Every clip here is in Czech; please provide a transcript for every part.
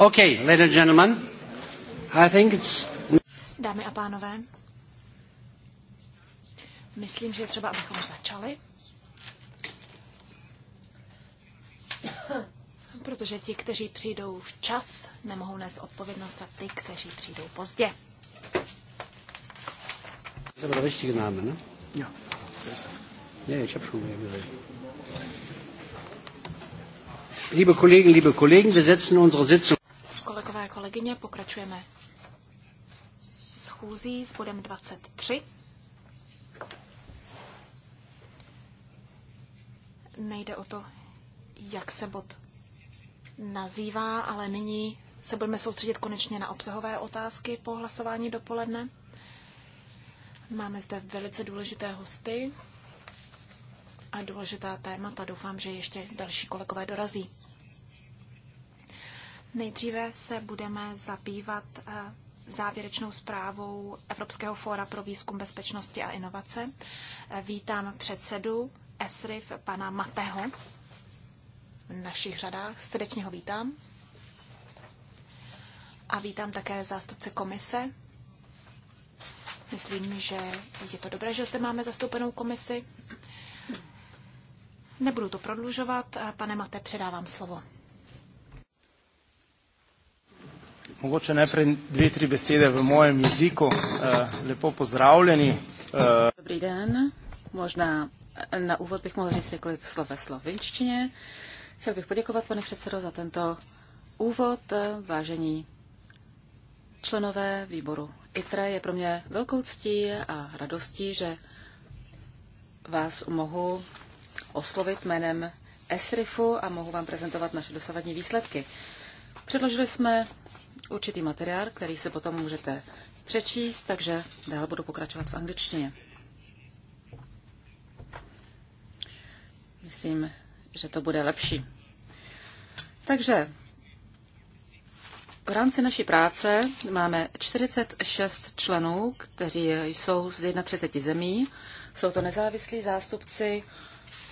Okay, ladies and gentlemen, I think it's... Dámy a pánové, myslím, že je třeba, abychom začali. Protože ti, kteří přijdou včas, nemohou nést odpovědnost za ty, kteří přijdou pozdě. Das ist aber der richtige Name, ne? Ja, Ja, ich habe schon mehr gesehen. Liebe Kollegen, liebe Kollegen, wir setzen unsere Sitzung kolegyně, pokračujeme schůzí s bodem 23. Nejde o to, jak se bod nazývá, ale nyní se budeme soustředit konečně na obsahové otázky po hlasování dopoledne. Máme zde velice důležité hosty a důležitá témata. Doufám, že ještě další kolegové dorazí. Nejdříve se budeme zabývat eh, závěrečnou zprávou Evropského fóra pro výzkum bezpečnosti a inovace. Eh, vítám předsedu ESRIF, pana Mateho, v našich řadách. Srdečně ho vítám. A vítám také zástupce komise. Myslím, že je to dobré, že zde máme zastoupenou komisi. Nebudu to prodlužovat. Eh, pane Mate, předávám slovo. Mogoče najprej dve, tri besede v mojem jeziku. Eh, lepo pozdravljeni. Eh, Dobrý den. Možná eh, na úvod bych mohl říct několik slov ve slovenštině. Chtěl bych poděkovat, pane předsedo, za tento úvod. Vážení členové výboru ITRE, je pro mě velkou ctí a radostí, že vás mohu oslovit jménem ESRIFu a mohu vám prezentovat naše dosavadní výsledky. Předložili jsme určitý materiál, který si potom můžete přečíst, takže dál budu pokračovat v angličtině. Myslím, že to bude lepší. Takže v rámci naší práce máme 46 členů, kteří jsou z 31 zemí. Jsou to nezávislí zástupci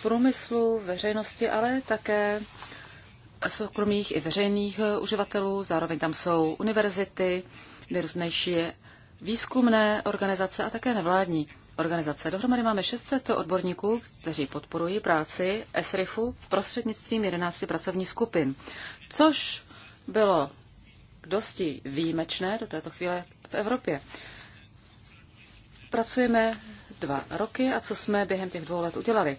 průmyslu, veřejnosti, ale také soukromých i veřejných eh, uživatelů, zároveň tam jsou univerzity, nejrůznější výzkumné organizace a také nevládní organizace. Dohromady máme 600 odborníků, kteří podporují práci SRIFu prostřednictvím 11 pracovních skupin, což bylo dosti výjimečné do této chvíle v Evropě. Pracujeme dva roky a co jsme během těch dvou let udělali?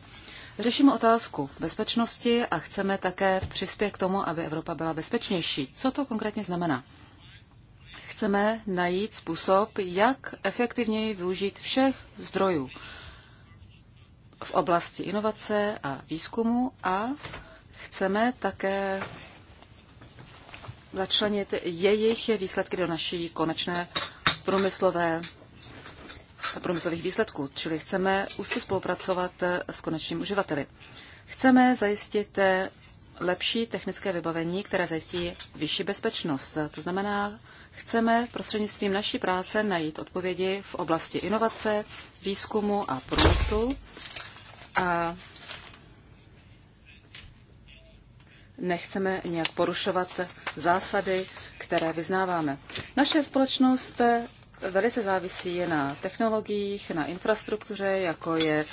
Řešíme otázku bezpečnosti a chceme také přispět k tomu, aby Evropa byla bezpečnější. Co to konkrétně znamená? Chceme najít způsob, jak efektivněji využít všech zdrojů v oblasti inovace a výzkumu a chceme také začlenit jejich výsledky do naší konečné průmyslové průmyslových výsledků, čili chceme úzce spolupracovat eh, s konečným uživateli. Chceme zajistit eh, lepší technické vybavení, které zajistí vyšší bezpečnost. To znamená, chceme prostřednictvím naší práce najít odpovědi v oblasti inovace, výzkumu a průmyslu. A nechceme nějak porušovat zásady, které vyznáváme. Naše společnost eh, velice závisí na technologiích, na infrastruktuře, jako je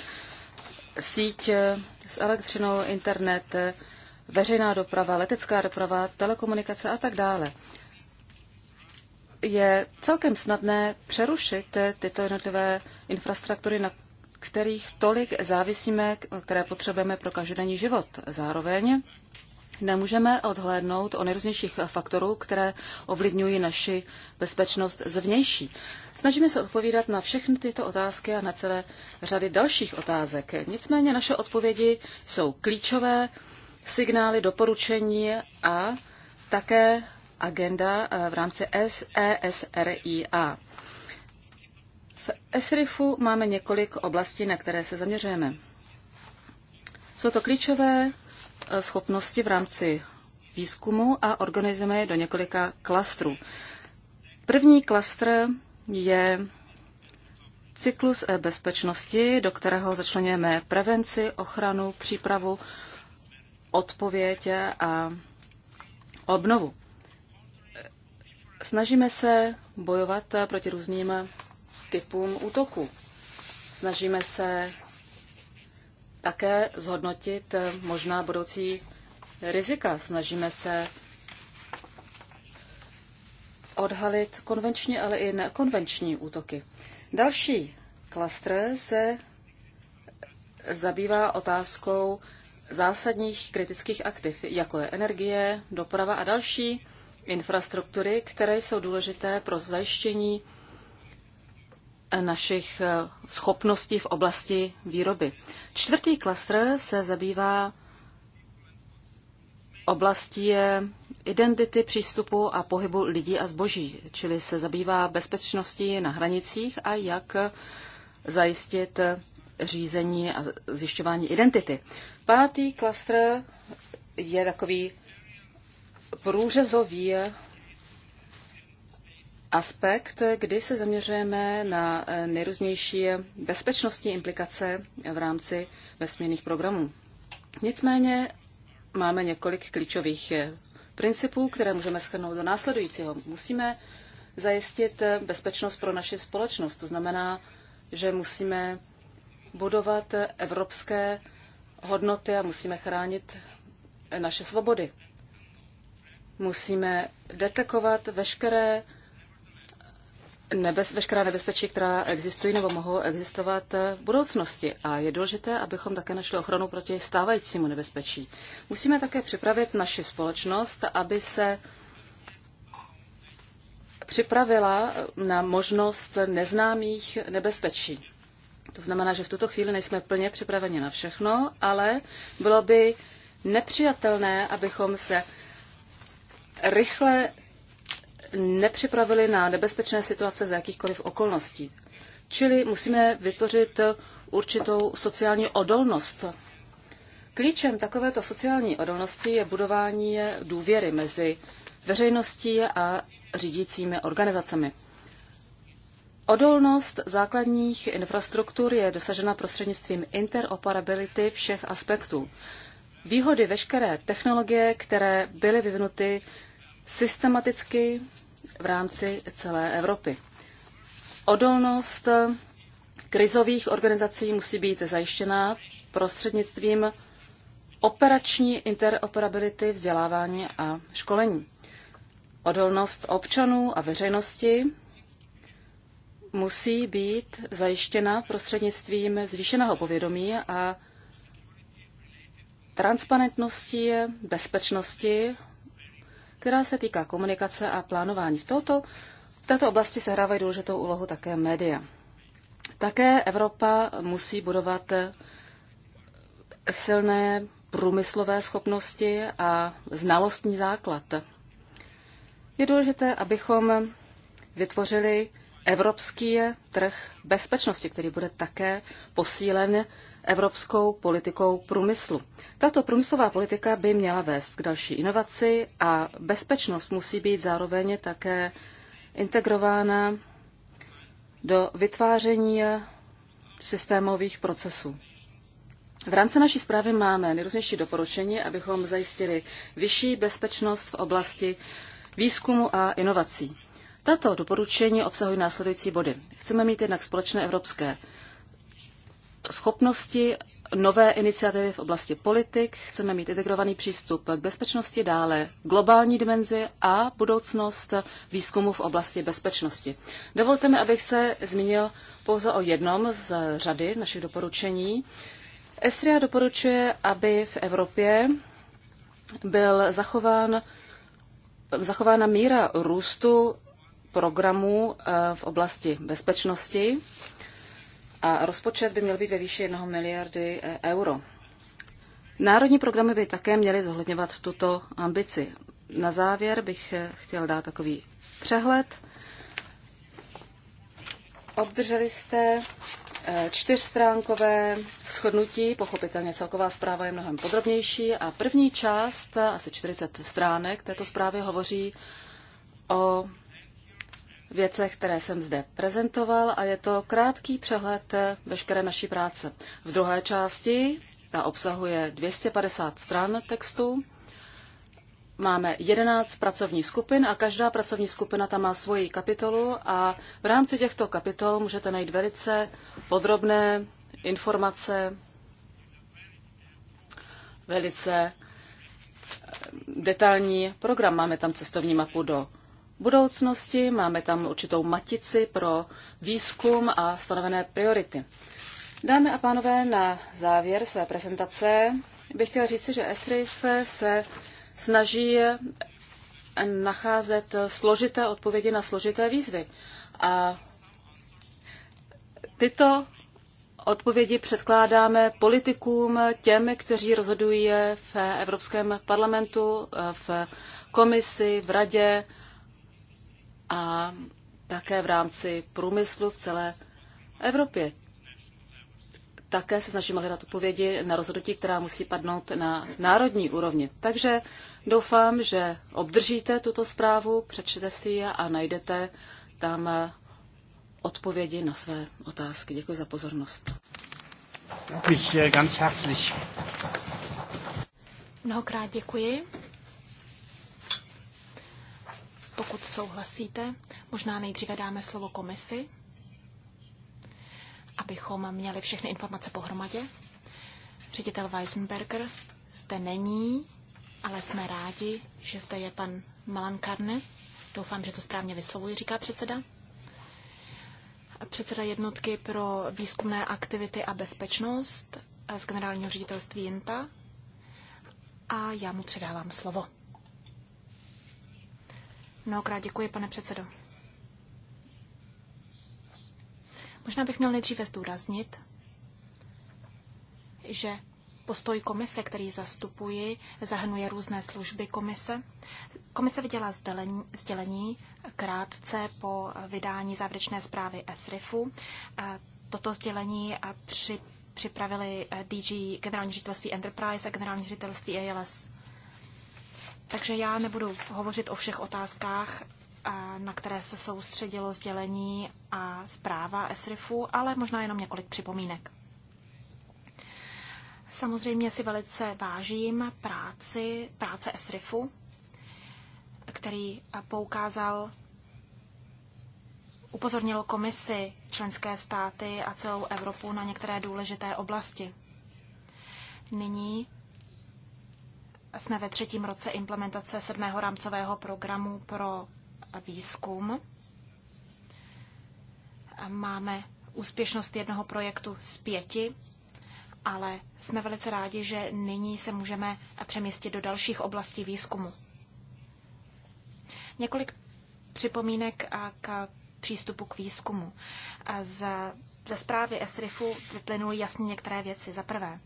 síť s elektřinou, internet, veřejná doprava, letecká doprava, telekomunikace a tak dále. Je celkem snadné přerušit tyto jednotlivé infrastruktury, na kterých tolik závisíme, které potřebujeme pro každodenní život. Zároveň Nemůžeme odhlédnout o nejrůznějších faktorů, které ovlivňují naši bezpečnost zvnější. Snažíme se odpovídat na všechny tyto otázky a na celé řady dalších otázek. Nicméně naše odpovědi jsou klíčové, signály, doporučení a také agenda eh, v rámci SESRIA. V SRIFu máme několik oblastí, na které se zaměřujeme. Jsou to klíčové schopnosti v rámci výzkumu a organizujeme je do několika klastrů. První klastr je cyklus bezpečnosti, do kterého začlenujeme prevenci, ochranu, přípravu, odpověď a obnovu. Snažíme se bojovat proti různým typům útoků. Snažíme se také zhodnotit eh, možná budoucí rizika. Snažíme se odhalit konvenční, ale i nekonvenční útoky. Další klastr se zabývá otázkou zásadních kritických aktiv, jako je energie, doprava a další infrastruktury, které jsou důležité pro zajištění našich eh, schopností v oblasti výroby. Čtvrtý klastr se zabývá oblastí eh, identity, přístupu a pohybu lidí a zboží, čili se zabývá bezpečností na hranicích a jak eh, zajistit řízení a zjišťování identity. Pátý klastr je takový průřezový aspekt, kdy se zaměřujeme na eh, nejrůznější bezpečnostní implikace v rámci vesmírných programů. Nicméně máme několik klíčových eh, principů, které můžeme schrnout do následujícího. Musíme zajistit eh, bezpečnost pro naši společnost. To znamená, že musíme budovat evropské hodnoty a musíme chránit naše svobody. Musíme detekovat veškeré nebez, veškerá nebezpečí, která existují nebo mohou existovat v budoucnosti. A je důležité, abychom také našli ochranu proti stávajícímu nebezpečí. Musíme také připravit naši společnost, aby se připravila na možnost neznámých nebezpečí. To znamená, že v tuto chvíli nejsme plně připraveni na všechno, ale bylo by nepřijatelné, abychom se rychle nepřipravili na nebezpečné situace za jakýchkoliv okolností. Čili musíme vytvořit určitou sociální odolnost. Klíčem takovéto sociální odolnosti je budování důvěry mezi veřejností a řídícími organizacemi. Odolnost základních infrastruktur je dosažena prostřednictvím interoperability všech aspektů. Výhody veškeré technologie, které byly vyvinuty systematicky v rámci celé Evropy. Odolnost krizových organizací musí být zajištěna prostřednictvím operační interoperability vzdělávání a školení. Odolnost občanů a veřejnosti musí být zajištěna prostřednictvím zvýšeného povědomí a transparentnosti, bezpečnosti která se týká komunikace a plánování. V, tohoto, v této oblasti sehrávají důležitou úlohu také média. Také Evropa musí budovat silné průmyslové schopnosti a znalostní základ. Je důležité, abychom vytvořili evropský trh bezpečnosti, který bude také posílen evropskou politikou průmyslu. Tato průmyslová politika by měla vést k další inovaci a bezpečnost musí být zároveň také integrována do vytváření systémových procesů. V rámci naší zprávy máme nejrůznější doporučení, abychom zajistili vyšší bezpečnost v oblasti výzkumu a inovací. Tato doporučení obsahují následující body. Chceme mít jednak společné evropské schopnosti nové iniciativy v oblasti politik, chceme mít integrovaný přístup k bezpečnosti, dále globální dimenzi a budoucnost výzkumu v oblasti bezpečnosti. Dovolte mi, abych se zmínil pouze o jednom z řady našich doporučení. ESRIA doporučuje, aby v Evropě byl zachován, zachována míra růstu programů eh, v oblasti bezpečnosti a rozpočet by měl být ve výši 1 miliardy eh, euro. Národní programy by také měly zohledňovat tuto ambici. Na závěr bych eh, chtěl dát takový přehled. Obdrželi jste eh, čtyřstránkové shodnutí, pochopitelně celková zpráva je mnohem podrobnější a první část, asi 40 stránek této zprávy hovoří o věcech, které jsem zde prezentoval a je to krátký přehled veškeré naší práce. V druhé části, ta obsahuje 250 stran textu, máme 11 pracovních skupin a každá pracovní skupina tam má svoji kapitolu a v rámci těchto kapitol můžete najít velice podrobné informace, velice eh, detailní program. Máme tam cestovní mapu do budoucnosti, máme tam určitou matici pro výzkum a stanovené priority. Dámy a pánové, na závěr své prezentace bych chtěla říci, že SRIF se snaží nacházet složité odpovědi na složité výzvy. A tyto odpovědi předkládáme politikům, těm, kteří rozhodují v Evropském parlamentu, v komisi, v radě, a také v rámci průmyslu v celé Evropě. Také se snažíme hledat odpovědi na rozhodnutí, která musí padnout na národní úrovni. Takže doufám, že obdržíte tuto zprávu, přečtete si ji a najdete tam odpovědi na své otázky. Děkuji za pozornost. Mnohokrát děkuji. Pokud souhlasíte, možná nejdříve dáme slovo komisi, abychom měli všechny informace pohromadě. Ředitel Weisenberger zde není, ale jsme rádi, že zde je pan Malankarne. Doufám, že to správně vyslovuji, říká předseda. Předseda jednotky pro výzkumné aktivity a bezpečnost z generálního ředitelství INTA. A já mu předávám slovo. Mnohokrát děkuji, pane předsedo. Možná bych měl nejdříve zdůraznit, že postoj komise, který zastupuji, zahrnuje různé služby komise. Komise viděla sdělení, sdělení krátce po vydání závěrečné zprávy SRIFu. Toto sdělení při, připravili eh, DG generální ředitelství Enterprise a generální ředitelství ALS. Takže já nebudu hovořit o všech otázkách, eh, na které se soustředilo sdělení a zpráva SRIFu, ale možná jenom několik připomínek. Samozřejmě si velice vážím práci, práce SRIFu, který poukázal, upozornil komisi, členské státy a celou Evropu na některé důležité oblasti. Nyní jsme ve třetím roce implementace sedmého rámcového programu pro výzkum. Máme úspěšnost jednoho projektu z pěti, ale jsme velice rádi, že nyní se můžeme přeměstit do dalších oblastí výzkumu. Několik připomínek k přístupu k výzkumu. Z, ze zprávy SRIFu vyplynuly jasně některé věci. Za prvé,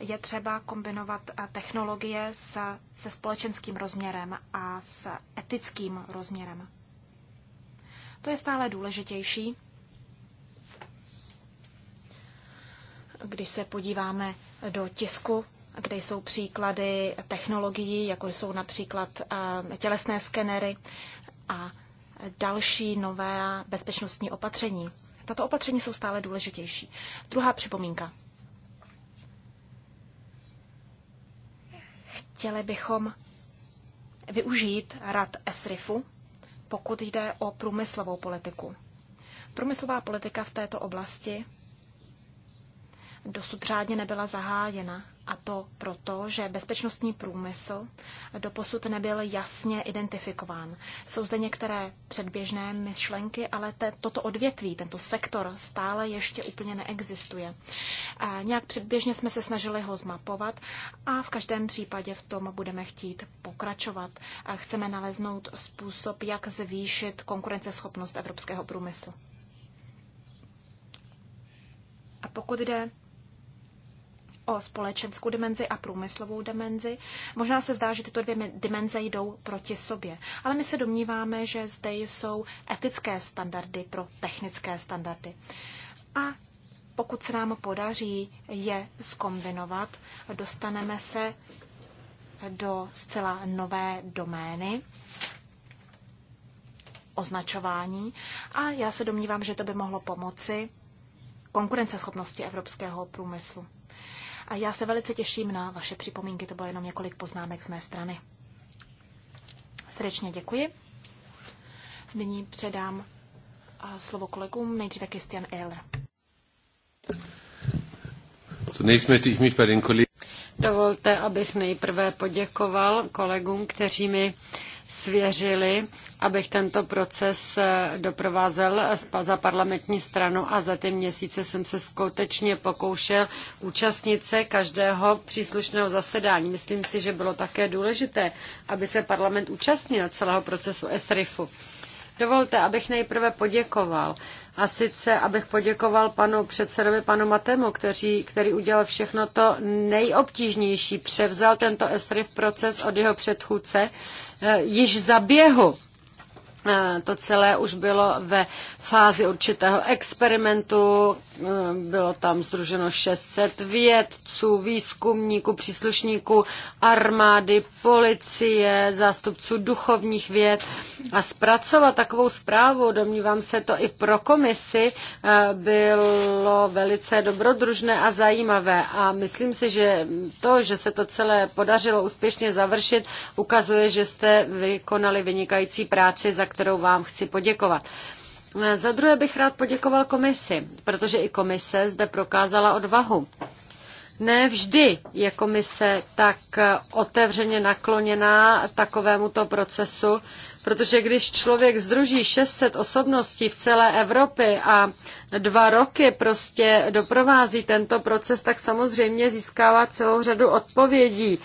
je třeba kombinovat eh, technologie se, se společenským rozměrem a s etickým rozměrem. To je stále důležitější, když se podíváme do tisku, kde jsou příklady technologií, jako jsou například eh, tělesné skenery a další nové bezpečnostní opatření. Tato opatření jsou stále důležitější. Druhá připomínka. Chtěli bychom využít rad ESRIFu, pokud jde o průmyslovou politiku. Průmyslová politika v této oblasti dosud řádně nebyla zahájena. A to proto, že bezpečnostní průmysl doposud nebyl jasně identifikován. Jsou zde některé předběžné myšlenky, ale te, toto odvětví, tento sektor stále ještě úplně neexistuje. A nějak předběžně jsme se snažili ho zmapovat a v každém případě v tom budeme chtít pokračovat. A chceme naleznout způsob, jak zvýšit konkurenceschopnost evropského průmyslu. A pokud jde o společenskou dimenzi a průmyslovou dimenzi. Možná se zdá, že tyto dvě dimenze jdou proti sobě, ale my se domníváme, že zde jsou etické standardy pro technické standardy. A pokud se nám podaří je zkombinovat, dostaneme se do zcela nové domény označování a já se domnívám, že to by mohlo pomoci konkurenceschopnosti evropského průmyslu. A já se velice těším na vaše připomínky, to bylo jenom několik poznámek z mé strany. Srdečně děkuji. Nyní předám slovo kolegům, nejdříve Christian Ehler. Dovolte, abych nejprve poděkoval kolegům, kteří mi svěřili, abych tento proces eh, doprovázel eh, za parlamentní stranu a za ty měsíce jsem se skutečně pokoušel účastnit se každého příslušného zasedání. Myslím si, že bylo také důležité, aby se parlament účastnil celého procesu ESRIFu. Dovolte, abych nejprve poděkoval. A sice, abych poděkoval panu předsedovi, panu Matemu, kteří, který udělal všechno to nejobtížnější. Převzal tento ESRIF proces od jeho předchůdce eh, již za běhu Eh, to celé už bylo ve fázi určitého experimentu, eh, bylo tam združeno 600 vědců, výzkumníků, příslušníků armády, policie, zástupců duchovních věd. A zpracovat takovou zprávu, domnívám se to i pro komisi, eh, bylo velice dobrodružné a zajímavé. A myslím si, že to, že se to celé podařilo úspěšně završit, ukazuje, že jste vykonali vynikající práci, za kterou vám chci poděkovat. Za druhé bych rád poděkoval komisi, protože i komise zde prokázala odvahu. Ne vždy je komise tak otevřeně nakloněná takovémuto procesu, protože když člověk združí 600 osobností v celé Evropě a dva roky prostě doprovází tento proces, tak samozřejmě získává celou řadu odpovědí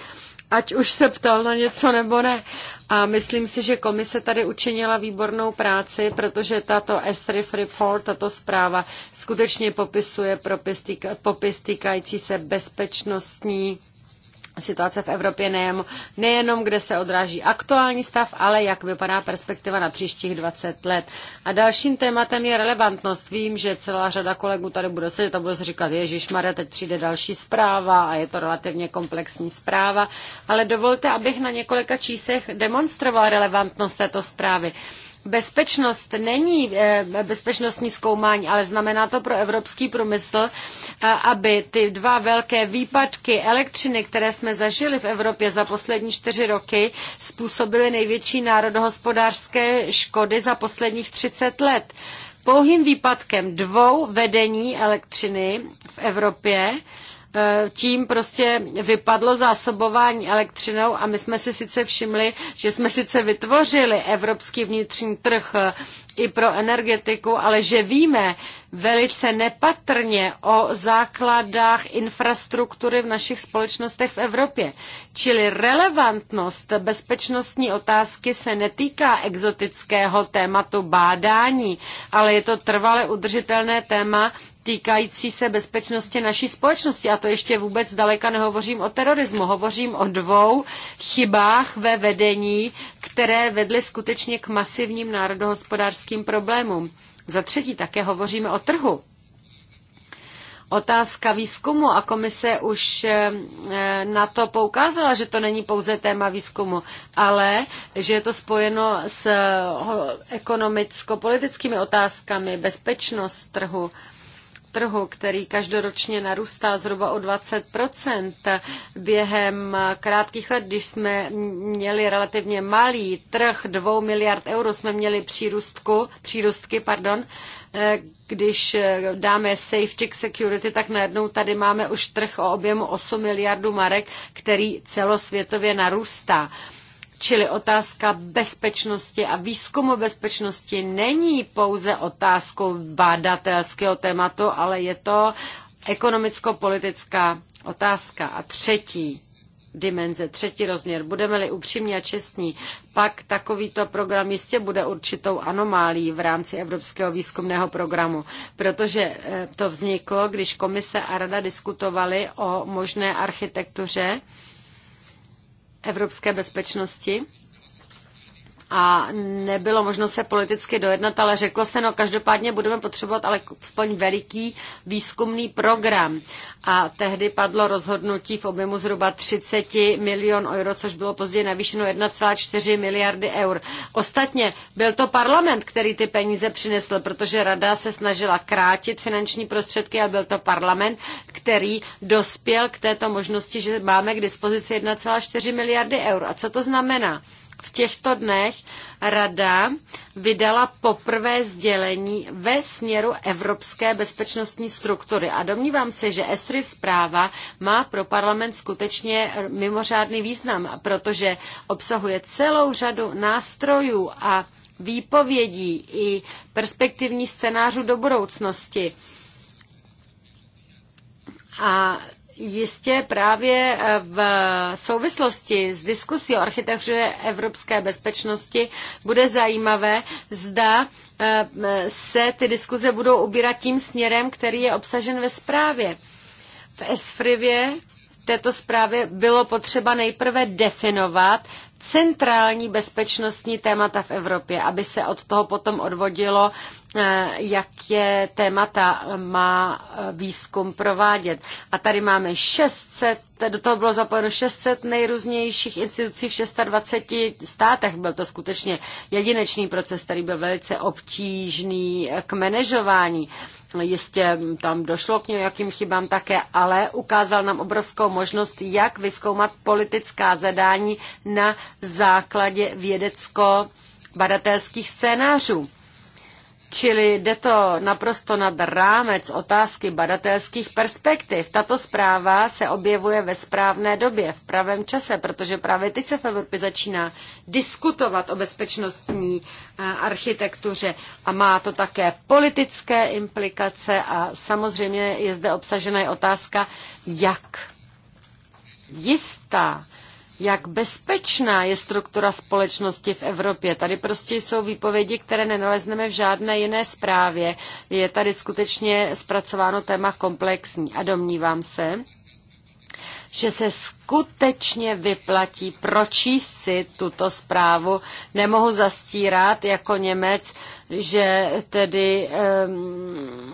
ať už se ptal na něco nebo ne. A myslím si, že komise tady učinila výbornou práci, protože tato SRIF report, tato zpráva, skutečně popisuje popis, týka, popis týkající se bezpečnostní situace v Evropě nejen, nejenom, kde se odráží aktuální stav, ale jak vypadá perspektiva na příštích 20 let. A dalším tématem je relevantnost. Vím, že celá řada kolegů tady bude sedět a bude se říkat, Ježíš Maria, teď přijde další zpráva a je to relativně komplexní zpráva, ale dovolte, abych na několika číslech demonstroval relevantnost této zprávy bezpečnost není eh, bezpečnostní zkoumání, ale znamená to pro evropský průmysl, eh, aby ty dva velké výpadky elektřiny, které jsme zažili v Evropě za poslední čtyři roky, způsobily největší národohospodářské škody za posledních 30 let. Pouhým výpadkem dvou vedení elektřiny v Evropě E, tím prostě vypadlo zásobování elektřinou a my jsme si sice všimli, že jsme sice vytvořili evropský vnitřní trh e, i pro energetiku, ale že víme velice nepatrně o základách infrastruktury v našich společnostech v Evropě. Čili relevantnost bezpečnostní otázky se netýká exotického tématu bádání, ale je to trvale udržitelné téma, týkající se bezpečnosti naší společnosti. A to ještě vůbec daleka nehovořím o terorismu. Hovořím o dvou chybách ve vedení, které vedly skutečně k masivním národohospodářským problémům. Za třetí také hovoříme o trhu. Otázka výzkumu a komise už eh, eh, na to poukázala, že to není pouze téma výzkumu, ale že je to spojeno s ekonomicko-politickými otázkami, bezpečnost trhu trhu, který každoročně narůstá zhruba o 20 během krátkých let, když jsme měli relativně malý trh 2 miliard euro, jsme měli přírůstku, přírůstky, pardon, když dáme safety security, tak najednou tady máme už trh o objemu 8 miliardů marek, který celosvětově narůstá. Čili otázka bezpečnosti a výzkumu bezpečnosti není pouze otázkou bádatelského tématu, ale je to ekonomicko-politická otázka. A třetí dimenze, třetí rozměr. Budeme-li upřímní a čestní, pak takovýto program jistě bude určitou anomálí v rámci Evropského výzkumného programu, protože eh, to vzniklo, když komise a rada diskutovali o možné architektuře evropské bezpečnosti a nebylo možno se politicky dojednat, ale řeklo se, no každopádně budeme potřebovat ale aspoň veliký výzkumný program. A tehdy padlo rozhodnutí v objemu zhruba 30 milion euro, což bylo později navýšeno 1,4 miliardy eur. Ostatně byl to parlament, který ty peníze přinesl, protože rada se snažila krátit finanční prostředky a byl to parlament, který dospěl k této možnosti, že máme k dispozici 1,4 miliardy eur. A co to znamená? V těchto dnech Rada vydala poprvé sdělení ve směru evropské bezpečnostní struktury a domnívám se, že ESRI zpráva má pro parlament skutečně mimořádný význam, protože obsahuje celou řadu nástrojů a výpovědí i perspektivní scénářů do budoucnosti. A Jistě právě eh, v souvislosti s diskusí o architektuře evropské bezpečnosti bude zajímavé, zda eh, se ty diskuze budou ubírat tím směrem, který je obsažen ve zprávě. V Esfrivě v této zprávě bylo potřeba nejprve definovat centrální bezpečnostní témata v Evropě, aby se od toho potom odvodilo Eh, jaké témata má eh, výzkum provádět. A tady máme 600, do toho bylo zapojeno 600 nejrůznějších institucí v 26 státech. Byl to skutečně jedinečný proces, který byl velice obtížný eh, k manažování. Jistě tam došlo k nějakým chybám také, ale ukázal nám obrovskou možnost, jak vyskoumat politická zadání na základě vědecko badatelských scénářů. Čili jde to naprosto nad rámec otázky badatelských perspektiv. Tato zpráva se objevuje ve správné době, v pravém čase, protože právě teď se v Evropě začíná diskutovat o bezpečnostní eh, architektuře a má to také politické implikace a samozřejmě je zde obsažena i otázka, jak jistá jak bezpečná je struktura společnosti v Evropě. Tady prostě jsou výpovědi, které nenalezneme v žádné jiné zprávě. Je tady skutečně zpracováno téma komplexní a domnívám se, že se skutečně vyplatí pročíst si tuto zprávu. Nemohu zastírat jako Němec, že tedy um,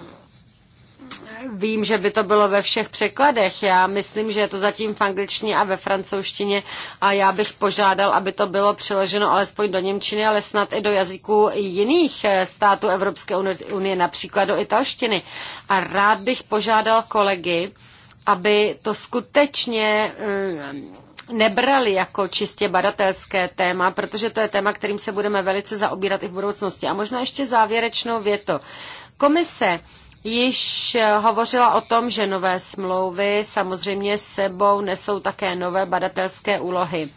Vím, že by to bylo ve všech překladech. Já myslím, že je to zatím v angličtině a ve francouzštině a já bych požádal, aby to bylo přeloženo alespoň do Němčiny, ale snad i do jazyků jiných eh, států Evropské unie, například do italštiny. A rád bych požádal kolegy, aby to skutečně eh, nebrali jako čistě badatelské téma, protože to je téma, kterým se budeme velice zaobírat i v budoucnosti. A možná ještě závěrečnou větu. Komise již eh, hovořila o tom, že nové smlouvy samozřejmě sebou nesou také nové badatelské úlohy.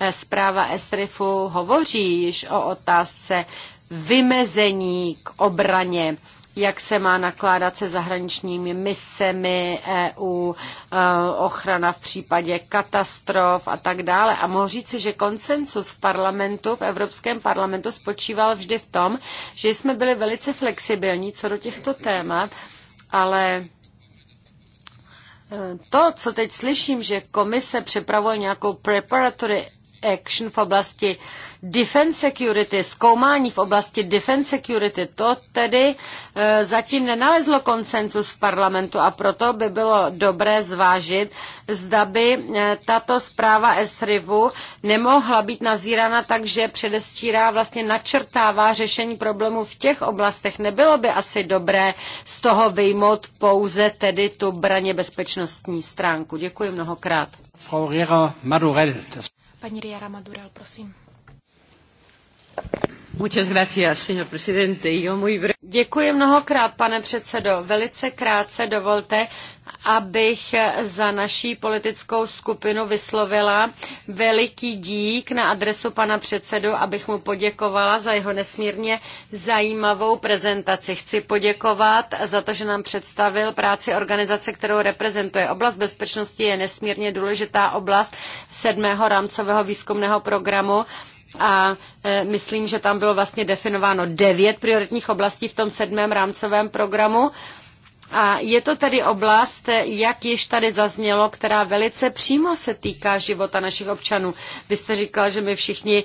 Eh, zpráva Estrifu hovoří již o otázce vymezení k obraně jak se má nakládat se zahraničními misemi EU, eh, ochrana v případě katastrof a tak dále. A mohu říci, že konsensus v parlamentu, v Evropském parlamentu spočíval vždy v tom, že jsme byli velice flexibilní co do těchto témat, ale eh, to, co teď slyším, že komise připravuje nějakou preparatory Action v oblasti Defense Security, zkoumání v oblasti Defense Security, to tedy e, zatím nenalezlo konsenzus v parlamentu a proto by bylo dobré zvážit, zda by e, tato zpráva SRIVu nemohla být nazírána tak, že předestírá, vlastně načrtává řešení problémů v těch oblastech. Nebylo by asi dobré z toho vyjmout pouze tedy tu braně bezpečnostní stránku. Děkuji mnohokrát. Frau Rera Madurell. Das Paní Riara Madurel, prosím. Děkuji mnohokrát, pane předsedo. Velice krátce dovolte, abych za naší politickou skupinu vyslovila veliký dík na adresu pana předsedu, abych mu poděkovala za jeho nesmírně zajímavou prezentaci. Chci poděkovat za to, že nám představil práci organizace, kterou reprezentuje. Oblast bezpečnosti je nesmírně důležitá oblast sedmého rámcového výzkumného programu a e, myslím, že tam bylo vlastně definováno devět prioritních oblastí v tom sedmém rámcovém programu a je to tedy oblast, jak již tady zaznělo, která velice přímo se týká života našich občanů. Vy jste říkal, že my všichni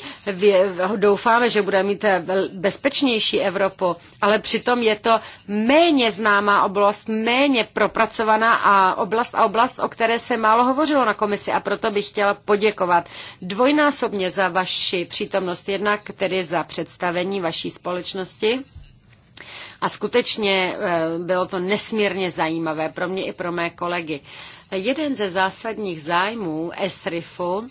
doufáme, že budeme mít eh, bezpečnější Evropu, ale přitom je to méně známá oblast, méně propracovaná a oblast a oblast, o které se málo hovořilo na komisi a proto bych chtěla poděkovat dvojnásobně za vaši přítomnost, jednak tedy za představení vaší společnosti a skutečně eh, bylo to nesmírně zajímavé pro mě i pro mé kolegy. Jeden ze zásadních zájmů ESRIFu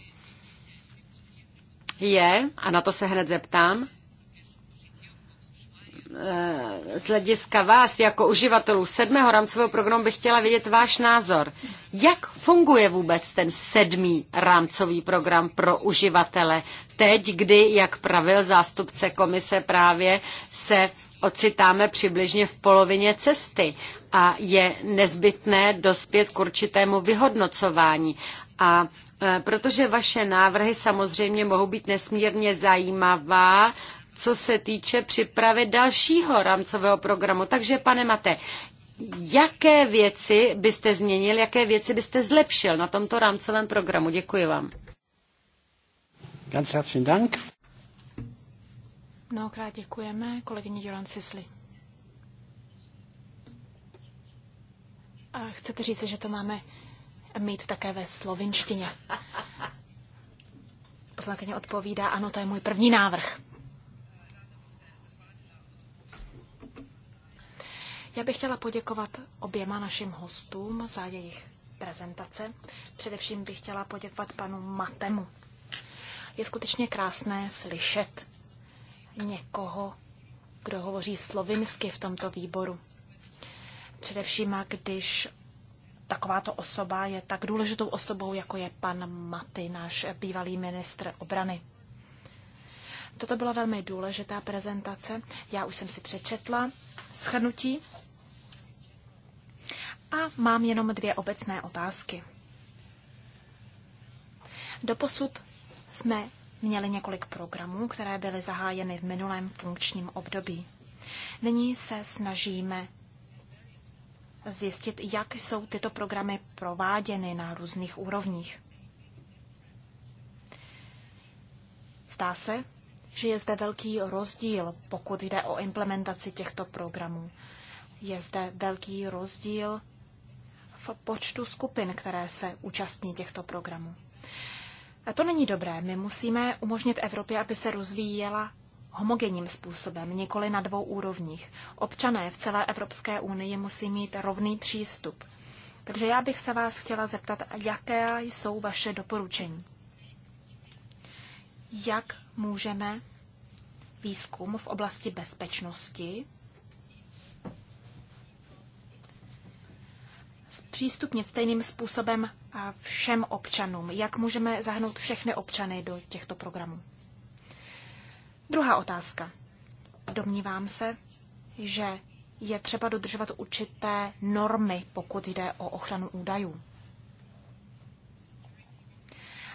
je, a na to se hned zeptám, eh, z hlediska vás jako uživatelů sedmého rámcového programu bych chtěla vědět váš názor. Jak funguje vůbec ten sedmý rámcový program pro uživatele teď, kdy, jak pravil zástupce komise právě, se ocitáme přibližně v polovině cesty a je nezbytné dospět k určitému vyhodnocování. A e, protože vaše návrhy samozřejmě mohou být nesmírně zajímavá, co se týče připravy dalšího rámcového programu. Takže, pane Mate, jaké věci byste změnil, jaké věci byste zlepšil na tomto rámcovém programu? Děkuji vám. Ganz herzlichen Dank. Mnohokrát děkujeme kolegyni Jolan Sisli. A chcete říct, že to máme mít také ve slovinštině? Poslankyně odpovídá, ano, to je můj první návrh. Já bych chtěla poděkovat oběma našim hostům za jejich prezentace. Především bych chtěla poděkovat panu Matemu. Je skutečně krásné slyšet někoho, kdo hovoří slovinsky v tomto výboru. Především, když takováto osoba je tak důležitou osobou, jako je pan Maty, náš bývalý ministr obrany. Toto byla velmi důležitá prezentace. Já už jsem si přečetla schrnutí a mám jenom dvě obecné otázky. Doposud jsme měli několik programů, které byly zahájeny v minulém funkčním období. Nyní se snažíme zjistit, jak jsou tyto programy prováděny na různých úrovních. Zdá se, že je zde velký rozdíl, pokud jde o implementaci těchto programů. Je zde velký rozdíl v počtu skupin, které se účastní těchto programů. A to není dobré. My musíme umožnit Evropě, aby se rozvíjela homogenním způsobem, nikoli na dvou úrovních. Občané v celé Evropské unii musí mít rovný přístup. Takže já bych se vás chtěla zeptat, jaké jsou vaše doporučení? Jak můžeme výzkum v oblasti bezpečnosti zpřístupnit stejným způsobem všem občanům? Jak můžeme zahnout všechny občany do těchto programů? Druhá otázka. Domnívám se, že je třeba dodržovat určité normy, pokud jde o ochranu údajů.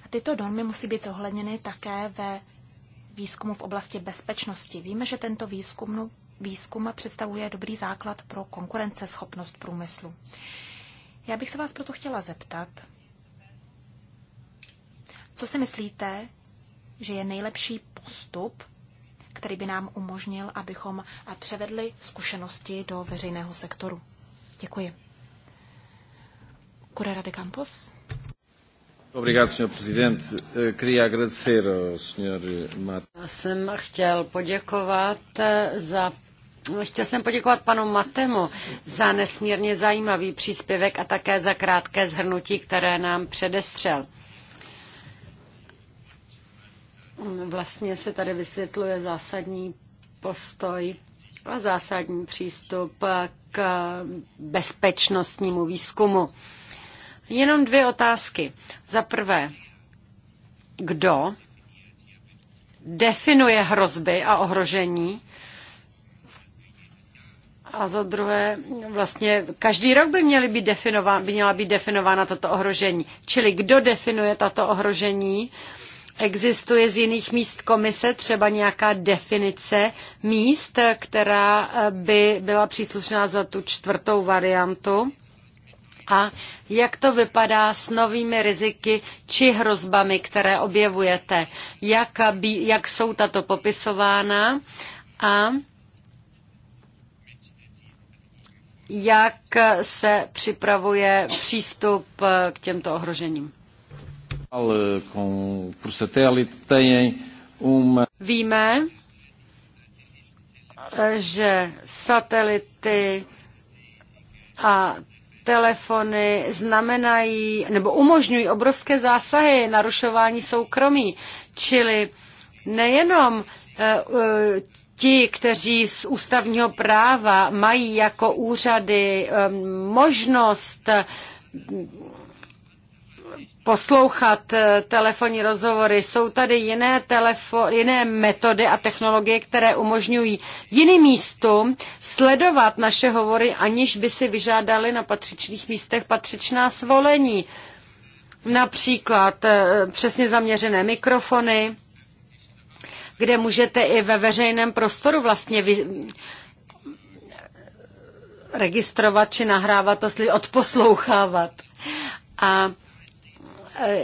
A tyto normy musí být zohledněny také ve výzkumu v oblasti bezpečnosti. Víme, že tento výzkum, výzkum představuje dobrý základ pro konkurenceschopnost průmyslu. Já bych se vás proto chtěla zeptat, co si myslíte, že je nejlepší postup, který by nám umožnil, abychom převedli zkušenosti do veřejného sektoru? Děkuji. Correra de Campos. Obrigado, Presidente. Eh, queria agradecer ao Já jsem chtěl poděkovat eh, za No, chtěl jsem poděkovat panu Matemu za nesmírně zajímavý příspěvek a také za krátké zhrnutí, které nám předestřel. Vlastně se tady vysvětluje zásadní postoj a zásadní přístup k bezpečnostnímu výzkumu. Jenom dvě otázky. Za prvé, kdo definuje hrozby a ohrožení? A za druhé, vlastně každý rok by, měly být by měla být definována tato ohrožení. Čili kdo definuje tato ohrožení? Existuje z jiných míst komise třeba nějaká definice míst, která eh, by byla příslušná za tu čtvrtou variantu? A jak to vypadá s novými riziky či hrozbami, které objevujete? Jak, eh, jak jsou tato popisována? A jak se připravuje přístup eh, k těmto ohrožením. Um- Víme, eh, že satelity a telefony znamenají nebo umožňují obrovské zásahy narušování soukromí, čili nejenom eh, ti, kteří z ústavního práva mají jako úřady um, možnost um, poslouchat uh, telefonní rozhovory. Jsou tady jiné, telefo- jiné metody a technologie, které umožňují jiným místům sledovat naše hovory, aniž by si vyžádali na patřičných místech patřičná svolení. Například uh, přesně zaměřené mikrofony, kde můžete i ve veřejném prostoru vlastně vy, registrovat či nahrávat, to odposlouchávat. A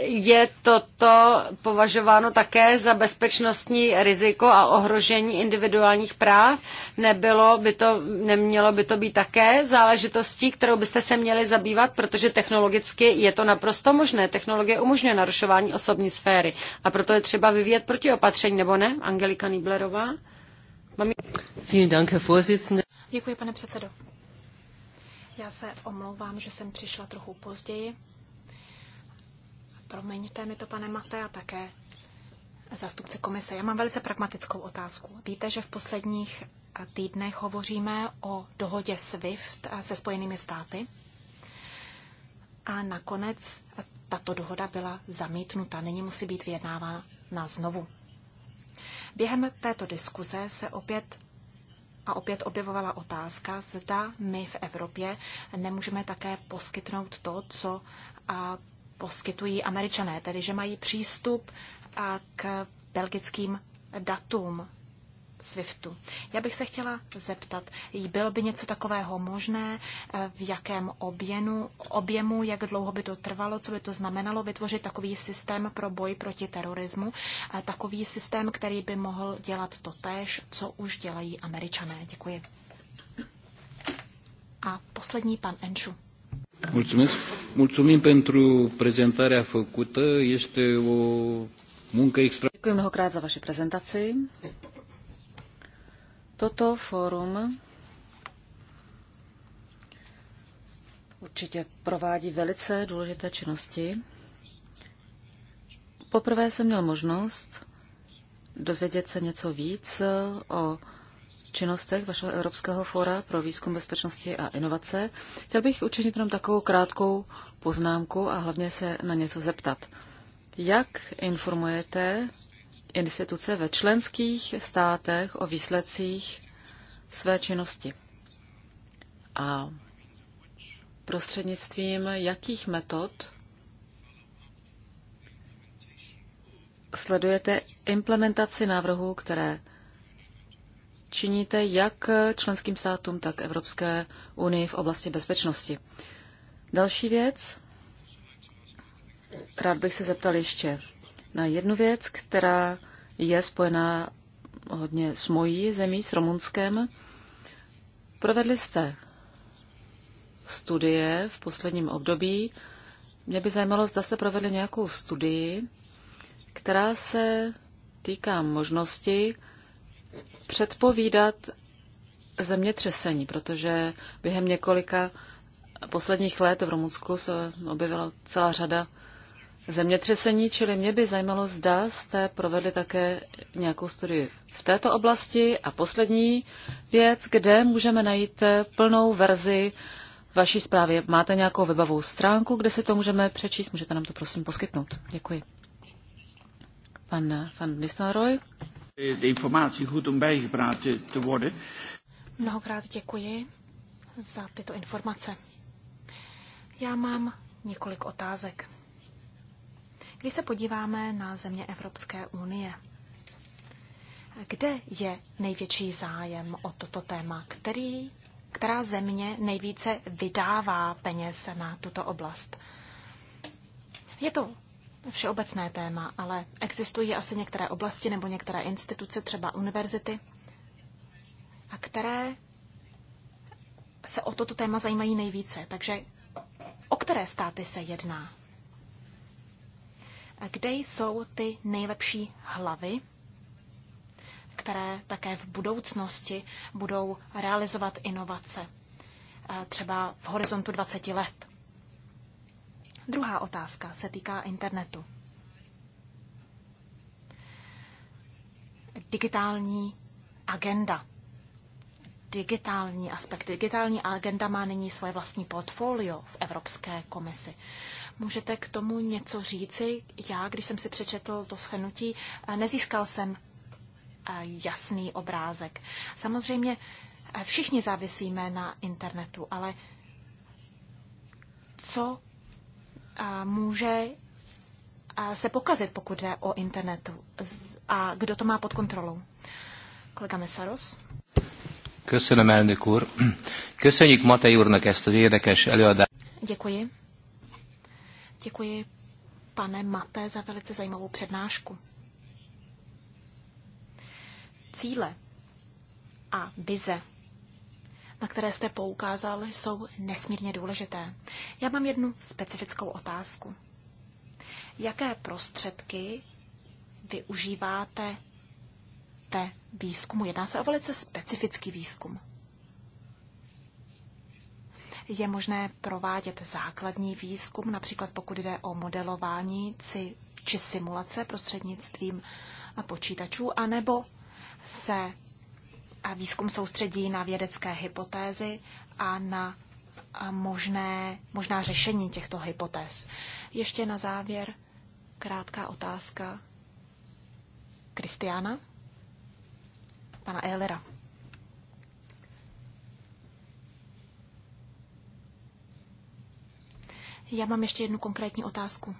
je toto považováno také za bezpečnostní riziko a ohrožení individuálních práv? Nebylo by to, nemělo by to být také záležitostí, kterou byste se měli zabývat, protože technologicky je to naprosto možné. Technologie umožňuje narušování osobní sféry a proto je třeba vyvíjet protiopatření, nebo ne? Angelika Niblerová? Děkuji, pane předsedo. Já se omlouvám, že jsem přišla trochu později. Promiňte mi to, pane Mate, a také zástupce komise. Já mám velice pragmatickou otázku. Víte, že v posledních týdnech hovoříme o dohodě SWIFT se Spojenými státy a nakonec tato dohoda byla zamítnuta. Nyní musí být vyjednávána znovu. Během této diskuze se opět a opět objevovala otázka, zda my v Evropě nemůžeme také poskytnout to, co poskytují američané, tedy že mají přístup k belgickým datům SWIFTu. Já bych se chtěla zeptat, bylo by něco takového možné, e, v jakém objemu, objemu, jak dlouho by to trvalo, co by to znamenalo vytvořit takový systém pro boj proti terorismu, takový systém, který by mohl dělat to též, co už dělají američané. Děkuji. A poslední pan Enšu. Mulțumesc. Mulțumim pentru prezentarea făcută. Este o muncă extra... Děkuji mnohokrát za vaši prezentaci. Toto fórum určitě provádí velice důležité činnosti. Poprvé jsem měl možnost dozvědět se něco víc o činnostech vašeho Evropského fóra pro výzkum bezpečnosti a inovace. Chtěl bych učinit jenom takovou krátkou poznámku a hlavně se na něco zeptat. Jak informujete instituce ve členských státech o výsledcích své činnosti? A prostřednictvím jakých metod sledujete implementaci návrhů, které činíte jak členským státům, tak Evropské unii v oblasti bezpečnosti. Další věc. Rád bych se zeptal ještě na jednu věc, která je spojená hodně s mojí zemí, s Rumunskem. Provedli jste studie v posledním období. Mě by zajímalo, zda jste provedli nějakou studii, která se týká možnosti předpovídat zemětřesení, protože během několika posledních let v Rumunsku se objevila celá řada zemětřesení, čili mě by zajímalo, zda jste provedli také nějakou studii v této oblasti. A poslední věc, kde můžeme najít plnou verzi vaší zprávy. Máte nějakou webovou stránku, kde si to můžeme přečíst? Můžete nám to prosím poskytnout. Děkuji. Pan, pan Nistelrooy. Eh, de informatie goed om bijgepraat eh, te worden. Mnohokrát děkuji za tyto informace. Já mám několik otázek. Když se podíváme na země Evropské unie, kde je největší zájem o toto téma? Který, která země nejvíce vydává peněz na tuto oblast? Je to všeobecné téma, ale existují asi některé oblasti nebo některé instituce, třeba univerzity, a které se o toto téma zajímají nejvíce. Takže o které státy se jedná? Kde jsou ty nejlepší hlavy, které také v budoucnosti budou realizovat inovace? Třeba v horizontu 20 let. Druhá otázka se týká internetu. Digitální agenda. Digitální aspekt. Digitální agenda má nyní svoje vlastní portfolio v Evropské komisi. Můžete k tomu něco říci? Já, když jsem si přečetl to schrnutí, eh, nezískal jsem eh, jasný obrázek. Samozřejmě eh, všichni závisíme na internetu, ale co může se pokazit, pokud jde o internetu A kdo to má pod kontrolou? Kolega Mesaros. Köszönöm, elnök úr. Köszönjük Matei úrnak ezt az érdekes előadást. Děkuji. Děkuji, pane Mate, za velice zajímavou přednášku. Cíle a vize na které jste poukázal, jsou nesmírně důležité. Já mám jednu specifickou otázku. Jaké prostředky využíváte ve výzkumu? Jedná se o velice specifický výzkum. Je možné provádět základní výzkum, například pokud jde o modelování či simulace prostřednictvím počítačů, anebo se výzkum soustředí na vědecké hypotézy a na možné, možná řešení těchto hypotéz. Ještě na závěr krátká otázka Kristiana, pana Ehlera. Já mám ještě jednu konkrétní otázku.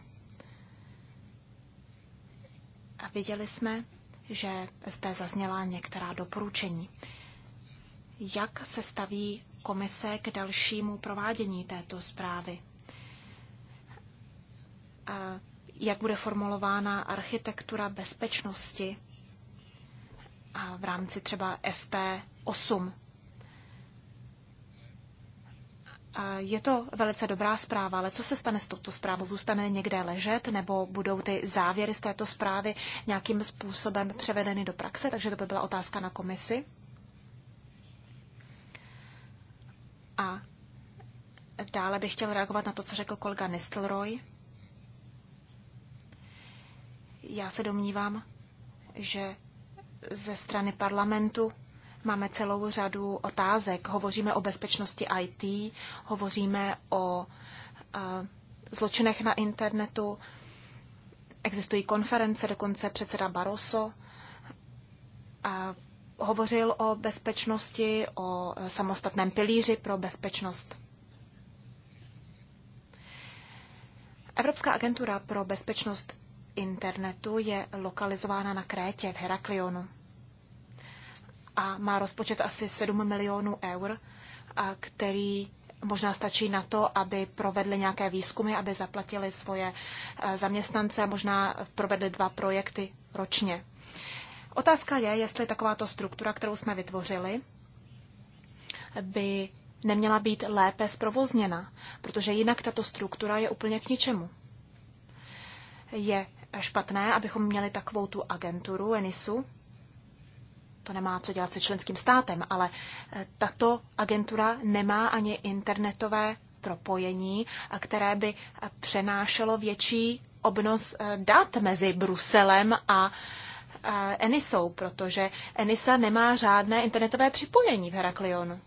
A viděli jsme, že zde zazněla některá doporučení. Jak se staví komise k dalšímu provádění této zprávy? Jak bude formulována architektura bezpečnosti v rámci třeba FP8? Je to velice dobrá zpráva, ale co se stane s touto zprávou? Zůstane někde ležet nebo budou ty závěry z této zprávy nějakým způsobem převedeny do praxe? Takže to by byla otázka na komisi. A dále bych chtěl reagovat na to, co řekl kolega Nistelroy. Já se domnívám, že ze strany parlamentu Máme celou řadu otázek. Hovoříme o bezpečnosti IT, hovoříme o eh, zločinech na internetu, existují konference, dokonce předseda Barroso a eh, hovořil o bezpečnosti, o eh, samostatném pilíři pro bezpečnost. Evropská agentura pro bezpečnost internetu je lokalizována na Krétě v Heraklionu a má rozpočet asi 7 milionů eur, a který možná stačí na to, aby provedli nějaké výzkumy, aby zaplatili svoje e, zaměstnance a možná provedli dva projekty ročně. Otázka je, jestli takováto struktura, kterou jsme vytvořili, by neměla být lépe zprovozněna, protože jinak tato struktura je úplně k ničemu. Je špatné, abychom měli takovou tu agenturu ENISu, to nemá co dělat se členským státem, ale eh, tato agentura nemá ani internetové propojení, eh, které by eh, přenášelo větší obnos dat mezi Bruselem a Enisou, protože Enisa nemá žádné internetové připojení v Heraklionu.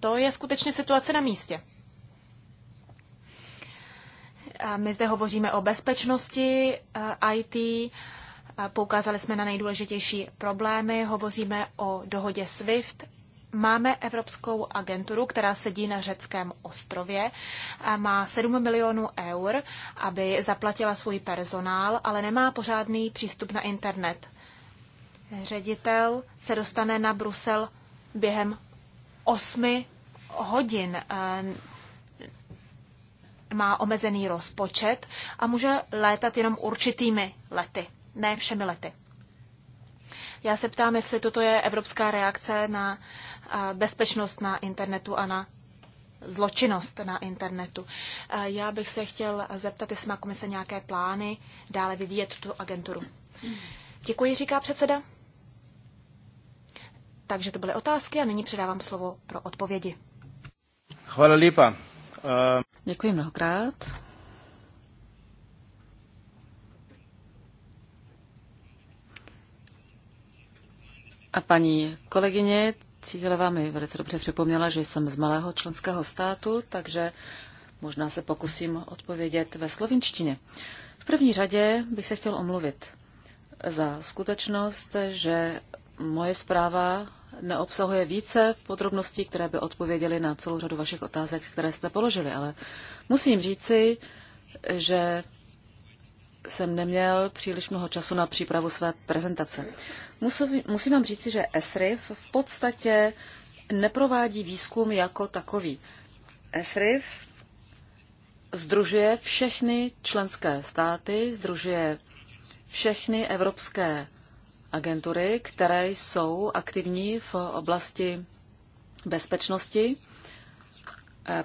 To je skutečně situace na místě. My zde hovoříme o bezpečnosti IT, Poukázali jsme na nejdůležitější problémy, hovoříme o dohodě SWIFT. Máme Evropskou agenturu, která sedí na řeckém ostrově, má 7 milionů eur, aby zaplatila svůj personál, ale nemá pořádný přístup na internet. Ředitel se dostane na Brusel během 8 hodin má omezený rozpočet a může létat jenom určitými lety ne všemi lety. Já se ptám, jestli toto je evropská reakce na bezpečnost na internetu a na zločinnost na internetu. Já bych se chtěl zeptat, jestli má komise nějaké plány dále vyvíjet tu agenturu. Děkuji, říká předseda. Takže to byly otázky a nyní předávám slovo pro odpovědi. Hvala lepa. Děkuji mnohokrát. A paní kolegyně vám mi velice dobře připomněla, že jsem z malého členského státu, takže možná se pokusím odpovědět ve slovinštině. V první řadě bych se chtěl omluvit za skutečnost, že moje zpráva neobsahuje více podrobností, které by odpověděly na celou řadu vašich otázek, které jste položili, ale musím říci, že jsem neměl příliš mnoho času na přípravu své prezentace. Musím, musím vám říci, že ESRIF v podstatě neprovádí výzkum jako takový. ESRIF združuje všechny členské státy, združuje všechny evropské agentury, které jsou aktivní v oblasti bezpečnosti.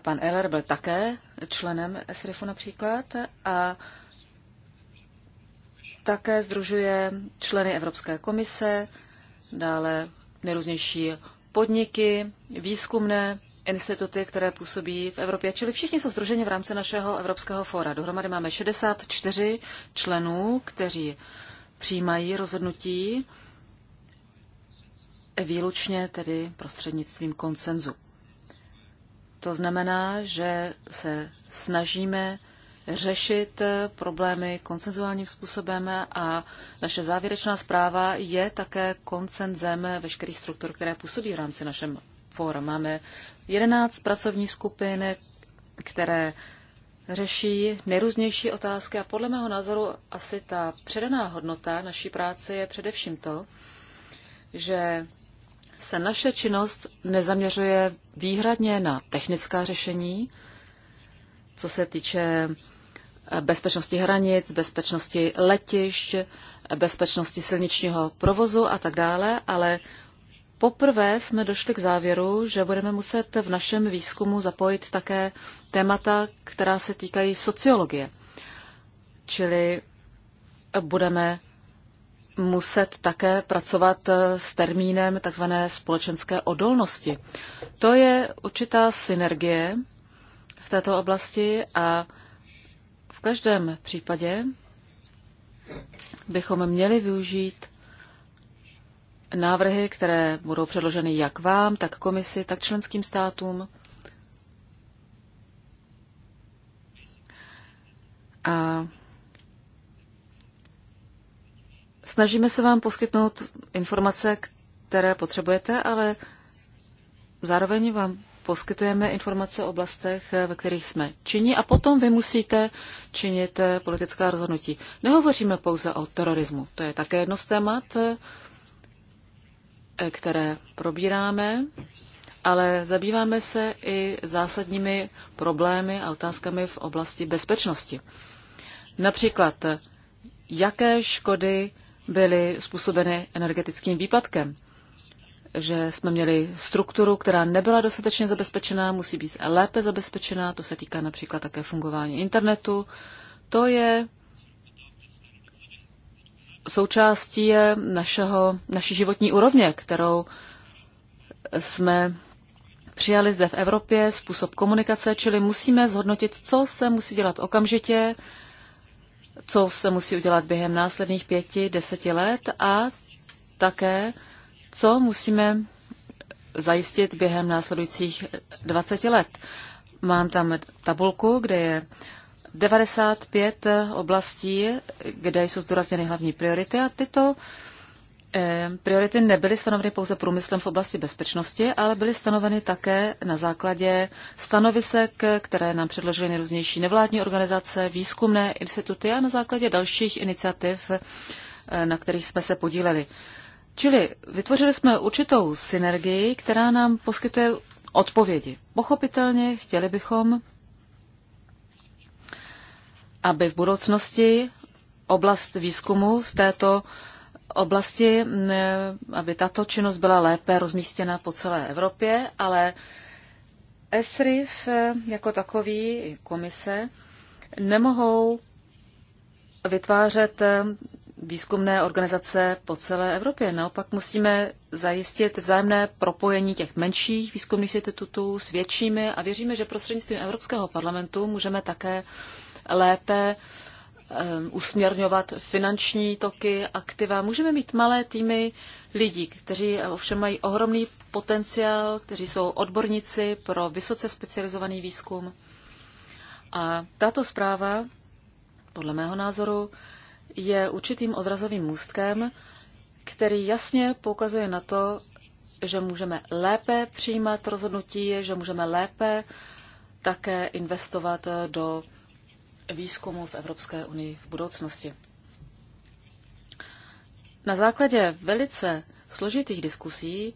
Pan Eller byl také členem SRIFu například a také združuje členy Evropské komise, dále nejrůznější podniky, výzkumné instituty, které působí v Evropě, čili všichni jsou združeni v rámci našeho Evropského fóra. Dohromady máme 64 členů, kteří přijímají rozhodnutí výlučně tedy prostřednictvím konsenzu. To znamená, že se snažíme řešit eh, problémy koncenzuálním způsobem a naše závěrečná zpráva je také koncenzem veškerých struktur, které působí v rámci našem fóra. Máme 11 pracovních skupin, které řeší nejrůznější otázky a podle mého názoru asi ta předaná hodnota naší práce je především to, že se naše činnost nezaměřuje výhradně na technická řešení, co se týče bezpečnosti hranic, bezpečnosti letišť, bezpečnosti silničního provozu a tak dále, ale poprvé jsme došli k závěru, že budeme muset v našem výzkumu zapojit také témata, která se týkají sociologie. Čili budeme muset také pracovat s termínem tzv. společenské odolnosti. To je určitá synergie v této oblasti a v každém případě bychom měli využít návrhy, které budou předloženy jak vám, tak komisi, tak členským státům. A snažíme se vám poskytnout informace, které potřebujete, ale zároveň vám poskytujeme informace o oblastech, eh, ve kterých jsme činí a potom vy musíte činit eh, politická rozhodnutí. Nehovoříme pouze o terorismu. To je také jedno z témat, eh, které probíráme, ale zabýváme se i zásadními problémy a otázkami v oblasti bezpečnosti. Například, jaké škody byly způsobeny energetickým výpadkem? že jsme měli strukturu, která nebyla dostatečně zabezpečená, musí být lépe zabezpečená, to se týká například také fungování internetu. To je součástí je našeho, naší životní úrovně, kterou jsme přijali zde v Evropě, způsob komunikace, čili musíme zhodnotit, co se musí dělat okamžitě, co se musí udělat během následných pěti, deseti let a také co musíme zajistit během následujících 20 let. Mám tam tabulku, kde je 95 oblastí, kde jsou zdůrazněny hlavní priority a tyto eh, Priority nebyly stanoveny pouze průmyslem v oblasti bezpečnosti, ale byly stanoveny také na základě stanovisek, které nám předložily nejrůznější nevládní organizace, výzkumné instituty a na základě dalších iniciativ, eh, na kterých jsme se podíleli. Čili vytvořili jsme určitou synergii, která nám poskytuje odpovědi. Pochopitelně chtěli bychom, aby v budoucnosti oblast výzkumu v této oblasti, eh, aby tato činnost byla lépe rozmístěna po celé Evropě, ale ESRIF eh, jako takový, komise, nemohou vytvářet eh, výzkumné organizace po celé Evropě. Naopak musíme zajistit vzájemné propojení těch menších výzkumných institutů s většími a věříme, že prostřednictvím Evropského parlamentu můžeme také lépe usměrňovat finanční toky, aktiva. Můžeme mít malé týmy lidí, kteří ovšem mají ohromný potenciál, kteří jsou odborníci pro vysoce specializovaný výzkum. A tato zpráva, podle mého názoru, je určitým odrazovým můstkem, který jasně poukazuje na to, že můžeme lépe přijímat rozhodnutí, že můžeme lépe také investovat do výzkumu v Evropské unii v budoucnosti. Na základě velice složitých diskusí,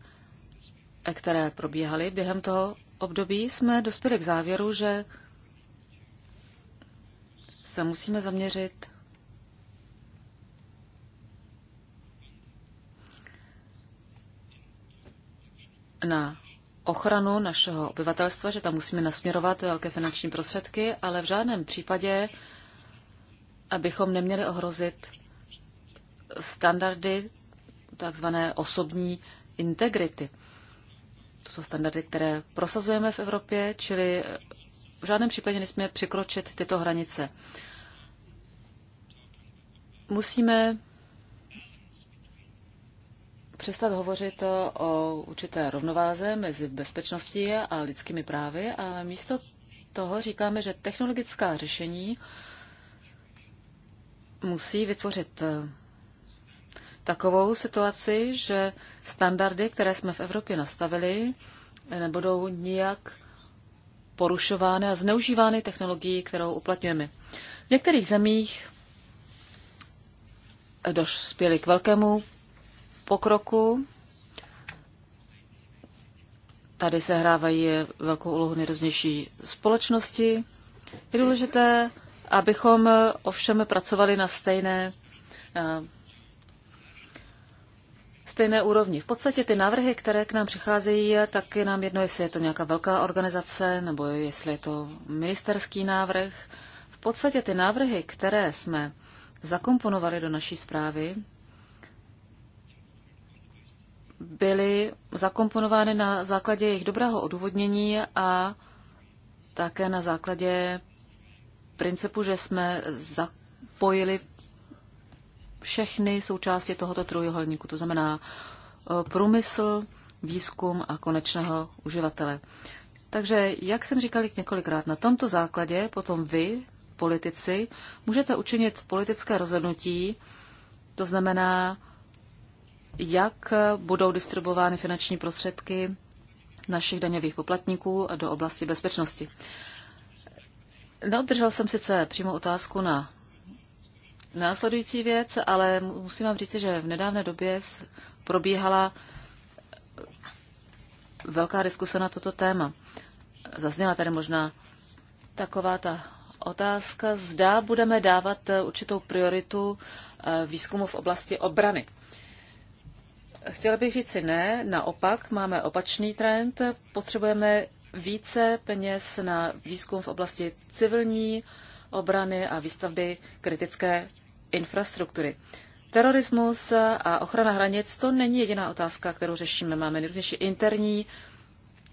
které probíhaly během toho období, jsme dospěli k závěru, že se musíme zaměřit na ochranu našeho obyvatelstva, že tam musíme nasměrovat velké finanční prostředky, ale v žádném případě, abychom neměli ohrozit standardy takzvané osobní integrity. To jsou standardy, které prosazujeme v Evropě, čili v žádném případě nesmíme překročit tyto hranice. Musíme přestat hovořit eh, o určité rovnováze mezi bezpečností a lidskými právy, ale místo toho říkáme, že technologická řešení musí vytvořit eh, takovou situaci, že standardy, které jsme v Evropě nastavili, nebudou nijak porušovány a zneužívány technologií, kterou uplatňujeme. V některých zemích dospěli k velkému pokroku. Tady se hrávají velkou úlohu nejrůznější společnosti. Je důležité, abychom ovšem pracovali na stejné stejné úrovni. V podstatě ty návrhy, které k nám přicházejí, tak je nám jedno, jestli je to nějaká velká organizace nebo jestli je to ministerský návrh. V podstatě ty návrhy, které jsme zakomponovali do naší zprávy, byly zakomponovány na základě jejich dobrého odůvodnění a také na základě principu, že jsme zapojili všechny součásti tohoto trojuhelníku, to znamená e, průmysl, výzkum a konečného uživatele. Takže, jak jsem říkal několikrát, na tomto základě potom vy, politici, můžete učinit politické rozhodnutí, to znamená jak budou distribuovány finanční prostředky našich daňových poplatníků do oblasti bezpečnosti. Neobdržel jsem sice přímo otázku na následující věc, ale musím vám říct, že v nedávné době probíhala velká diskuse na toto téma. Zazněla tady možná taková ta otázka, zda budeme dávat určitou prioritu eh, výzkumu v oblasti obrany. Chtěla bych říct si ne, naopak máme opačný trend. Potřebujeme více peněz na výzkum v oblasti civilní obrany a výstavby kritické infrastruktury. Terorismus a ochrana hranic to není jediná otázka, kterou řešíme. Máme nejrůznější interní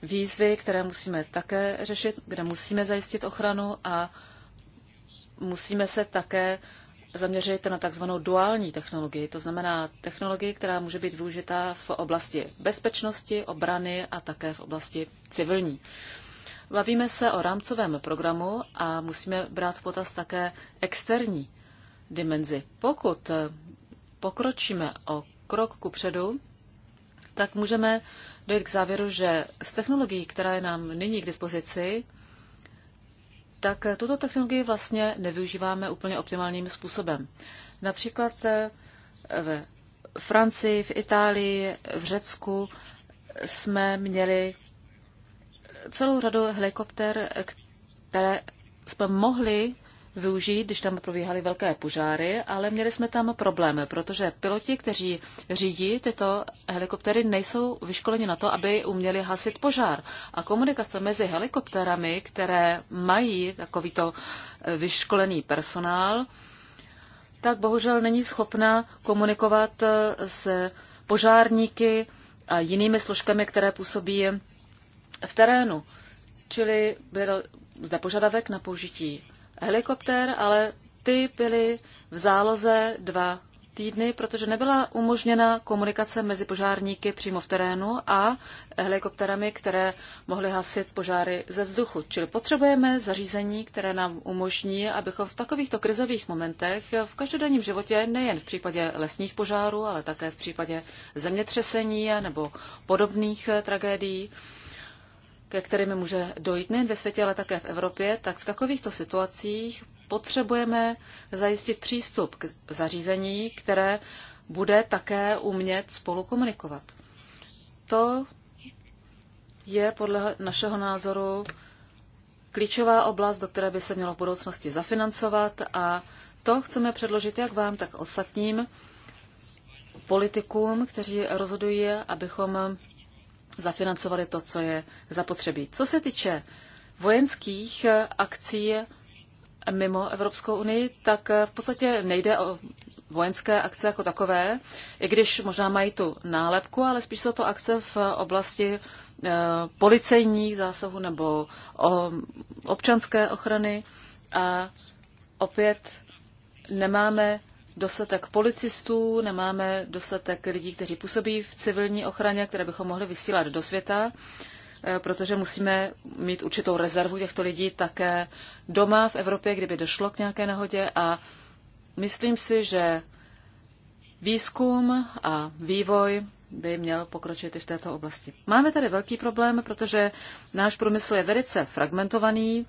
výzvy, které musíme také řešit, kde musíme zajistit ochranu a musíme se také zaměřujete na takzvanou duální technologii, to znamená technologii, která může být využita v oblasti bezpečnosti, obrany a také v oblasti civilní. Bavíme se o rámcovém programu a musíme brát v potaz také externí dimenzi. Pokud pokročíme o krok ku předu, tak můžeme dojít k závěru, že z technologií, která je nám nyní k dispozici, tak tuto technologii vlastně nevyužíváme úplně optimálním způsobem. Například eh, v Francii, v Itálii, v Řecku jsme měli celou řadu helikopter, které jsme mohli využít, když tam probíhaly velké požáry, ale měli jsme tam problémy, protože piloti, kteří řídí tyto helikoptery, nejsou vyškoleni na to, aby uměli hasit požár. A komunikace mezi helikopterami, které mají takovýto e, vyškolený personál, tak bohužel není schopna komunikovat e, s požárníky a jinými složkami, které působí v terénu. Čili byl zde požadavek na použití helikoptér, ale ty byly v záloze dva týdny, protože nebyla umožněna komunikace mezi požárníky přímo v terénu a helikopterami, které mohly hasit požáry ze vzduchu. Čili potřebujeme zařízení, které nám umožní, abychom v takovýchto krizových momentech v každodenním životě, nejen v případě lesních požárů, ale také v případě zemětřesení nebo podobných eh, tragédií, ke kterým může dojít nejen ve světě, ale také v Evropě, tak v takovýchto situacích potřebujeme zajistit přístup k zařízení, které bude také umět spolu komunikovat. To je podle našeho názoru klíčová oblast, do které by se mělo v budoucnosti zafinancovat a to chceme předložit jak vám, tak ostatním politikům, kteří rozhodují, abychom zafinancovali to, co je zapotřebí. Co se týče vojenských eh, akcí mimo Evropskou unii, tak eh, v podstatě nejde o vojenské akce jako takové, i když možná mají tu nálepku, ale spíš jsou to akce v oblasti eh, policejních zásahů nebo občanské ochrany a opět nemáme dostatek policistů, nemáme dostatek lidí, kteří působí v civilní ochraně, které bychom mohli vysílat do světa, eh, protože musíme mít určitou rezervu těchto lidí také doma v Evropě, kdyby došlo k nějaké nehodě a myslím si, že výzkum a vývoj by měl pokročit i v této oblasti. Máme tady velký problém, protože náš průmysl je velice fragmentovaný,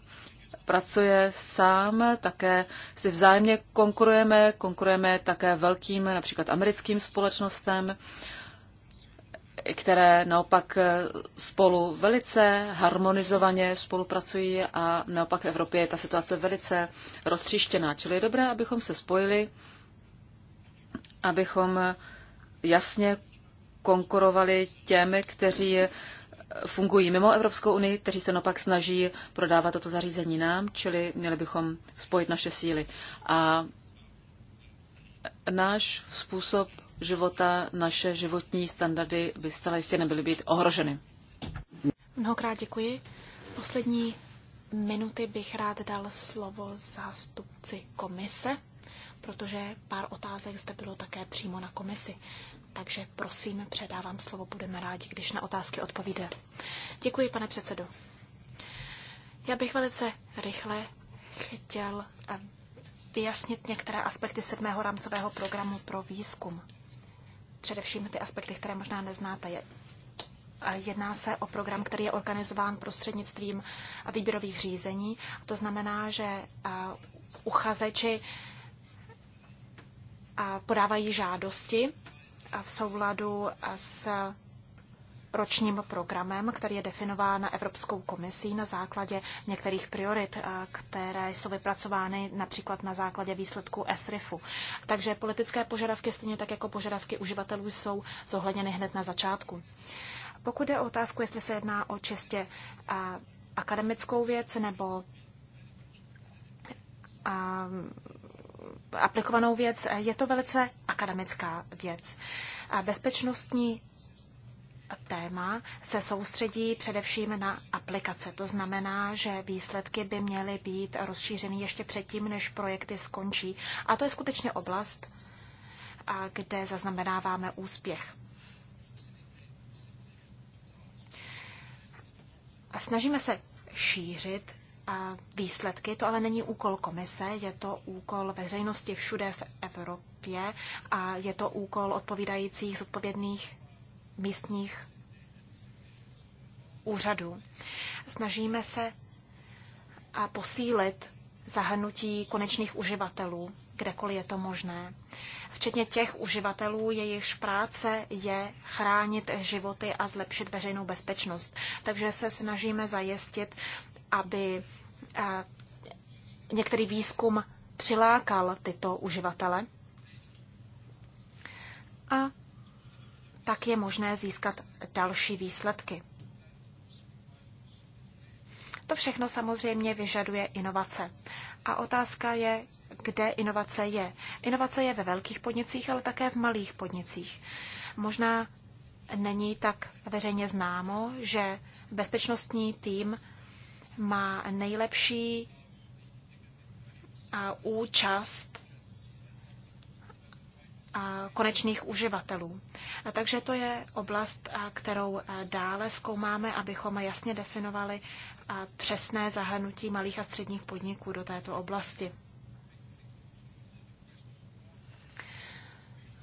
pracuje sám, také si vzájemně konkurujeme, konkurujeme také velkým, například americkým společnostem, které naopak spolu velice harmonizovaně spolupracují a naopak v Evropě je ta situace velice roztříštěná. Čili je dobré, abychom se spojili, abychom jasně konkurovali těm, kteří fungují mimo Evropskou unii, kteří se naopak snaží prodávat toto zařízení nám, čili měli bychom spojit naše síly. A náš způsob života, naše životní standardy by zcela jistě nebyly být ohroženy. Mnohokrát děkuji. Poslední minuty bych rád dal slovo zástupci komise, protože pár otázek zde bylo také přímo na komisi. Takže prosím, předávám slovo, budeme rádi, když na otázky odpovíde. Děkuji, pane předsedo. Já bych velice rychle chtěl eh, vyjasnit některé aspekty sedmého rámcového programu pro výzkum. Především ty aspekty, které možná neznáte. Jedná se o program, který je organizován prostřednictvím výběrových řízení. To znamená, že eh, uchazeči eh, podávají žádosti v souladu s ročním programem, který je definován Evropskou komisí na základě některých priorit, které jsou vypracovány například na základě výsledků SRIFu. Takže politické požadavky, stejně tak jako požadavky uživatelů, jsou zohledněny hned na začátku. Pokud je o otázku, jestli se jedná o čistě akademickou věc nebo aplikovanou věc, je to velice akademická věc. Bezpečnostní téma se soustředí především na aplikace. To znamená, že výsledky by měly být rozšířeny ještě předtím, než projekty skončí. A to je skutečně oblast, kde zaznamenáváme úspěch. A snažíme se šířit výsledky. To ale není úkol komise, je to úkol veřejnosti všude v Evropě a je to úkol odpovídajících zodpovědných místních úřadů. Snažíme se a posílit zahrnutí konečných uživatelů, kdekoliv je to možné. Včetně těch uživatelů, jejichž práce je chránit životy a zlepšit veřejnou bezpečnost. Takže se snažíme zajistit aby eh, některý výzkum přilákal tyto uživatele. A tak je možné získat další výsledky. To všechno samozřejmě vyžaduje inovace. A otázka je, kde inovace je. Inovace je ve velkých podnicích, ale také v malých podnicích. Možná není tak veřejně známo, že bezpečnostní tým má nejlepší účast konečných uživatelů. Takže to je oblast, kterou dále zkoumáme, abychom jasně definovali přesné zahrnutí malých a středních podniků do této oblasti.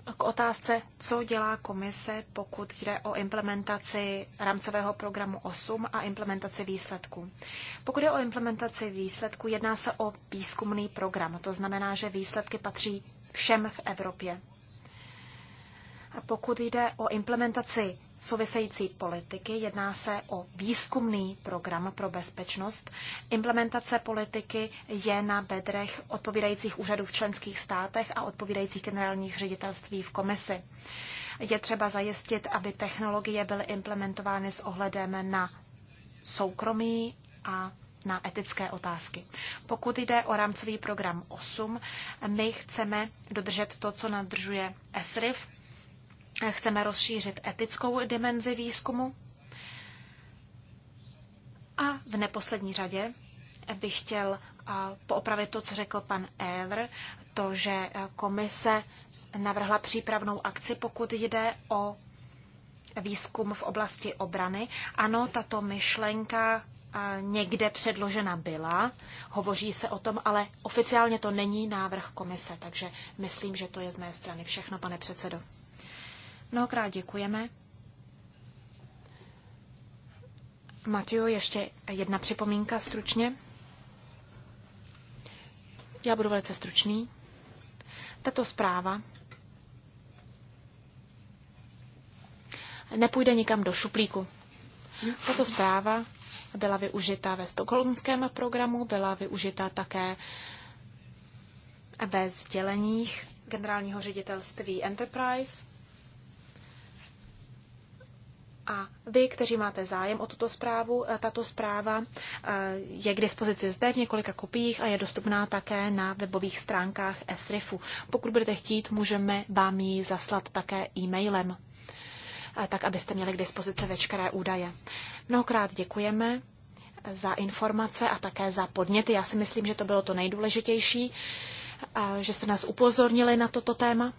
K otázce, co dělá komise, pokud jde o implementaci rámcového programu 8 a implementaci výsledků. Pokud jde o implementaci výsledků, jedná se o výzkumný program. To znamená, že výsledky patří všem v Evropě. A pokud jde o implementaci související politiky. Jedná se o výzkumný program pro bezpečnost. Implementace politiky je na bedrech odpovídajících úřadů v členských státech a odpovídajících generálních ředitelství v komisi. Je třeba zajistit, aby technologie byly implementovány s ohledem na soukromí a na etické otázky. Pokud jde o rámcový program 8, my chceme dodržet to, co nadržuje ESRIF, Chceme rozšířit etickou dimenzi výzkumu. A v neposlední řadě bych chtěl poopravit to, co řekl pan Ehler, to, že komise navrhla přípravnou akci, pokud jde o výzkum v oblasti obrany. Ano, tato myšlenka někde předložena byla, hovoří se o tom, ale oficiálně to není návrh komise, takže myslím, že to je z mé strany všechno, pane předsedo. Mnohokrát děkujeme. Matiu, ještě jedna připomínka stručně. Já budu velice stručný. Tato zpráva nepůjde nikam do šuplíku. Tato zpráva byla využita ve stokholmském programu, byla využita také ve sděleních generálního ředitelství Enterprise a vy, kteří máte zájem o tuto zprávu, eh, tato zpráva eh, je k dispozici zde v několika kopiích a je dostupná také na webových stránkách SRIFu. Pokud budete chtít, můžeme vám ji zaslat také e-mailem, eh, tak abyste měli k dispozici veškeré údaje. Mnohokrát děkujeme za informace a také za podněty. Já si myslím, že to bylo to nejdůležitější, že jste nás upozornili na toto téma.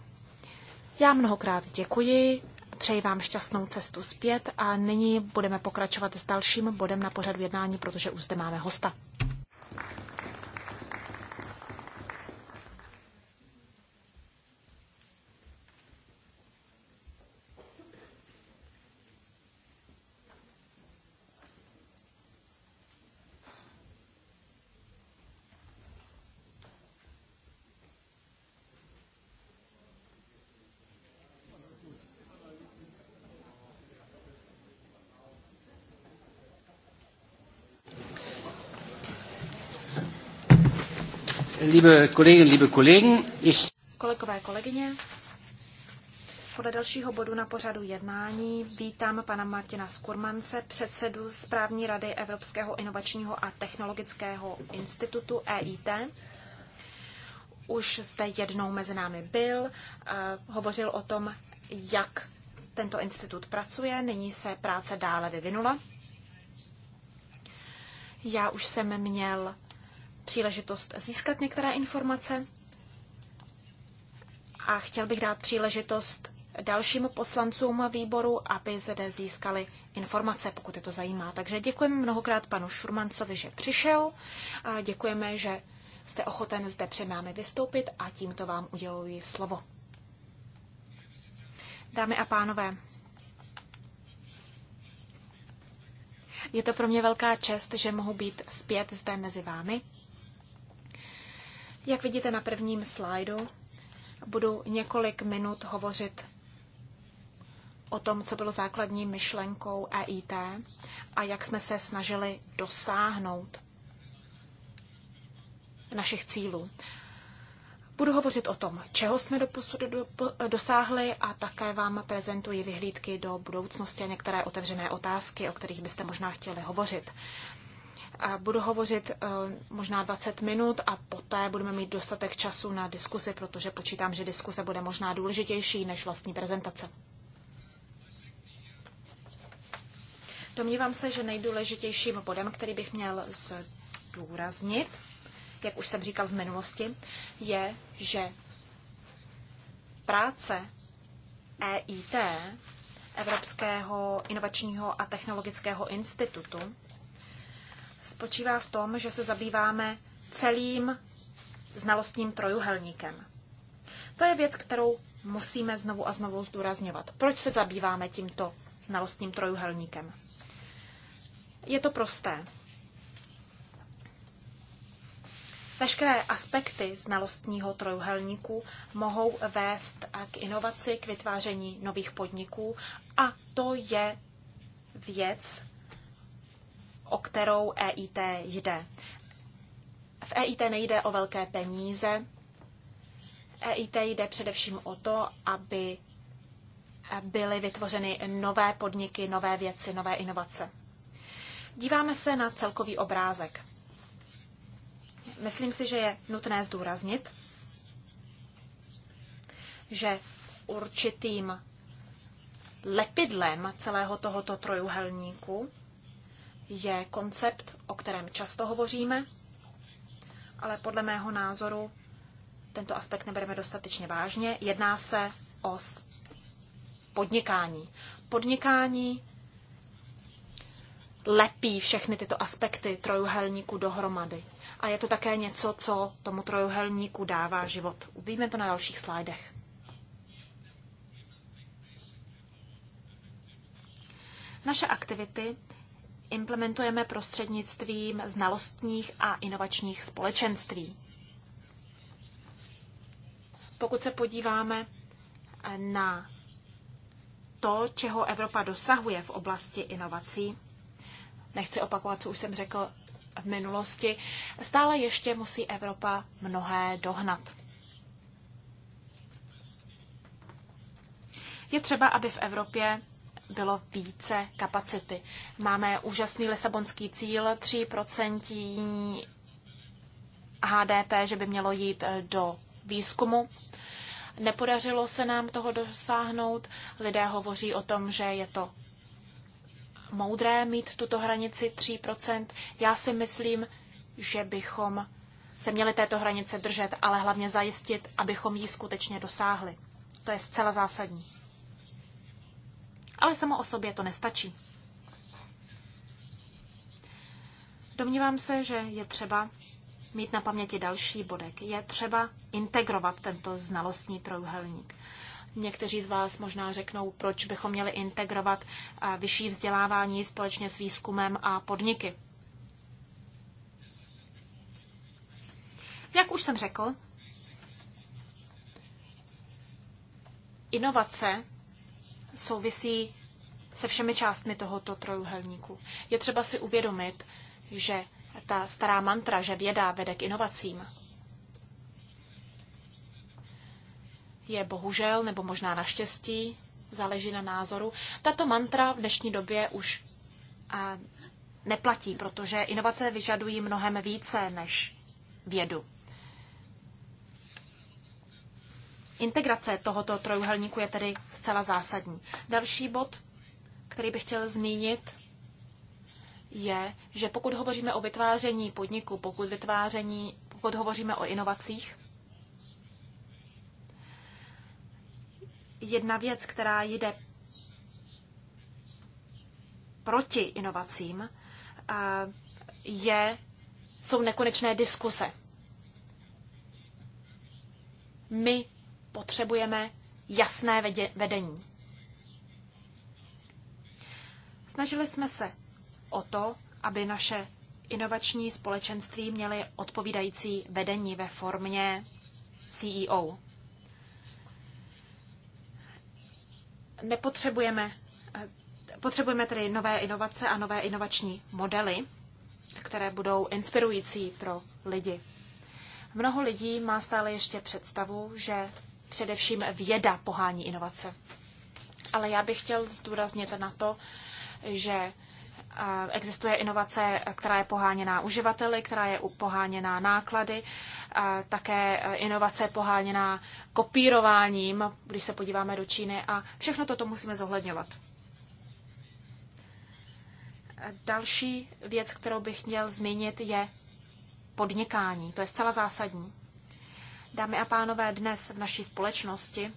Já mnohokrát děkuji Přeji vám šťastnou cestu zpět a nyní budeme pokračovat s dalším bodem na pořadu jednání, protože už zde máme hosta. liebe Kolleginnen, liebe Kollegen, ich... Kolegové, kolegyně, podle dalšího bodu na pořadu jednání vítám pana Martina Skurmance, předsedu správní rady Evropského inovačního a technologického institutu EIT. Už zde jednou mezi námi byl, eh, hovořil o tom, jak tento institut pracuje, nyní se práce dále vyvinula. Já už jsem měl příležitost získat některé informace a chtěl bych dát příležitost dalším poslancům výboru, aby zde získali informace, pokud je to zajímá. Takže děkujeme mnohokrát panu Šurmancovi, že přišel. A děkujeme, že jste ochoten zde před námi vystoupit a tímto vám uděluji slovo. Dámy a pánové, je to pro mě velká čest, že mohu být zpět zde mezi vámi. Jak vidíte na prvním slajdu, budu několik minut hovořit o tom, co bylo základní myšlenkou EIT a jak jsme se snažili dosáhnout našich cílů. Budu hovořit o tom, čeho jsme doposud dosáhli a také vám prezentuji vyhlídky do budoucnosti a některé otevřené otázky, o kterých byste možná chtěli hovořit. Budu hovořit eh, možná 20 minut a poté budeme mít dostatek času na diskusi, protože počítám, že diskuse bude možná důležitější než vlastní prezentace. Domnívám se, že nejdůležitějším bodem, který bych měl zdůraznit, jak už jsem říkal v minulosti, je, že práce EIT, Evropského inovačního a technologického institutu, spočívá v tom, že se zabýváme celým znalostním trojuhelníkem. To je věc, kterou musíme znovu a znovu zdůrazňovat. Proč se zabýváme tímto znalostním trojuhelníkem? Je to prosté. Veškeré aspekty znalostního trojuhelníku mohou vést k inovaci, k vytváření nových podniků a to je věc, o kterou EIT jde. V EIT nejde o velké peníze. EIT jde především o to, aby byly vytvořeny nové podniky, nové věci, nové inovace. Díváme se na celkový obrázek. Myslím si, že je nutné zdůraznit, že určitým lepidlem celého tohoto trojuhelníku je koncept, o kterém často hovoříme, ale podle mého názoru tento aspekt nebereme dostatečně vážně. Jedná se o podnikání. Podnikání lepí všechny tyto aspekty trojuhelníku dohromady. A je to také něco, co tomu trojuhelníku dává život. Uvidíme to na dalších slajdech. Naše aktivity implementujeme prostřednictvím znalostních a inovačních společenství. Pokud se podíváme eh, na to, čeho Evropa dosahuje v oblasti inovací, nechci opakovat, co už jsem řekl v minulosti, stále ještě musí Evropa mnohé dohnat. Je třeba, aby v Evropě bylo více kapacity. Máme úžasný lisabonský cíl 3% HDP, že by mělo jít eh, do výzkumu. Nepodařilo se nám toho dosáhnout. Lidé hovoří o tom, že je to moudré mít tuto hranici 3%. Já si myslím, že bychom se měli této hranice držet, ale hlavně zajistit, abychom ji skutečně dosáhli. To je zcela zásadní. Ale samo o sobě to nestačí. Domnívám se, že je třeba mít na paměti další bodek. Je třeba integrovat tento znalostní trojuhelník. Někteří z vás možná řeknou, proč bychom měli integrovat eh, vyšší vzdělávání společně s výzkumem a podniky. Jak už jsem řekl, inovace souvisí se všemi částmi tohoto trojuhelníku. Je třeba si uvědomit, že ta stará mantra, že věda vede k inovacím, je bohužel, nebo možná naštěstí, záleží na názoru. Tato mantra v dnešní době už a, neplatí, protože inovace vyžadují mnohem více než vědu. Integrace tohoto trojuhelníku je tedy zcela zásadní. Další bod, který bych chtěl zmínit, je, že pokud hovoříme o vytváření podniku, pokud, vytváření, pokud hovoříme o inovacích, jedna věc, která jde proti inovacím, je, jsou nekonečné diskuse. My potřebujeme jasné vedení. Snažili jsme se o to, aby naše inovační společenství měly odpovídající vedení ve formě CEO. Nepotřebujeme, eh, potřebujeme tedy nové inovace a nové inovační modely, které budou inspirující pro lidi. Mnoho lidí má stále ještě představu, že především věda pohání inovace. Ale já bych chtěl zdůraznit na to, že existuje inovace, která je poháněná uživateli, která je poháněná náklady, také e, inovace poháněná kopírováním, když se podíváme do Číny a všechno toto musíme zohledňovat. Další věc, kterou bych měl zmínit, je podnikání. To je zcela zásadní. Dámy a pánové, dnes v naší společnosti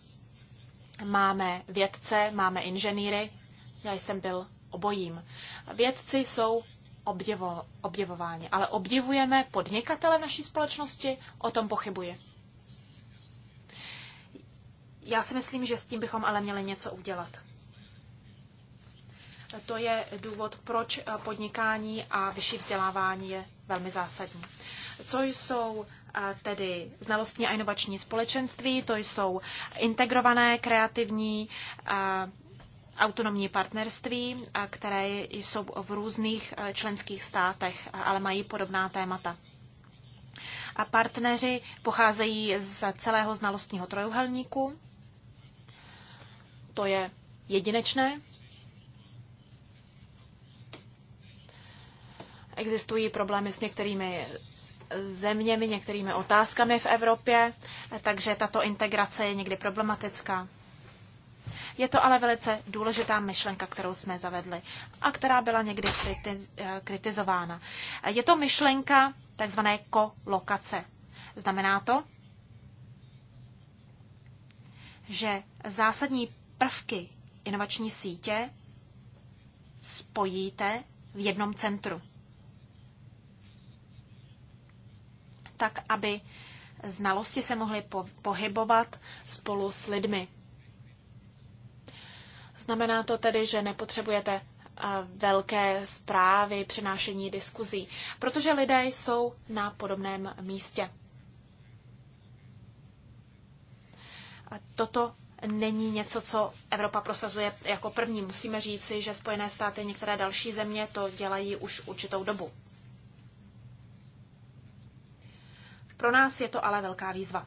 máme vědce, máme inženýry. Já jsem byl obojím. Vědci jsou obdivo, obdivováni, ale obdivujeme podnikatele v naší společnosti? O tom pochybuji. Já si myslím, že s tím bychom ale měli něco udělat. To je důvod, proč podnikání a vyšší vzdělávání je velmi zásadní. Co jsou tedy znalostní a inovační společenství, to jsou integrované kreativní autonomní partnerství, které jsou v různých e, členských státech, ale mají podobná témata. A partneři pocházejí z celého znalostního trojuhelníku. To je jedinečné. Existují problémy s některými zeměmi, některými otázkami v Evropě, takže tato integrace je někdy problematická. Je to ale velice důležitá myšlenka, kterou jsme zavedli a která byla někdy eh, kritizována. Je to myšlenka takzvané kolokace. Znamená to, že zásadní prvky inovační sítě spojíte v jednom centru. tak aby znalosti se mohly po pohybovat spolu s lidmi. Znamená to tedy, že nepotřebujete eh, velké zprávy, přenášení diskuzí, protože lidé jsou na podobném místě. A toto není něco, co Evropa prosazuje jako první. Musíme říci, že Spojené státy a některé další země to dělají už určitou dobu. Pro nás je to ale velká výzva.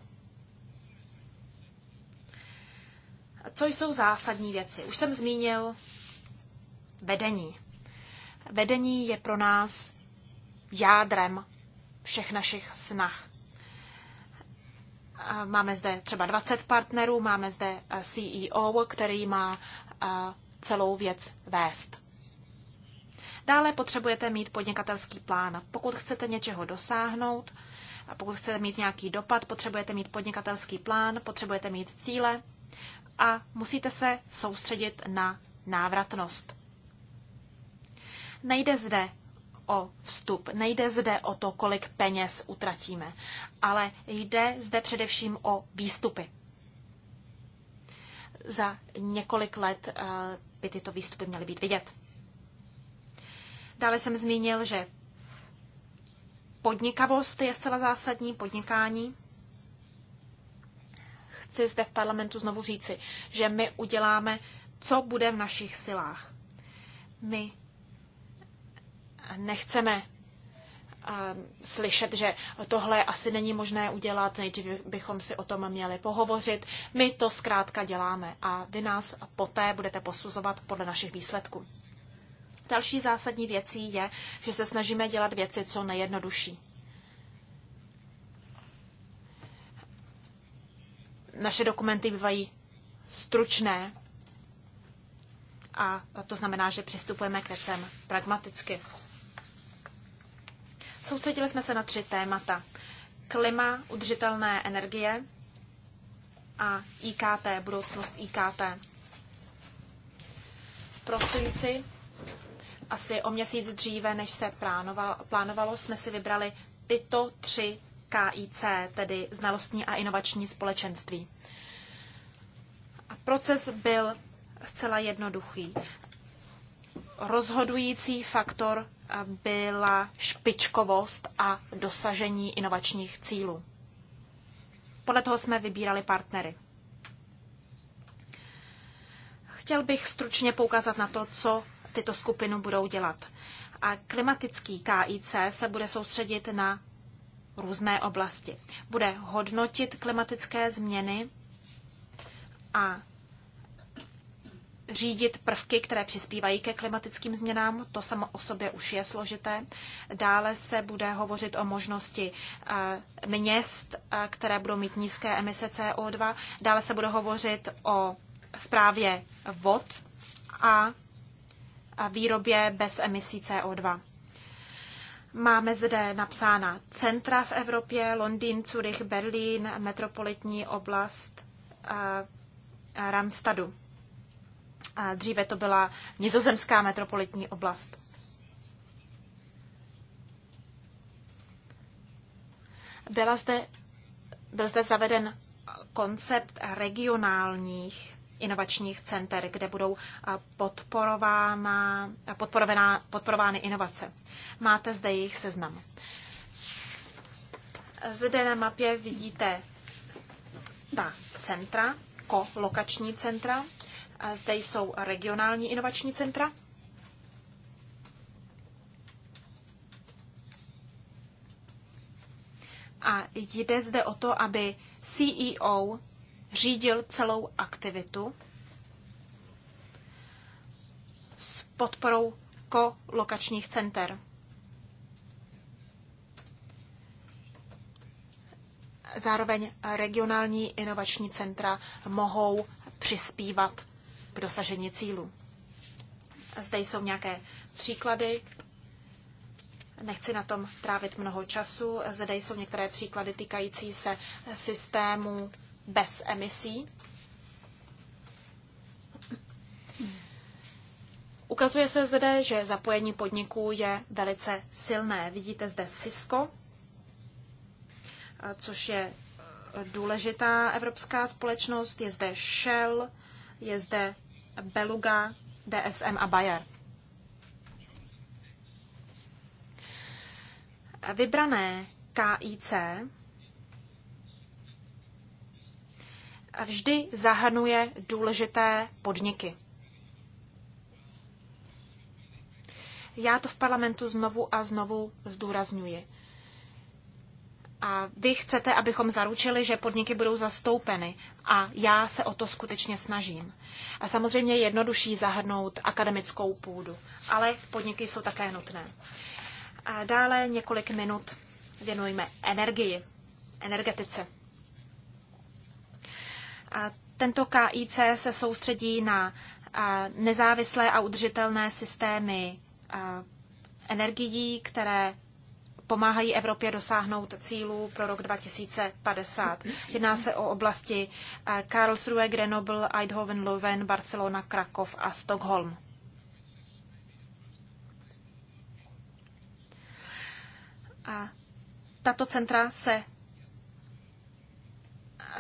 Co jsou zásadní věci? Už jsem zmínil vedení. Vedení je pro nás jádrem všech našich snah. Eh, máme zde třeba 20 partnerů, máme zde eh, CEO, který má eh, celou věc vést. Dále potřebujete mít podnikatelský plán. Pokud chcete něčeho dosáhnout, pokud chcete mít nějaký dopad, potřebujete mít podnikatelský plán, potřebujete mít cíle a musíte se soustředit na návratnost. Nejde zde o vstup, nejde zde o to, kolik peněz utratíme, ale jde zde především o výstupy. Za několik let eh, by tyto výstupy měly být vidět. Dále jsem zmínil, že Podnikavost je zcela zásadní, podnikání. Chci zde v parlamentu znovu říci, že my uděláme, co bude v našich silách. My nechceme eh, slyšet, že tohle asi není možné udělat, nejdřív bychom si o tom měli pohovořit. My to zkrátka děláme a vy nás poté budete posuzovat podle našich výsledků. Další zásadní věcí je, že se snažíme dělat věci co nejjednodušší. Naše dokumenty bývají stručné a to znamená, že přistupujeme k věcem pragmaticky. Soustředili jsme se na tři témata. Klima, udržitelné energie a IKT, budoucnost IKT. V prosinci asi o měsíc dříve, než se plánovalo, jsme si vybrali tyto tři KIC, tedy znalostní a inovační společenství. A proces byl zcela jednoduchý. Rozhodující faktor eh, byla špičkovost a dosažení inovačních cílů. Podle toho jsme vybírali partnery. Chtěl bych stručně poukázat na to, co tyto skupinu budou dělat. A klimatický KIC se bude soustředit na různé oblasti. Bude hodnotit klimatické změny a řídit prvky, které přispívají ke klimatickým změnám, to samo o sobě už je složité. Dále se bude hovořit o možnosti eh, měst, eh, které budou mít nízké emise CO2. Dále se bude hovořit o zprávě vod a a výrobě bez emisí CO2. Máme zde napsána centra v Evropě, Londýn, Zurich, Berlín, metropolitní oblast eh, Randstadu. A eh, dříve to byla nizozemská metropolitní oblast. Byla zde, byl zde zaveden koncept regionálních inovačních center, kde budou podporována, podporovány inovace. Máte zde jejich seznam. Zde na mapě vidíte ta centra, kolokační centra. Zde jsou regionální inovační centra, a jde zde o to, aby CEO řídil celou aktivitu s podporou kolokačních center. Zároveň regionální inovační centra mohou přispívat k dosažení cílu. Zde jsou nějaké příklady. Nechci na tom trávit mnoho času. Zde jsou některé příklady týkající se systému bez emisí. Ukazuje se zde, že zapojení podniků je velice silné. Vidíte zde Cisco, eh, což je eh, důležitá evropská společnost. Je zde Shell, je zde Beluga, DSM a Bayer. Vybrané KIC vždy zahrnuje důležité podniky. Já to v parlamentu znovu a znovu zdůrazňuji. A vy chcete, abychom zaručili, že podniky budou zastoupeny. A já se o to skutečně snažím. A samozřejmě je jednodušší zahrnout akademickou půdu, ale podniky jsou také nutné. A dále několik minut věnujme energii, energetice. Tento KIC se soustředí na nezávislé a udržitelné systémy energií, které pomáhají Evropě dosáhnout cílů pro rok 2050. Jedná se o oblasti Karlsruhe, Grenoble, Eindhoven, Leuven, Barcelona, Krakov a Stockholm. A tato centra se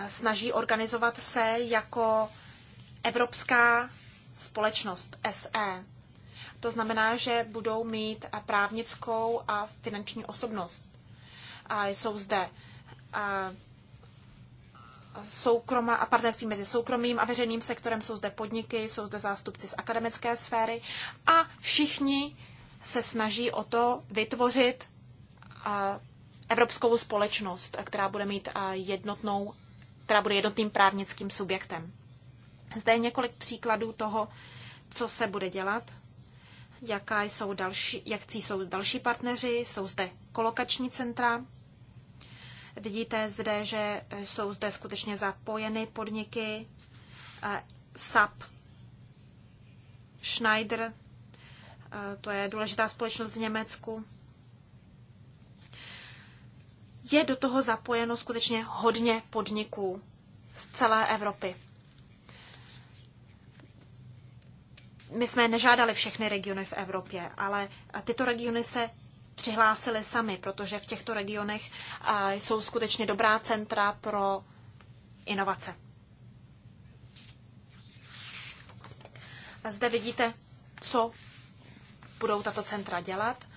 snaží organizovat se jako Evropská společnost SE. To znamená, že budou mít právnickou a finanční osobnost. A jsou zde a soukroma a partnerství mezi soukromým a veřejným sektorem, jsou zde podniky, jsou zde zástupci z akademické sféry a všichni se snaží o to vytvořit evropskou společnost, která bude mít jednotnou která bude jednotným právnickým subjektem. Zde je několik příkladů toho, co se bude dělat, jaká jsou další, jakcí jsou další partneři, jsou zde kolokační centra. Vidíte zde, že jsou zde skutečně zapojeny podniky eh, SAP, Schneider, eh, to je důležitá společnost v Německu, je do toho zapojeno skutečně hodně podniků z celé Evropy. My jsme nežádali všechny regiony v Evropě, ale tyto regiony se přihlásily sami, protože v těchto regionech jsou skutečně dobrá centra pro inovace. A zde vidíte, co budou tato centra dělat.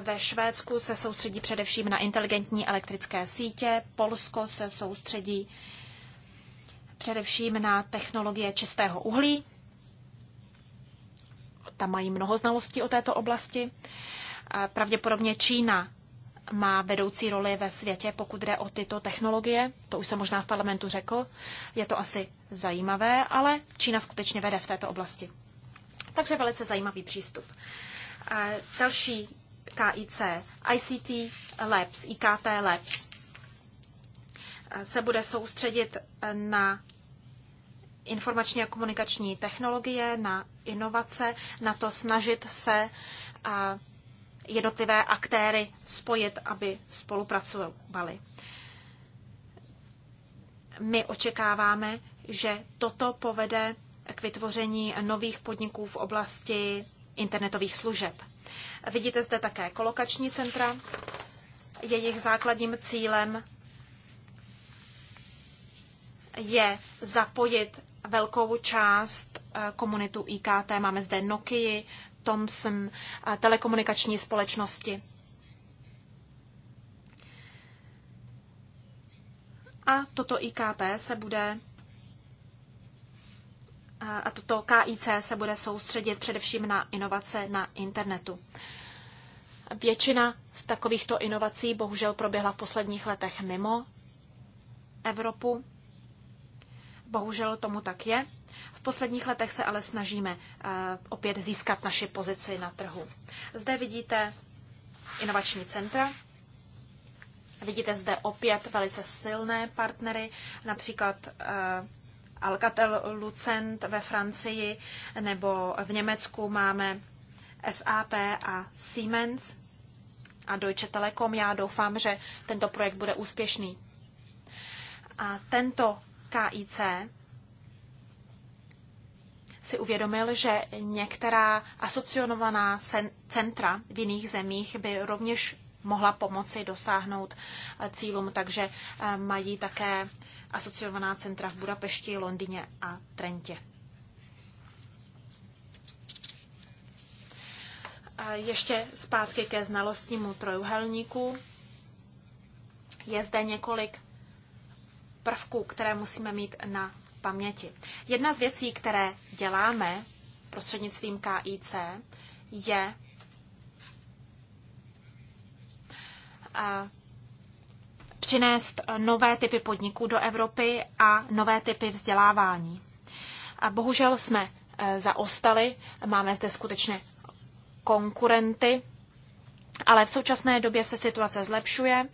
Ve Švédsku se soustředí především na inteligentní elektrické sítě, Polsko se soustředí především na technologie čistého uhlí. Tam mají mnoho znalostí o této oblasti. Pravděpodobně Čína má vedoucí roli ve světě, pokud jde o tyto technologie. To už jsem možná v parlamentu řekl. Je to asi zajímavé, ale Čína skutečně vede v této oblasti. Takže velice zajímavý přístup. Další KIC, ICT Labs, IKT Labs eh, se bude soustředit eh, na informační a komunikační technologie, na inovace, na to snažit se eh, jednotlivé aktéry spojit, aby spolupracovali. My očekáváme, že toto povede k vytvoření nových podniků v oblasti internetových služeb. Vidíte zde také kolokační centra. Jejich základním cílem je zapojit velkou část eh, komunitu IKT. Máme zde Nokia, Thomson, eh, telekomunikační společnosti. A toto IKT se bude a toto KIC se bude soustředit především na inovace na internetu. Většina z takovýchto inovací bohužel proběhla v posledních letech mimo Evropu. Bohužel tomu tak je. V posledních letech se ale snažíme eh, opět získat naši pozici na trhu. Zde vidíte inovační centra. Vidíte zde opět velice silné partnery, například eh, Alcatel Lucent ve Francii nebo v Německu máme SAP a Siemens a Deutsche Telekom. Já doufám, že tento projekt bude úspěšný. A tento KIC si uvědomil, že některá asociovaná centra v jiných zemích by rovněž mohla pomoci dosáhnout cílům, takže eh, mají také asociovaná centra v Budapešti, Londýně a Trentě. A ještě zpátky ke znalostnímu trojuhelníku. Je zde několik prvků, které musíme mít na paměti. Jedna z věcí, které děláme prostřednictvím KIC, je přinést nové typy podniků do Evropy a nové typy vzdělávání. A bohužel jsme e, zaostali, máme zde skutečně konkurenty, ale v současné době se situace zlepšuje.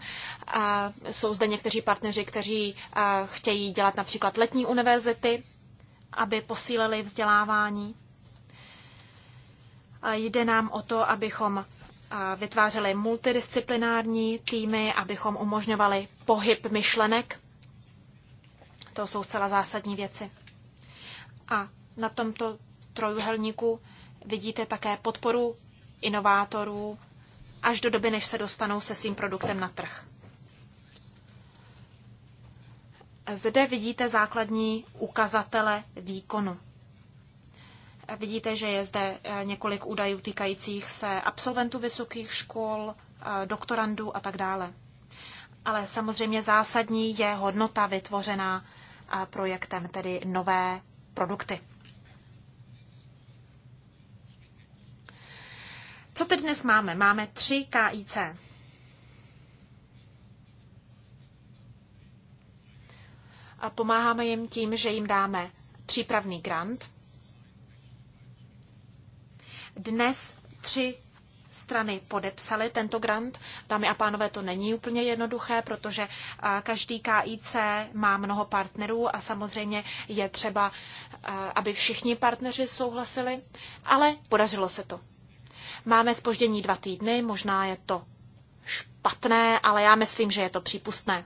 Jsou zde někteří partneři, kteří e, chtějí dělat například letní univerzity, aby posílili vzdělávání. Jde nám o to, abychom vytvářeli multidisciplinární týmy, abychom umožňovali pohyb myšlenek. To jsou zcela zásadní věci. A na tomto trojuhelníku vidíte také podporu inovátorů až do doby, než se dostanou se svým produktem na trh. Zde vidíte základní ukazatele výkonu. Vidíte, že je zde eh, několik údajů týkajících se absolventů vysokých škol, eh, doktorandů a tak dále. Ale samozřejmě zásadní je hodnota vytvořená eh, projektem, tedy nové produkty. Co teď dnes máme? Máme tři KIC. A pomáháme jim tím, že jim dáme přípravný grant, dnes tři strany podepsaly tento grant. Dámy a pánové, to není úplně jednoduché, protože každý KIC má mnoho partnerů a samozřejmě je třeba, aby všichni partneři souhlasili, ale podařilo se to. Máme spoždění dva týdny, možná je to špatné, ale já myslím, že je to přípustné.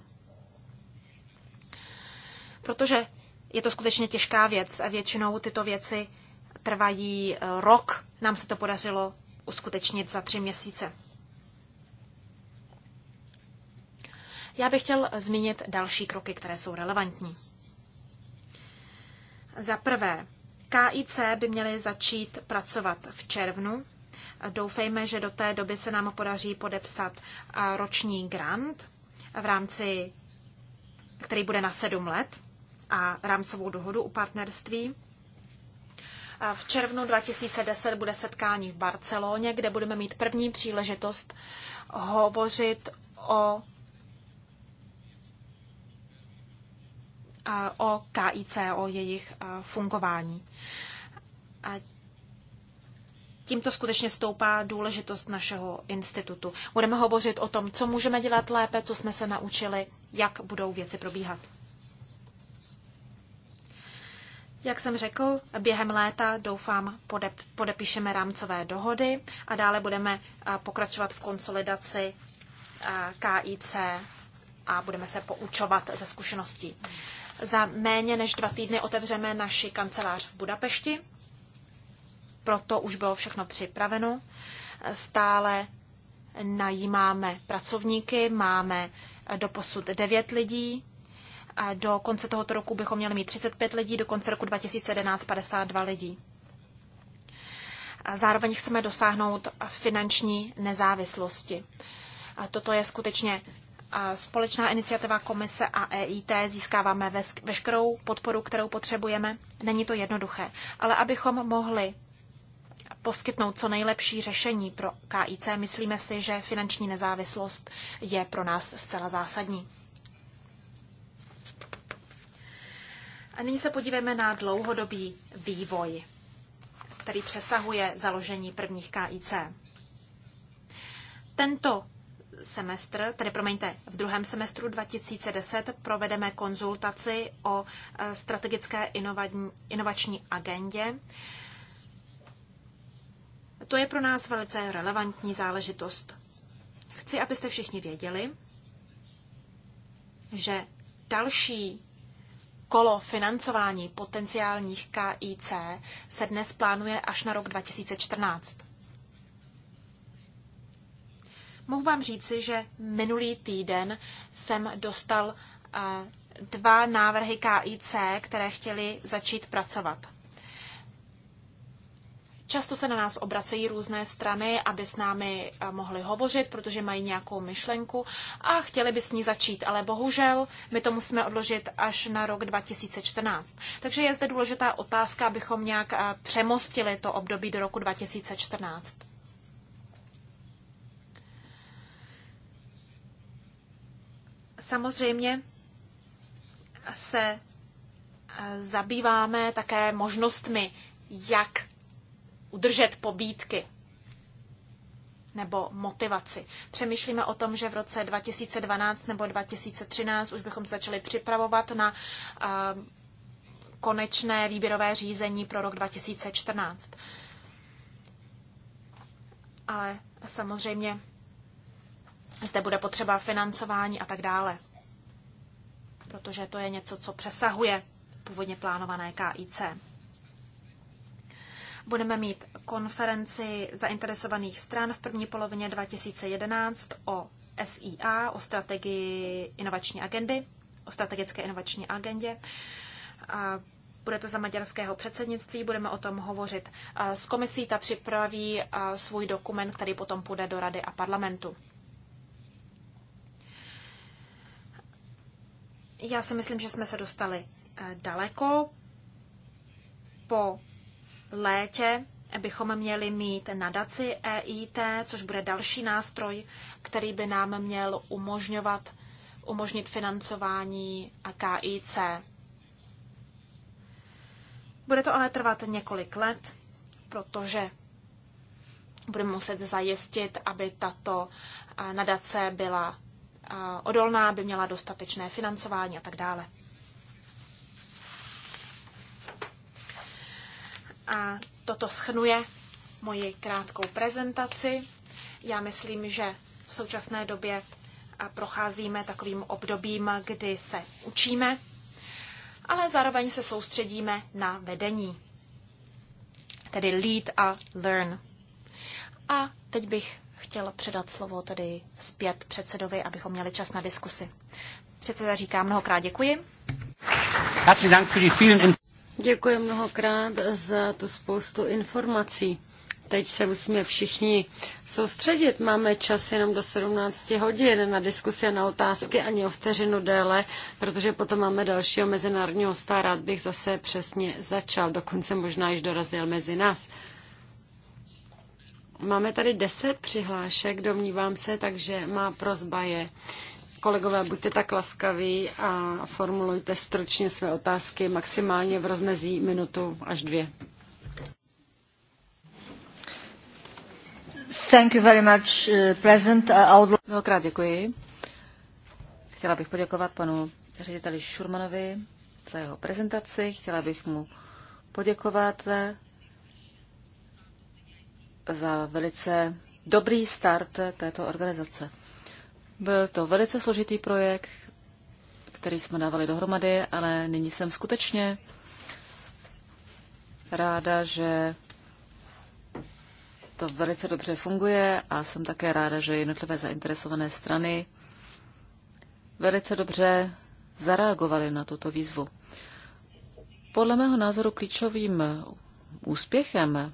Protože je to skutečně těžká věc. a Většinou tyto věci trvají e, rok nám se to podařilo uskutečnit za tři měsíce. Já bych chtěl zmínit další kroky, které jsou relevantní. Za prvé, KIC by měly začít pracovat v červnu. Doufejme, že do té doby se nám podaří podepsat roční grant v rámci, který bude na sedm let a rámcovou dohodu u partnerství. V červnu 2010 bude setkání v Barceloně, kde budeme mít první příležitost hovořit o o KIC, o jejich fungování. A tímto skutečně stoupá důležitost našeho institutu. Budeme hovořit o tom, co můžeme dělat lépe, co jsme se naučili, jak budou věci probíhat. Jak jsem řekl, během léta doufám podep- podepíšeme rámcové dohody a dále budeme pokračovat v konsolidaci KIC a budeme se poučovat ze zkušeností. Za méně než dva týdny otevřeme naši kancelář v Budapešti, proto už bylo všechno připraveno. Stále najímáme pracovníky, máme doposud devět lidí, a do konce tohoto roku bychom měli mít 35 lidí, do konce roku 2011 52 lidí. A zároveň chceme dosáhnout finanční nezávislosti. A toto je skutečně společná iniciativa komise a EIT, získáváme veškerou podporu, kterou potřebujeme. Není to jednoduché, ale abychom mohli poskytnout co nejlepší řešení pro KIC, myslíme si, že finanční nezávislost je pro nás zcela zásadní. A nyní se podívejme na dlouhodobý vývoj, který přesahuje založení prvních KIC. Tento semestr, tedy promiňte, v druhém semestru 2010 provedeme konzultaci o e, strategické inovační agendě. To je pro nás velice relevantní záležitost. Chci, abyste všichni věděli, že další kolo financování potenciálních KIC se dnes plánuje až na rok 2014. Mohu vám říci, že minulý týden jsem dostal eh, dva návrhy KIC, které chtěli začít pracovat. Často se na nás obracejí různé strany, aby s námi eh, mohli hovořit, protože mají nějakou myšlenku a chtěli by s ní začít, ale bohužel my to musíme odložit až na rok 2014. Takže je zde důležitá otázka, abychom nějak eh, přemostili to období do roku 2014. Samozřejmě se eh, zabýváme také možnostmi, jak udržet pobídky nebo motivaci. Přemýšlíme o tom, že v roce 2012 nebo 2013 už bychom začali připravovat na eh, konečné výběrové řízení pro rok 2014. Ale samozřejmě zde bude potřeba financování a tak dále, protože to je něco, co přesahuje původně plánované KIC. Budeme mít konferenci zainteresovaných stran v první polovině 2011 o SIA, o strategii inovační agendy, o strategické inovační agendě. A bude to za maďarského předsednictví, budeme o tom hovořit s komisí, ta připraví svůj dokument, který potom půjde do rady a parlamentu. Já si myslím, že jsme se dostali e, daleko po létě bychom měli mít nadaci EIT, což bude další nástroj, který by nám měl umožňovat, umožnit financování KIC. Bude to ale trvat několik let, protože budeme muset zajistit, aby tato eh, nadace byla eh, odolná, aby měla dostatečné financování a tak dále. A toto schnuje moji krátkou prezentaci. Já myslím, že v současné době procházíme takovým obdobím, kdy se učíme, ale zároveň se soustředíme na vedení, tedy lead a learn. A teď bych chtěl předat slovo tedy zpět předsedovi, abychom měli čas na diskusi. Předseda říká mnohokrát děkuji. Děkuji mnohokrát za tu spoustu informací. Teď se musíme všichni soustředit. Máme čas jenom do 17 hodin na diskusi a na otázky, ani o vteřinu déle, protože potom máme dalšího mezinárodního hosta. Rád bych zase přesně začal, dokonce možná již dorazil mezi nás. Máme tady deset přihlášek, domnívám se, takže má prozba je, Kolegové, buďte tak laskaví a formulujte stručně své otázky maximálně v rozmezí minutu až dvě. Thank you very much, uh, President. Uh, Mnohokrát děkuji. Chtěla bych poděkovat panu řediteli Šurmanovi za jeho prezentaci. Chtěla bych mu poděkovat za velice dobrý start této organizace. Byl to velice složitý projekt, který jsme dávali dohromady, ale nyní jsem skutečně ráda, že to velice dobře funguje a jsem také ráda, že jednotlivé zainteresované strany velice dobře zareagovaly na tuto výzvu. Podle mého názoru klíčovým úspěchem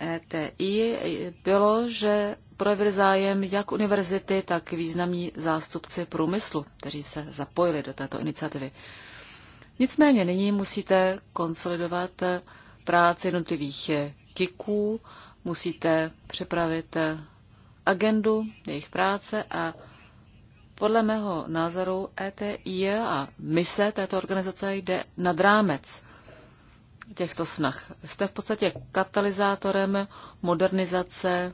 ETI bylo, že projevili zájem jak univerzity, tak významní zástupci průmyslu, kteří se zapojili do této iniciativy. Nicméně nyní musíte konsolidovat práci jednotlivých kiků, musíte připravit agendu jejich práce a podle mého názoru ETI a mise této organizace jde nad rámec těchto snah. Jste v podstatě katalyzátorem modernizace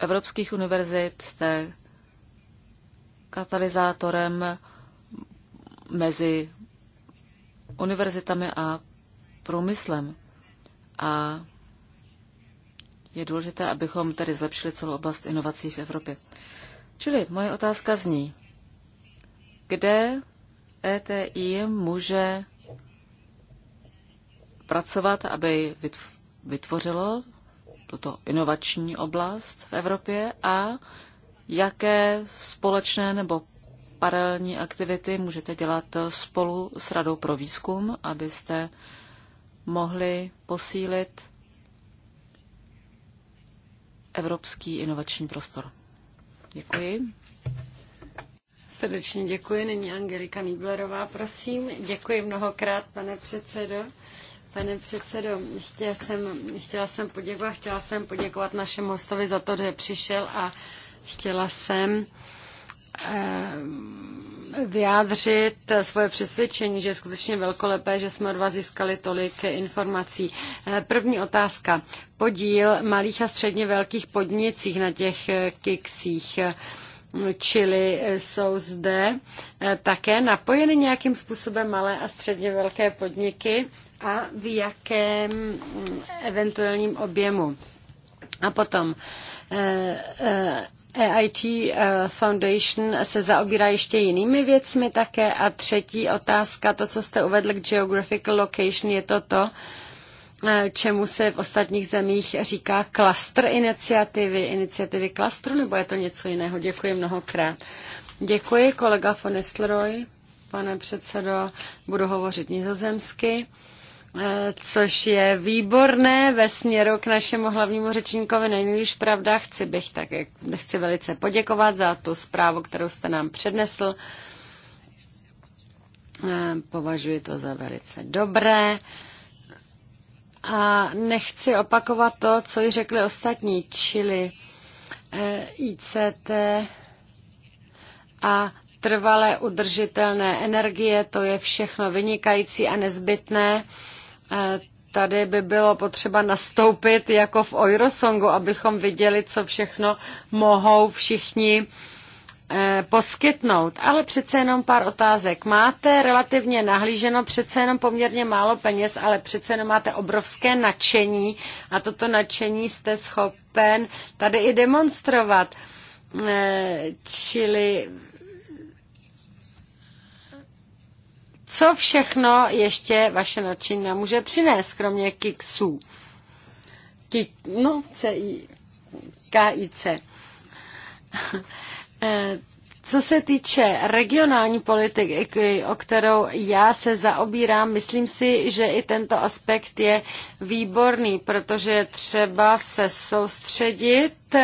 evropských univerzit, jste katalyzátorem mezi univerzitami a průmyslem. A je důležité, abychom tedy zlepšili celou oblast inovací v Evropě. Čili moje otázka zní, kde ETI může pracovat, aby vytvořilo tuto inovační oblast v Evropě a jaké společné nebo paralelní aktivity můžete dělat spolu s Radou pro výzkum, abyste mohli posílit evropský inovační prostor. Děkuji. Srdečně děkuji. Nyní Angelika Nýblerová, prosím. Děkuji mnohokrát, pane předsedo. Pane předsedo, chtěla jsem, chtěla jsem poděkovat, chtěla jsem poděkovat našemu hostovi za to, že přišel a chtěla jsem eh, vyjádřit svoje přesvědčení, že je skutečně velkolepé, že jsme od vás získali tolik informací. Eh, první otázka. Podíl malých a středně velkých podnicích na těch eh, kiksích čili jsou zde také napojeny nějakým způsobem malé a středně velké podniky a v jakém mm, eventuálním objemu. A potom EIT eh, eh, e eh, Foundation se zaobírá ještě jinými věcmi také. A třetí otázka, to, co jste uvedl k geographical location, je to to, čemu se v ostatních zemích říká klastr iniciativy, iniciativy klastru, nebo je to něco jiného? Děkuji mnohokrát. Děkuji, kolega von Esleroy, pane předsedo, budu hovořit nizozemsky. Eh, což je výborné ve směru k našemu hlavnímu řečníkovi. Není už pravda, chci bych tak, chci velice poděkovat za tu zprávu, kterou jste nám přednesl. Eh, považuji to za velice dobré. A nechci opakovat to, co ji řekli ostatní, čili eh, ICT a trvalé udržitelné energie, to je všechno vynikající a nezbytné Eh, tady by bylo potřeba nastoupit jako v Eurosongu, abychom viděli, co všechno mohou všichni eh, poskytnout. Ale přece jenom pár otázek. Máte relativně nahlíženo přece jenom poměrně málo peněz, ale přece jenom máte obrovské nadšení a toto nadšení jste schopen tady i demonstrovat. Eh, čili co všechno ještě vaše nadšení nám může přinést, kromě kiksů. Kik, no, CI, KIC. Eh, co se týče regionální politiky, o kterou já se zaobírám, myslím si, že i tento aspekt je výborný, protože třeba se soustředit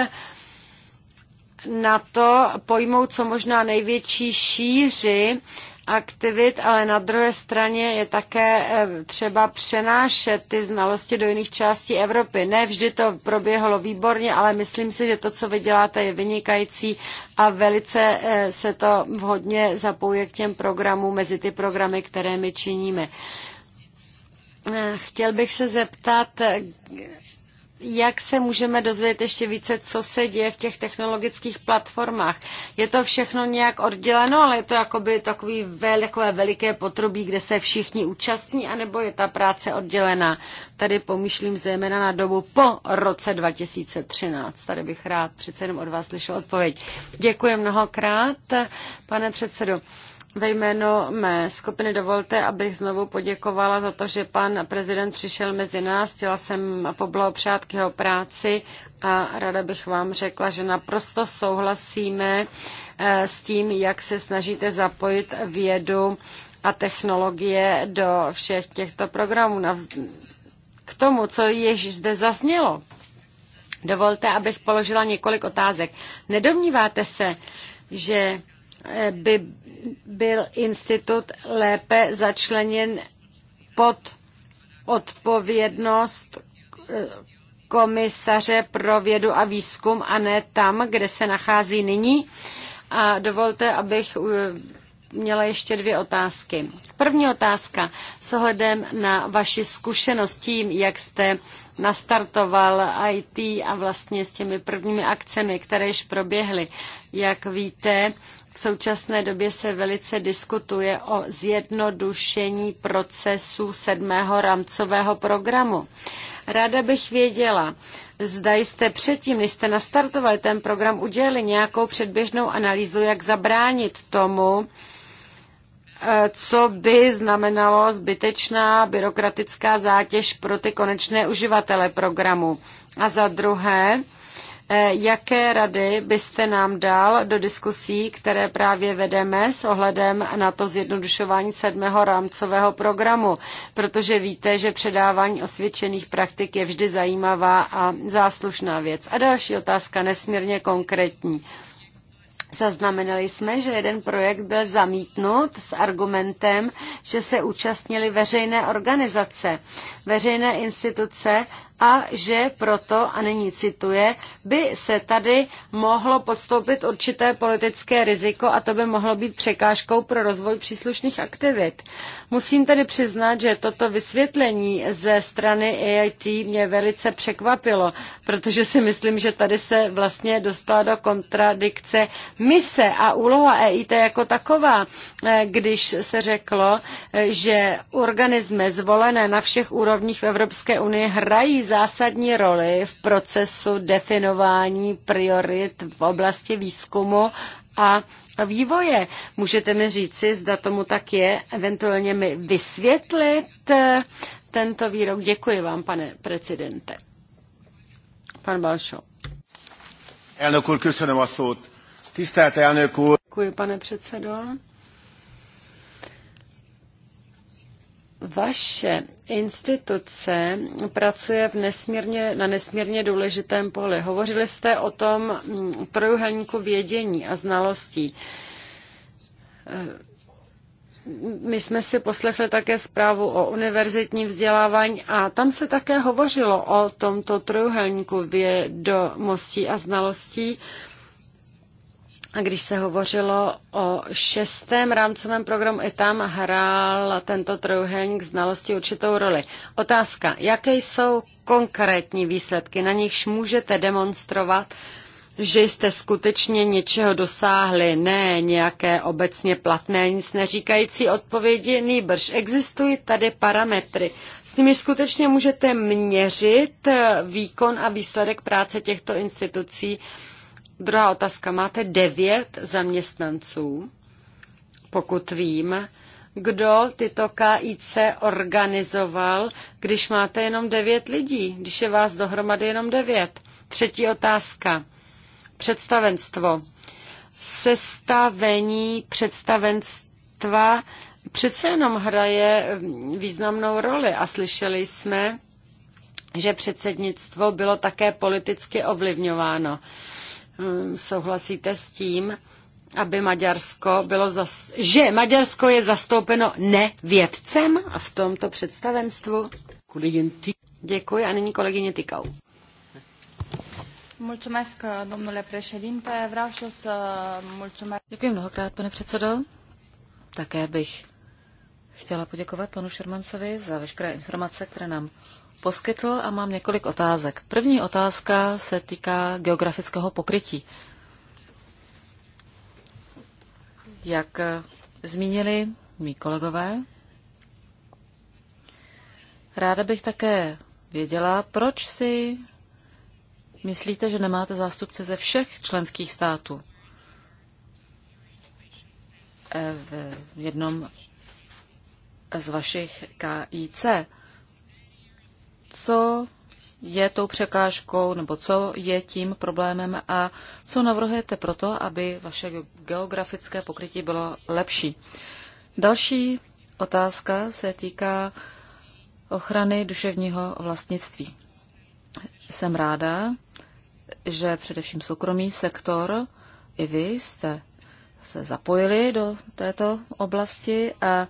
na to, pojmout co možná největší šíři aktivit, ale na druhé straně je také eh, třeba přenášet ty znalosti do jiných částí Evropy. Ne vždy to proběhlo výborně, ale myslím si, že to, co vy děláte, je vynikající a velice eh, se to vhodně zapouje k těm programům, mezi ty programy, které my činíme. Eh, chtěl bych se zeptat, jak se můžeme dozvědět ještě více, co se děje v těch technologických platformách. Je to všechno nějak odděleno, ale je to jakoby takový velké, veliké potrubí, kde se všichni účastní, anebo je ta práce oddělená. Tady pomýšlím zejména na dobu po roce 2013. Tady bych rád přece jenom od vás slyšel odpověď. Děkuji mnohokrát, pane předsedo. Ve jméno mé skupiny dovolte, abych znovu poděkovala za to, že pan prezident přišel mezi nás. Chtěla jsem poblahopřát k jeho práci a ráda bych vám řekla, že naprosto souhlasíme eh, s tím, jak se snažíte zapojit vědu a technologie do všech těchto programů. K tomu, co již zde zaznělo, dovolte, abych položila několik otázek. Nedomníváte se, že by byl institut lépe začleněn pod odpovědnost eh, komisaře pro vědu a výzkum a ne tam, kde se nachází nyní. A dovolte, abych eh, měla ještě dvě otázky. První otázka s ohledem na vaši zkušenost tím, jak jste nastartoval IT a vlastně s těmi prvními akcemi, které již proběhly. Jak víte, v současné době se velice diskutuje o zjednodušení procesu sedmého rámcového programu. Ráda bych věděla, zda jste předtím, než jste nastartovali ten program, udělali nějakou předběžnou analýzu, jak zabránit tomu, eh, co by znamenalo zbytečná byrokratická zátěž pro ty konečné uživatele programu. A za druhé, Eh, jaké rady byste nám dal do diskusí, které právě vedeme s ohledem na to zjednodušování sedmého rámcového programu? Protože víte, že předávání osvědčených praktik je vždy zajímavá a záslušná věc. A další otázka, nesmírně konkrétní. Zaznamenali jsme, že jeden projekt byl zamítnut s argumentem, že se účastnili veřejné organizace. Veřejné instituce a že proto, a nyní cituje, by se tady mohlo podstoupit určité politické riziko a to by mohlo být překážkou pro rozvoj příslušných aktivit. Musím tedy přiznat, že toto vysvětlení ze strany AIT mě velice překvapilo, protože si myslím, že tady se vlastně dostala do kontradikce mise a úloha EIT jako taková, eh, když se řeklo, eh, že organismy zvolené na všech úrovních v Evropské unii hrají zásadní roli v procesu definování priorit v oblasti výzkumu a vývoje. Můžete mi říci, zda tomu tak je, eventuálně mi vysvětlit eh, tento výrok. Děkuji vám, pane prezidente. Pan Balšo. Elnök úr, köszönöm a szót. Tisztelt elnök úr. Děkuji, pane předsedo. Vaše instituce pracuje v nesmírně, na nesmírně důležitém poli. Hovořili jste o tom mm, trojuhelníku vědění a znalostí. Eh, my jsme si poslechli také zprávu o univerzitním vzdělávání a tam se také hovořilo o tomto trojuhelníku vědomostí a znalostí a když se hovořilo o šestém rámcovém programu, i tam hrál tento trojuhelník znalosti určitou roli. Otázka, jaké jsou konkrétní výsledky, na nichž můžete demonstrovat, že jste skutečně něčeho dosáhli, ne nějaké obecně platné, nic neříkající odpovědi, nýbrž existují tady parametry, s nimi skutečně můžete měřit výkon a výsledek práce těchto institucí Druhá otázka. Máte devět zaměstnanců, pokud vím. Kdo tyto KIC organizoval, když máte jenom devět lidí, když je vás dohromady jenom devět? Třetí otázka. Představenstvo. Sestavení představenstva přece jenom hraje významnou roli a slyšeli jsme, že předsednictvo bylo také politicky ovlivňováno. Hm, souhlasíte s tím, aby Maďarsko bylo zas... že Maďarsko je zastoupeno nevědcem v tomto představenstvu? Děkuji a nyní kolegyně Tykau. Děkuji mnohokrát, pane předsedo. Také bych chtěla poděkovat panu Šermancovi za veškeré informace, které nám poskytl a mám několik otázek. První otázka se týká geografického pokrytí. Jak eh, zmínili mý kolegové, ráda bych také věděla, proč si myslíte, že nemáte zástupce ze všech členských států. Eh, v jednom z vašich KIC co je tou překážkou nebo co je tím problémem a co navrhujete pro to, aby vaše geografické pokrytí bylo lepší. Další otázka se týká ochrany duševního vlastnictví. Jsem ráda, že především soukromý sektor i vy jste se zapojili do této oblasti a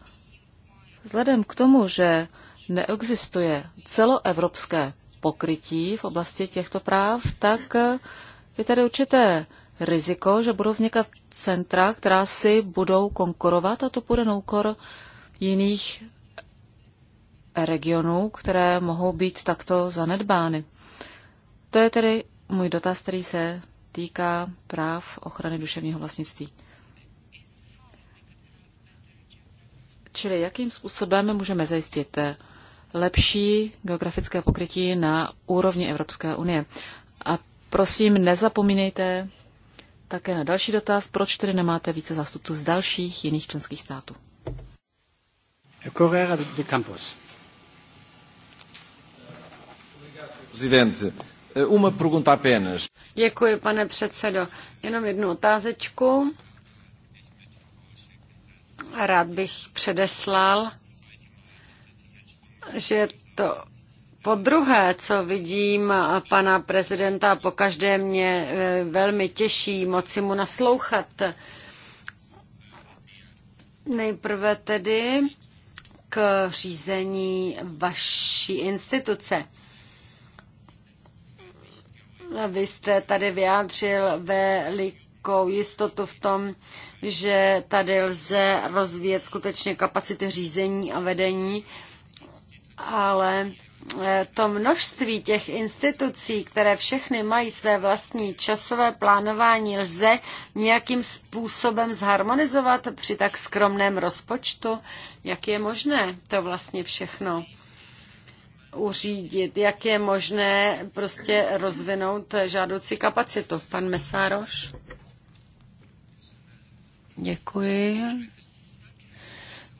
vzhledem k tomu, že neexistuje celoevropské pokrytí v oblasti těchto práv, tak je tady určité riziko, že budou vznikat centra, která si budou konkurovat a to bude na úkor jiných regionů, které mohou být takto zanedbány. To je tedy můj dotaz, který se týká práv ochrany duševního vlastnictví. Čili jakým způsobem můžeme zajistit lepší geografické pokrytí na úrovni Evropské unie. A prosím, nezapomínejte také na další dotaz, proč tedy nemáte více zástupců z dalších jiných členských států. Correa de Campos. Eh, Děkuji, pane předsedo. Jenom jednu otázečku. Rád bych předeslal, že to po druhé, co vidím pana prezidenta, po každé mě e, velmi těší moci mu naslouchat. Nejprve tedy k řízení vaší instituce. Vy jste tady vyjádřil velikou jistotu v tom, že tady lze rozvíjet skutečně kapacity řízení a vedení. Uh, ale eh, to množství těch institucí, které všechny mají své vlastní časové plánování, lze nějakým způsobem zharmonizovat při tak skromném rozpočtu? Jak je možné to vlastně všechno uřídit? Jak je možné prostě rozvinout žádoucí kapacitu? Pan Mesároš? Děkuji.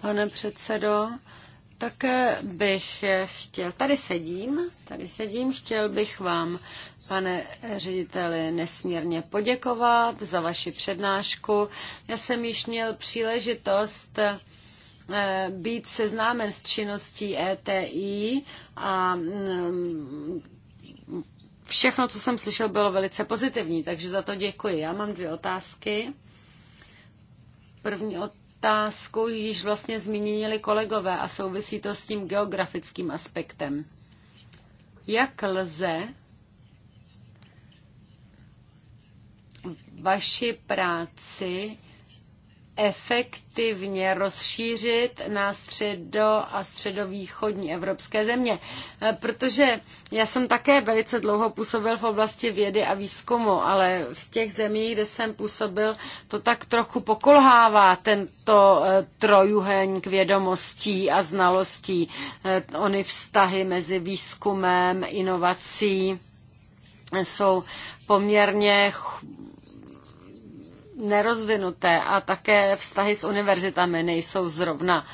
Pane předsedo, tak bych chtěl, tady sedím, tady sedím, chtěl bych vám, pane řediteli, nesmírně poděkovat za vaši přednášku. Já jsem již měl příležitost eh, být seznámen s činností ETI a mm, všechno, co jsem slyšel, bylo velice pozitivní, takže za to děkuji. Já mám dvě otázky. První otázka otázku již vlastně zmínili kolegové a souvisí to s tím geografickým aspektem. Jak lze vaši práci efektivně rozšířit na středo a středovýchodní evropské země. Eh, protože já jsem také velice dlouho působil v oblasti vědy a výzkumu, ale v těch zemích, kde jsem působil, to tak trochu pokolhává tento eh, k vědomostí a znalostí. Eh, ony vztahy mezi výzkumem, inovací jsou poměrně nerozvinuté a také vztahy s univerzitami nejsou zrovna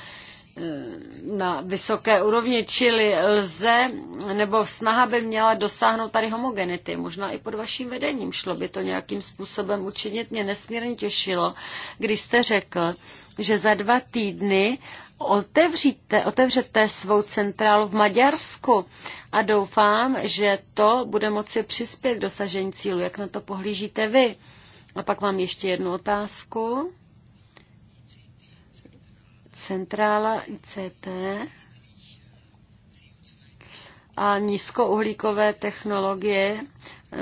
eh, na vysoké úrovni, čili lze, nebo snaha by měla dosáhnout tady homogenity, možná i pod vaším vedením šlo by to nějakým způsobem učinit. Mě nesmírně těšilo, když jste řekl, že za dva týdny otevříte, otevřete svou centrálu v Maďarsku a doufám, že to bude moci přispět k dosažení cílu. Jak na to pohlížíte vy? A pak mám ještě jednu otázku. Centrála ICT a nízkouhlíkové technologie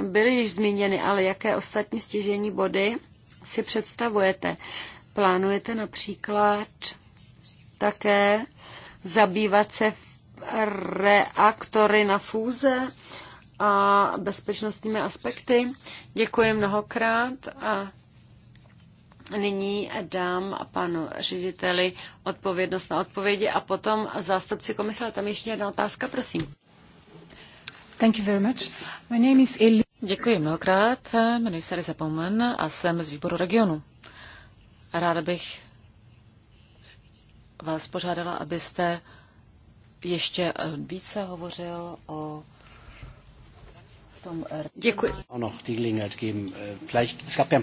byly již zmíněny, ale jaké ostatní stěžení body si představujete? Plánujete například také zabývat se reaktory na fúze? a bezpečnostními aspekty. Děkuji mnohokrát a nyní dám panu řediteli odpovědnost na odpovědi a potom zástupci komise. Tam ještě jedna otázka, prosím. Thank you very much. My name is Eli. Děkuji mnohokrát. Jmenuji se Elisa Poumen a jsem z výboru regionu. Ráda bych vás požádala, abyste ještě více hovořil o Eh, Děkuji. Eh,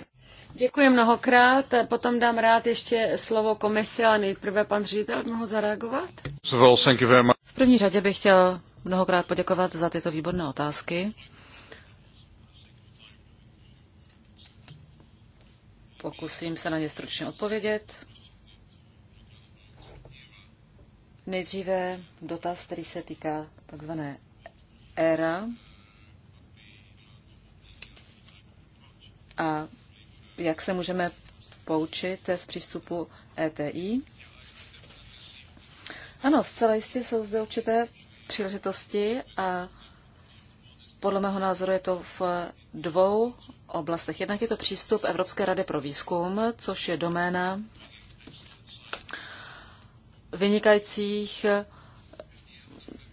Děkuji mnohokrát. Potom dám rád ještě slovo komisi, ale nejprve pan ředitel mohl zareagovat. V první řadě bych chtěl mnohokrát poděkovat za tyto výborné otázky. Pokusím se na ně stručně odpovědět. Nejdříve dotaz, který se týká takzvané éra a jak se můžeme poučit z přístupu ETI. Ano, zcela jistě jsou zde určité příležitosti a podle mého názoru je to v dvou oblastech. Jednak je to přístup Evropské rady pro výzkum, což je doména vynikajících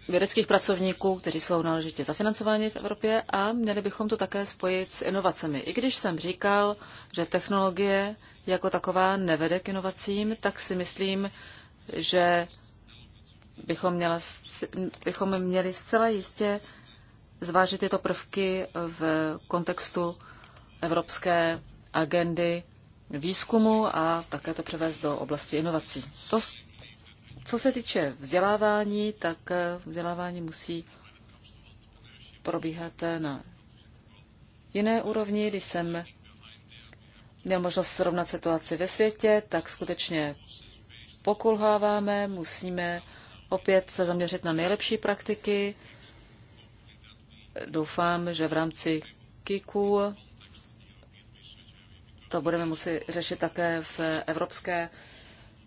vědeckých pracovníků, kteří jsou náležitě zafinancováni v Evropě a měli bychom to také spojit s inovacemi. I když jsem říkal, že technologie jako taková nevede k inovacím, tak si myslím, že bychom, měla, bychom měli zcela jistě zvážit tyto prvky v kontextu evropské agendy výzkumu a také to převést do oblasti inovací. To co se týče vzdělávání, tak eh, vzdělávání musí probíhat eh, na jiné úrovni. Když jsem měl možnost srovnat situaci ve světě, tak skutečně pokulháváme, musíme opět se zaměřit na nejlepší praktiky. Doufám, že v rámci KIKu to budeme muset řešit také v evropské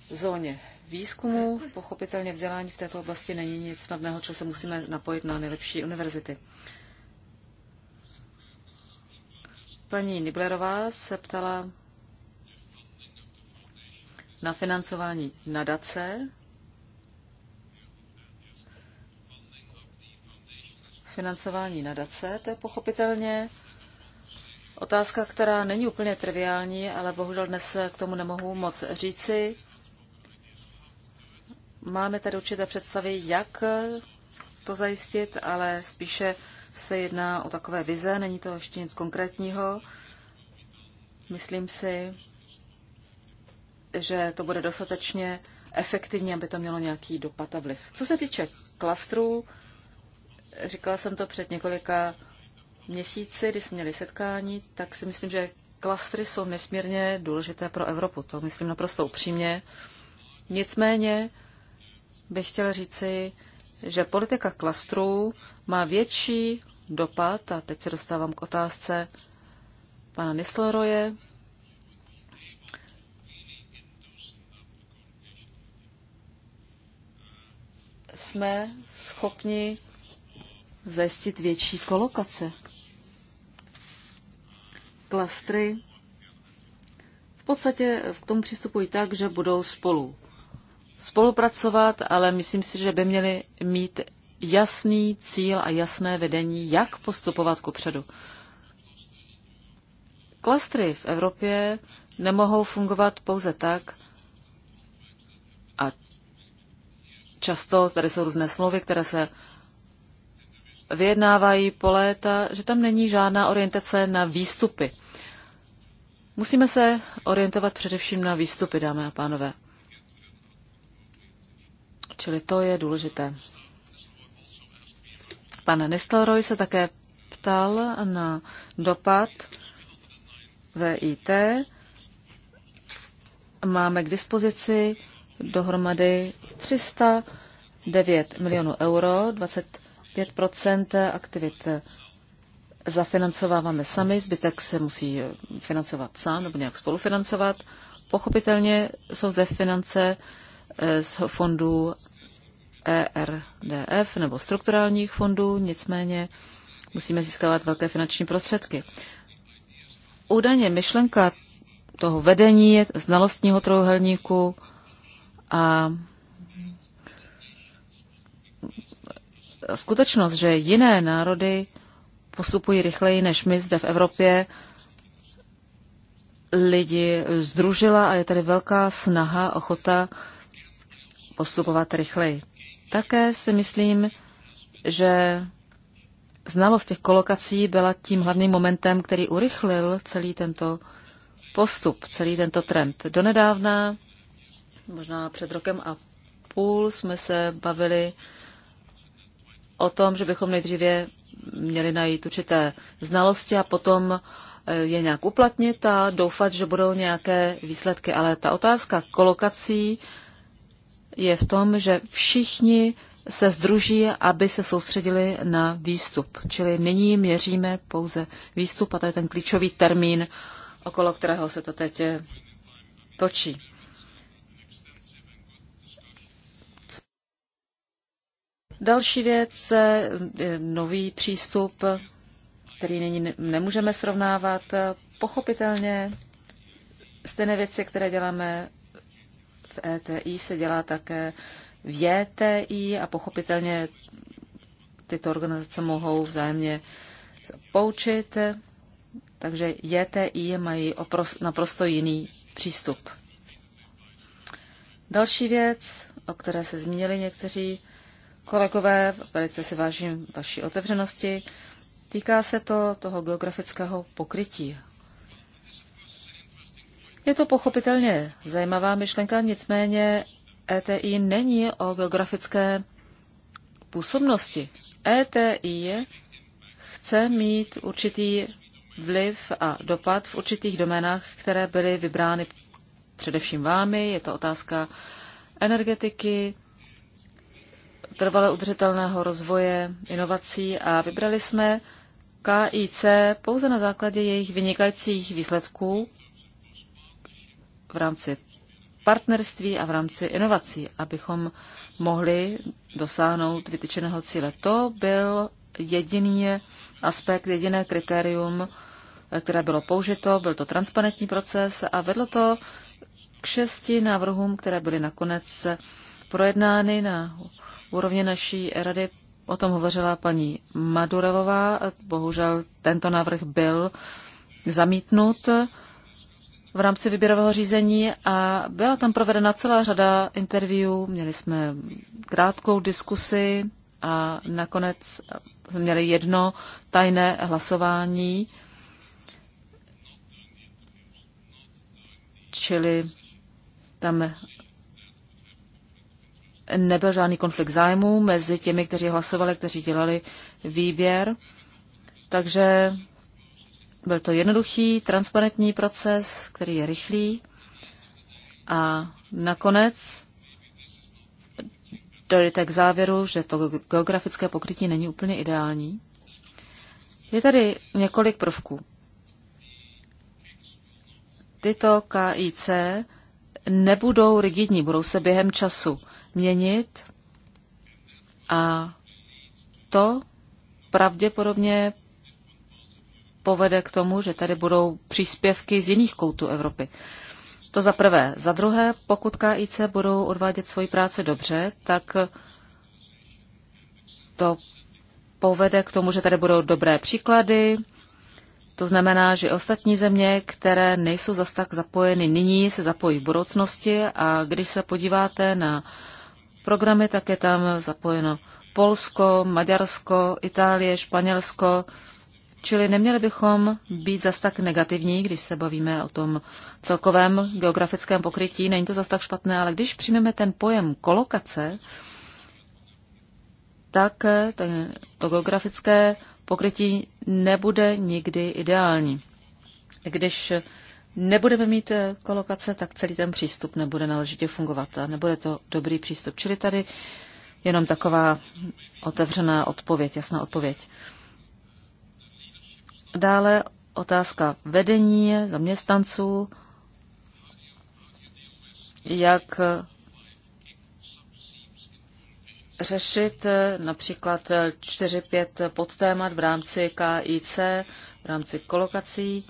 zóně výzkumu. Pochopitelně vzdělání v této oblasti není nic snadného, co se musíme napojit na nejlepší univerzity. Paní Niblerová se ptala na financování nadace. Financování nadace, to je pochopitelně otázka, která není úplně triviální, ale bohužel dnes k tomu nemohu moc říci. Máme tady určité představy, jak to zajistit, ale spíše se jedná o takové vize, není to ještě nic konkrétního. Myslím si, že to bude dostatečně efektivní, aby to mělo nějaký dopad a vliv. Co se týče klastrů, říkala jsem to před několika měsíci, kdy jsme měli setkání, tak si myslím, že klastry jsou nesmírně důležité pro Evropu. To myslím naprosto upřímně. Nicméně bych chtěl říci, že politika klastrů má větší dopad, a teď se dostávám k otázce pana Nisleroje, jsme schopni zajistit větší kolokace. Klastry v podstatě k tomu přistupují tak, že budou spolu spolupracovat, ale myslím si, že by měli mít jasný cíl a jasné vedení, jak postupovat kupředu. Klastry v Evropě nemohou fungovat pouze tak, a často tady jsou různé smlouvy, které se vyjednávají po léta, že tam není žádná orientace na výstupy. Musíme se orientovat především na výstupy, dámy a pánové. Čili to je důležité. Pan Nestelroj se také ptal na dopad VIT. Máme k dispozici dohromady 309 milionů euro, 25 aktivit zafinancováváme sami, zbytek se musí financovat sám nebo nějak spolufinancovat. Pochopitelně jsou zde finance Eh, z fondů ERDF nebo strukturálních fondů, nicméně musíme získávat velké finanční prostředky. Údajně myšlenka toho vedení znalostního trojuhelníku a skutečnost, že jiné národy postupují rychleji než my zde v Evropě, lidi združila a je tady velká snaha, ochota postupovat rychleji. Také si myslím, že znalost těch kolokací byla tím hlavním momentem, který urychlil celý tento postup, celý tento trend. Donedávna, možná před rokem a půl, jsme se bavili o tom, že bychom nejdříve měli najít určité znalosti a potom eh, je nějak uplatnit a doufat, že budou nějaké výsledky. Ale ta otázka kolokací je v tom, že všichni se združí, aby se soustředili na výstup. Čili nyní měříme pouze výstup a to je ten klíčový termín, okolo kterého se to teď eh, točí. Další věc, eh, nový přístup, který nyní nemůžeme srovnávat. Pochopitelně stejné věci, které děláme ETI se dělá také v JTI a pochopitelně tyto organizace mohou vzájemně poučit, takže JTI mají naprosto jiný přístup. Další věc, o které se zmínili někteří kolegové, velice si vážím vaší otevřenosti, týká se to toho geografického pokrytí je to pochopitelně zajímavá myšlenka, nicméně ETI není o geografické působnosti. ETI chce mít určitý vliv a dopad v určitých doménách, které byly vybrány především vámi. Je to otázka energetiky, trvale udržitelného rozvoje, inovací a vybrali jsme KIC pouze na základě jejich vynikajících výsledků v rámci partnerství a v rámci inovací, abychom mohli dosáhnout vytyčeného cíle. To byl jediný aspekt, jediné kritérium, které bylo použito. Byl to transparentní proces a vedlo to k šesti návrhům, které byly nakonec projednány na úrovni naší rady. O tom hovořila paní Madurelová. Bohužel tento návrh byl zamítnut v rámci vyběrového řízení a byla tam provedena celá řada interview, měli jsme krátkou diskusi a nakonec jsme měli jedno tajné hlasování, čili tam nebyl žádný konflikt zájmů mezi těmi, kteří hlasovali, kteří dělali výběr. Takže byl to jednoduchý, transparentní proces, který je rychlý a nakonec dojdete k závěru, že to geografické pokrytí není úplně ideální. Je tady několik prvků. Tyto KIC nebudou rigidní, budou se během času měnit a to pravděpodobně povede k tomu, že tady budou příspěvky z jiných koutů Evropy. To za prvé. Za druhé, pokud KIC budou odvádět svoji práci dobře, tak to povede k tomu, že tady budou dobré příklady. To znamená, že ostatní země, které nejsou zas tak zapojeny nyní, se zapojí v budoucnosti a když se podíváte na programy, tak je tam zapojeno Polsko, Maďarsko, Itálie, Španělsko, Čili neměli bychom být zas tak negativní, když se bavíme o tom celkovém geografickém pokrytí. Není to zas tak špatné, ale když přijmeme ten pojem kolokace, tak eh, to geografické pokrytí nebude nikdy ideální. Když nebudeme mít eh, kolokace, tak celý ten přístup nebude náležitě fungovat a nebude to dobrý přístup. Čili tady jenom taková otevřená odpověď, jasná odpověď. Dále otázka vedení zaměstnanců, jak řešit eh, například 4-5 eh, podtémat v rámci KIC, v rámci kolokací.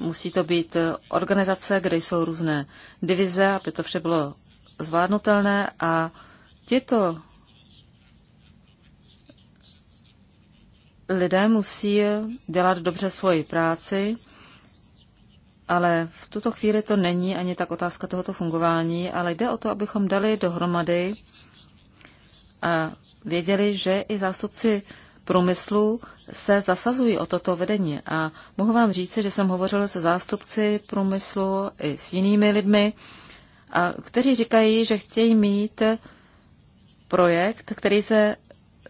Musí to být eh, organizace, kde jsou různé divize, aby to vše bylo zvládnutelné a tyto lidé musí dělat dobře svoji práci, ale v tuto chvíli to není ani tak otázka tohoto fungování, ale jde o to, abychom dali dohromady a věděli, že i zástupci průmyslu se zasazují o toto vedení. A mohu vám říci, že jsem hovořil se zástupci průmyslu i s jinými lidmi, a kteří říkají, že chtějí mít projekt, který se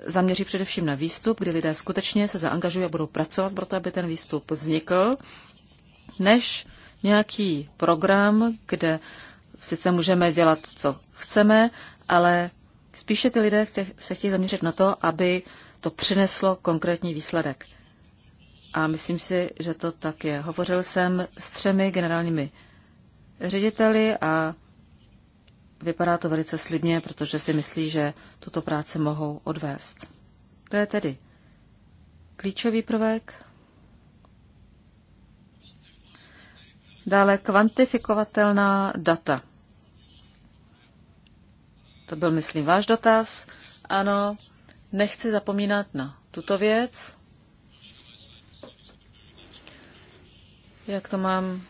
zaměří především na výstup, kdy lidé skutečně se zaangažují a budou pracovat pro to, aby ten výstup vznikl, než nějaký program, kde sice můžeme dělat, co chceme, ale spíše ty lidé se chtějí zaměřit na to, aby to přineslo konkrétní výsledek. A myslím si, že to tak je. Hovořil jsem s třemi generálními řediteli a Vypadá to velice slibně, protože si myslí, že tuto práci mohou odvést. To je tedy klíčový prvek. Dále kvantifikovatelná data. To byl, myslím, váš dotaz. Ano, nechci zapomínat na tuto věc. Jak to mám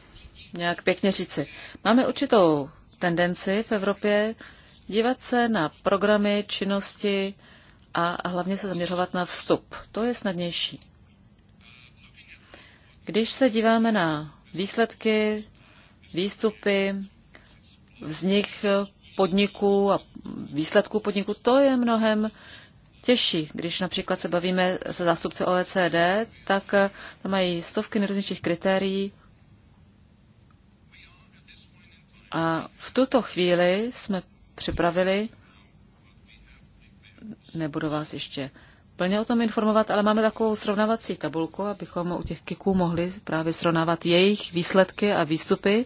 nějak pěkně říci? Máme určitou tendenci v Evropě dívat se na programy, činnosti a hlavně se zaměřovat na vstup. To je snadnější. Když se díváme na výsledky, výstupy, vznik podniků a výsledků podniků, to je mnohem těžší. Když například se bavíme se zástupce OECD, tak tam mají stovky nejrůznějších kritérií, A v tuto chvíli jsme připravili, nebudu vás ještě plně o tom informovat, ale máme takovou srovnavací tabulku, abychom u těch kiků mohli právě srovnávat jejich výsledky a výstupy.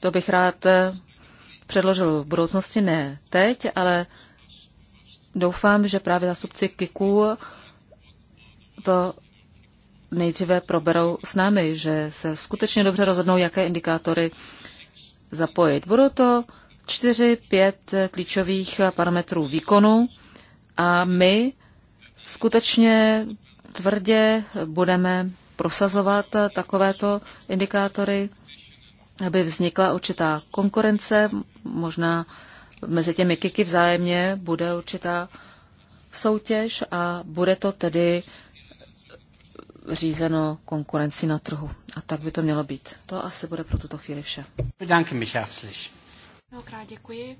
To bych rád eh, předložil v budoucnosti, ne teď, ale doufám, že právě zástupci kiků to nejdříve proberou s námi, že se skutečně dobře rozhodnou, jaké indikátory zapojit. Budou to čtyři, pět klíčových parametrů výkonu a my skutečně tvrdě budeme prosazovat takovéto indikátory, aby vznikla určitá konkurence, možná mezi těmi kiky vzájemně bude určitá soutěž a bude to tedy řízeno konkurencí na trhu. A tak by to mělo být. To asi bude pro tuto chvíli vše. Bedanke mich herzlich. Mnohokrát děkuji.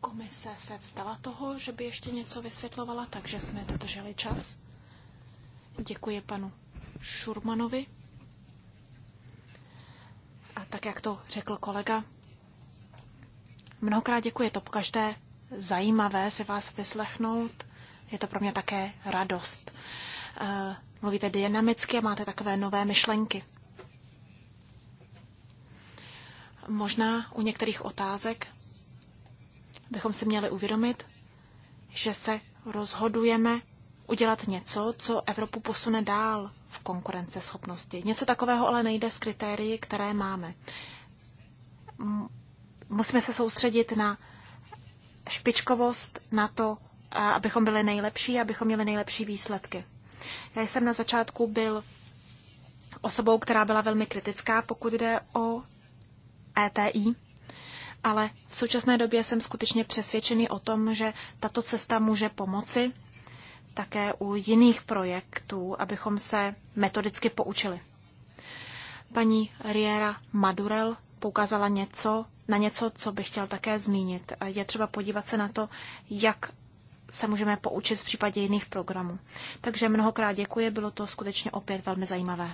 Komise se vzdala toho, že by ještě něco vysvětlovala, takže jsme dodrželi čas. Děkuji panu Šurmanovi. A tak, jak to řekl kolega, mnohokrát děkuji. To pokaždé zajímavé si vás vyslechnout. Je to pro mě také radost. Eh, mluvíte dynamicky a máte takové nové myšlenky. Možná u některých otázek bychom si měli uvědomit, že se rozhodujeme udělat něco, co Evropu posune dál v konkurenceschopnosti. Něco takového ale nejde z kritérií, které máme. Musíme se soustředit na špičkovost, na to, eh, abychom byli nejlepší, abychom měli nejlepší výsledky. Já jsem na začátku byl osobou, která byla velmi kritická, pokud jde o ETI, ale v současné době jsem skutečně přesvědčený o tom, že tato cesta může pomoci také u jiných projektů, abychom se metodicky poučili. Paní Riera Madurel poukázala něco, na něco, co bych chtěl také zmínit. Je třeba podívat se na to, jak se můžeme poučit v případě jiných programů. Takže mnohokrát děkuji, bylo to skutečně opět velmi zajímavé.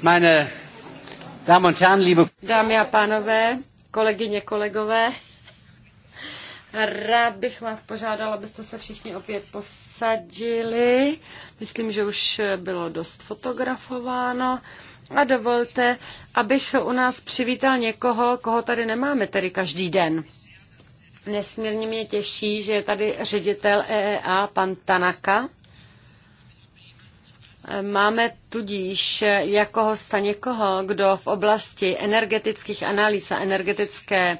Meine Damen und Herren, liebe Dámy a pánové, kolegyně, kolegové, rád bych vás požádal, abyste se všichni opět posadili. Myslím, že už bylo dost fotografováno. A dovolte, abych u nás přivítal někoho, koho tady nemáme tedy každý den. Nesmírně mě těší, že je tady ředitel EEA, pan Tanaka. Máme tudíž jako hosta někoho, kdo v oblasti energetických analýz a energetické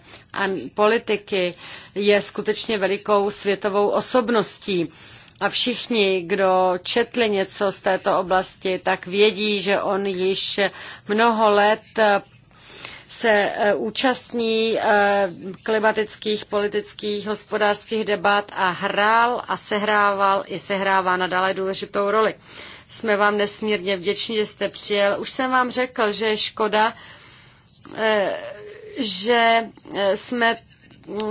politiky je skutečně velikou světovou osobností. A všichni, kdo četli něco z této oblasti, tak vědí, že on již mnoho let eh, se eh, účastní eh, klimatických, politických, hospodářských debat a hrál a sehrával i sehrává nadále důležitou roli. Jsme vám nesmírně vděční, že jste přijel. Už jsem vám řekl, že je škoda, eh, že eh, jsme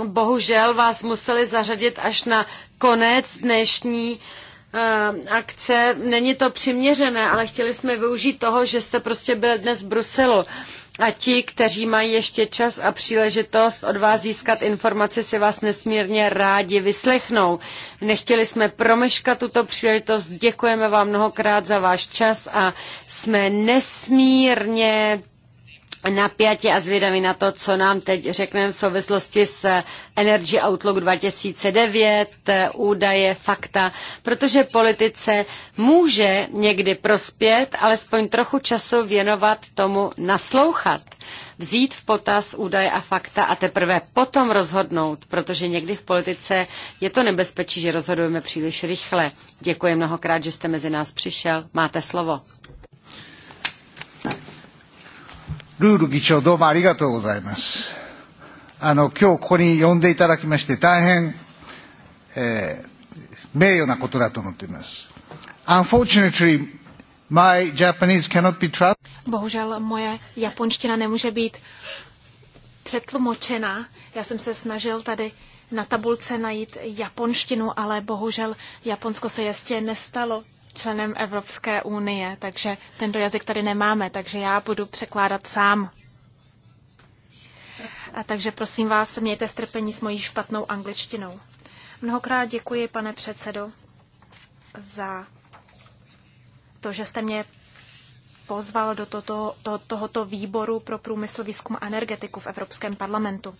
bohužel vás museli zařadit až na konec dnešní eh, akce. Není to přiměřené, ale chtěli jsme využít toho, že jste prostě byl dnes v Bruselu a ti, kteří mají ještě čas a příležitost od vás získat informace, si vás nesmírně rádi vyslechnou. Nechtěli jsme promeškat tuto příležitost, děkujeme vám mnohokrát za váš čas a jsme nesmírně napjatě a zvědaví na to, co nám teď řekneme v souvislosti s Energy Outlook 2009, údaje, fakta, protože politice může někdy prospět, alespoň trochu času věnovat tomu naslouchat, vzít v potaz údaje a fakta a teprve potom rozhodnout, protože někdy v politice je to nebezpečí, že rozhodujeme příliš rychle. Děkuji mnohokrát, že jste mezi nás přišel. Máte slovo. ルール議長どうもありがとうございます。あの、今日ここに呼んでいただきまして大変、えー、名誉なことだと思っています。Unfortunately, my Japanese cannot be Bohužel moje japonština nemůže být přetlumočena. Já jsem se snažil tady na tabulce najít japonštinu, ale bohužel Japonsko se ještě nestalo členem Evropské unie, takže tento jazyk tady nemáme, takže já budu překládat sám. A takže prosím vás, mějte strpení s mojí špatnou angličtinou. Mnohokrát děkuji, pane předsedo, za to, že jste mě pozval do toto, to, tohoto výboru pro průmysl, výzkum a energetiku v Evropském parlamentu.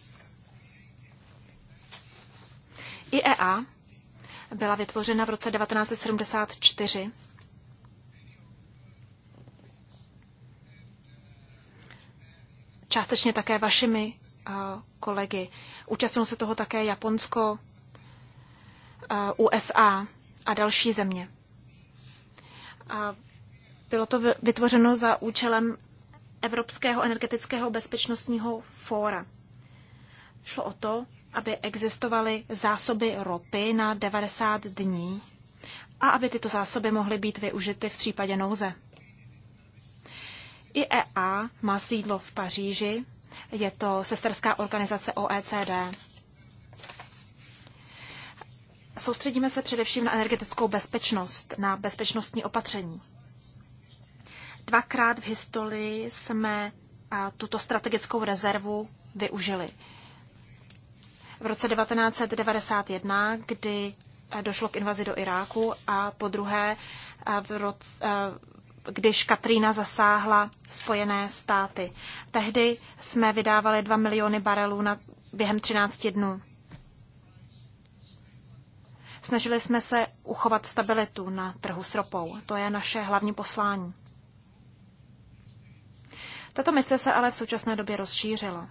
IEA byla vytvořena v roce 1974. Částečně také vašimi eh, kolegy. Účastnilo se toho také Japonsko, eh, USA a další země. A bylo to vytvořeno za účelem Evropského energetického bezpečnostního fóra. Šlo o to, aby existovaly zásoby ropy na 90 dní a aby tyto zásoby mohly být využity v případě nouze. IEA má sídlo v Paříži, je to sesterská organizace OECD. Soustředíme se především na energetickou bezpečnost, na bezpečnostní opatření. Dvakrát v historii jsme tuto strategickou rezervu využili v roce 1991, kdy eh, došlo k invazi do Iráku a po druhé, eh, v roce, eh, když Katrina zasáhla Spojené státy. Tehdy jsme vydávali 2 miliony barelů na, během 13 dnů. Snažili jsme se uchovat stabilitu na trhu s ropou. To je naše hlavní poslání. Tato mise se ale v současné době rozšířila.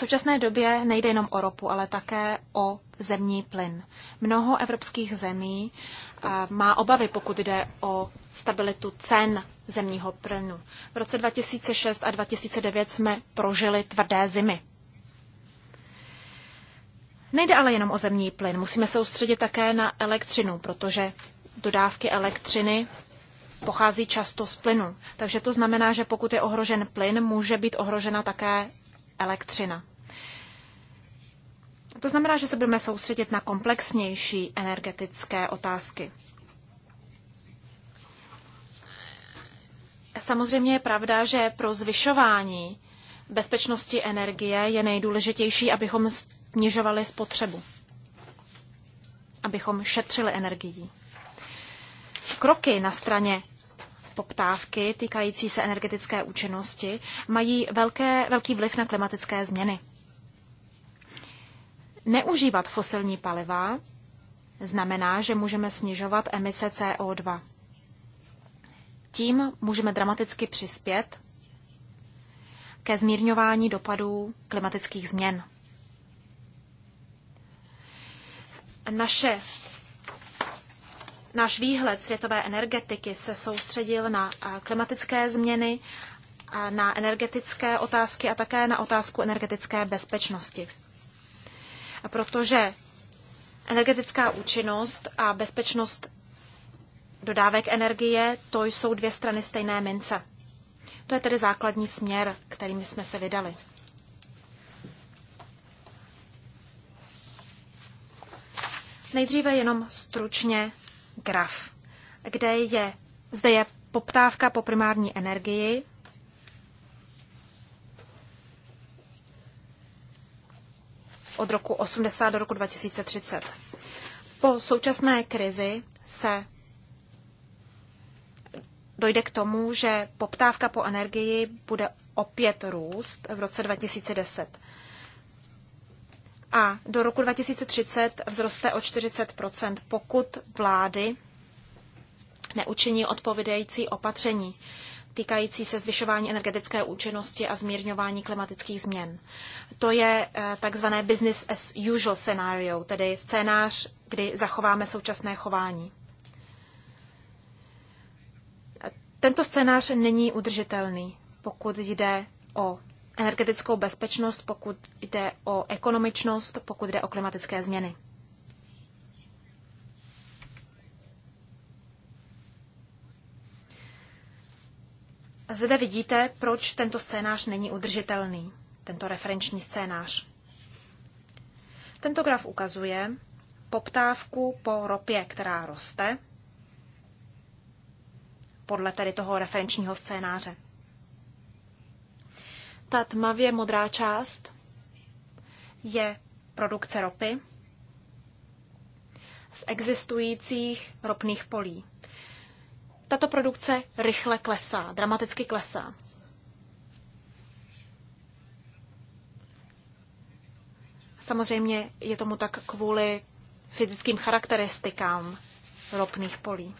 současné době nejde jenom o ropu, ale také o zemní plyn. Mnoho evropských zemí má obavy, pokud jde o stabilitu cen zemního plynu. V roce 2006 a 2009 jsme prožili tvrdé zimy. Nejde ale jenom o zemní plyn, musíme se soustředit také na elektřinu, protože dodávky elektřiny pochází často z plynu. Takže to znamená, že pokud je ohrožen plyn, může být ohrožena také elektřina. To znamená, že se budeme soustředit na komplexnější energetické otázky. Samozřejmě je pravda, že pro zvyšování bezpečnosti energie je nejdůležitější, abychom snižovali spotřebu, abychom šetřili energií. Kroky na straně poptávky týkající se energetické účinnosti mají velké, velký vliv na klimatické změny. Neužívat fosilní paliva znamená, že můžeme snižovat emise CO2. Tím můžeme dramaticky přispět ke zmírňování dopadů klimatických změn. Naše, náš výhled světové energetiky se soustředil na klimatické změny, na energetické otázky a také na otázku energetické bezpečnosti protože energetická účinnost a bezpečnost dodávek energie, to jsou dvě strany stejné mince. To je tedy základní směr, kterým jsme se vydali. Nejdříve jenom stručně graf, kde je, zde je poptávka po primární energii od roku 80 do roku 2030. Po současné krizi se dojde k tomu, že poptávka po energii bude opět růst v roce 2010. A do roku 2030 vzroste o 40 pokud vlády neučiní odpovědející opatření týkající se zvyšování energetické účinnosti a zmírňování klimatických změn. To je eh, takzvané business as usual scenario, tedy scénář, kdy zachováme současné chování. Tento scénář není udržitelný, pokud jde o energetickou bezpečnost, pokud jde o ekonomičnost, pokud jde o klimatické změny. Zde vidíte, proč tento scénář není udržitelný, tento referenční scénář. Tento graf ukazuje poptávku po ropě, která roste, podle tedy toho referenčního scénáře. Ta tmavě modrá část je produkce ropy z existujících ropných polí. Tato produkce rychle klesá, dramaticky klesá. Samozřejmě je tomu tak kvůli fyzickým charakteristikám ropných polí.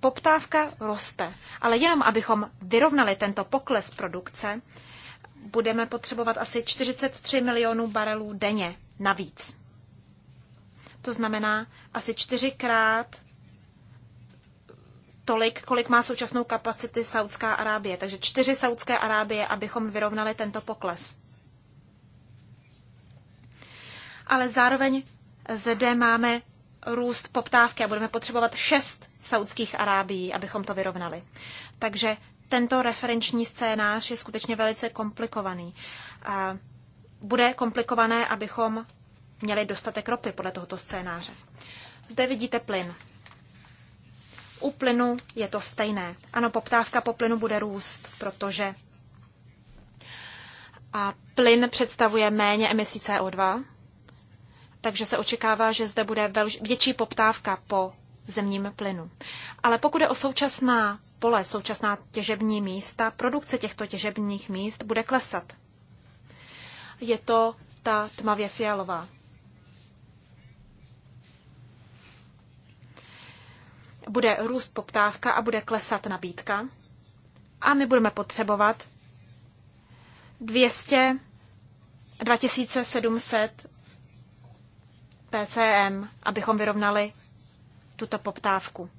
Poptávka roste, ale jenom abychom vyrovnali tento pokles produkce, budeme potřebovat asi 43 milionů barelů denně navíc. To znamená asi čtyřikrát tolik, kolik má současnou kapacity Saudská Arábie. Takže čtyři Saudské Arábie, abychom vyrovnali tento pokles. Ale zároveň zde máme růst poptávky a budeme potřebovat šest Saudských Arábií, abychom to vyrovnali. Takže tento referenční scénář je skutečně velice komplikovaný. A bude komplikované, abychom měli dostatek ropy podle tohoto scénáře. Zde vidíte plyn. U plynu je to stejné. Ano, poptávka po plynu bude růst, protože a plyn představuje méně emisí CO2, takže se očekává, že zde bude větší poptávka po zemním plynu. Ale pokud je o současná pole, současná těžební místa, produkce těchto těžebních míst bude klesat. Je to ta tmavě fialová bude růst poptávka a bude klesat nabídka. A my budeme potřebovat 200, 2700 PCM, abychom vyrovnali tuto poptávku.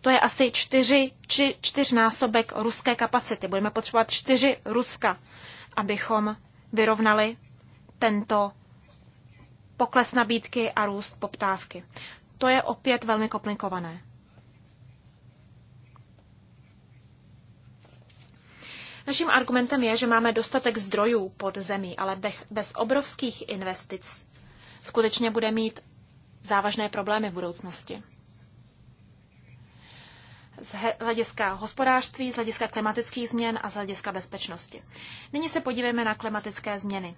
To je asi čtyři, či, čtyřnásobek ruské kapacity. Budeme potřebovat čtyři Ruska, abychom vyrovnali tento pokles nabídky a růst poptávky to je opět velmi komplikované. Naším argumentem je, že máme dostatek zdrojů pod zemí, ale bez obrovských investic skutečně bude mít závažné problémy v budoucnosti. Z hlediska hospodářství, z hlediska klimatických změn a z hlediska bezpečnosti. Nyní se podívejme na klimatické změny.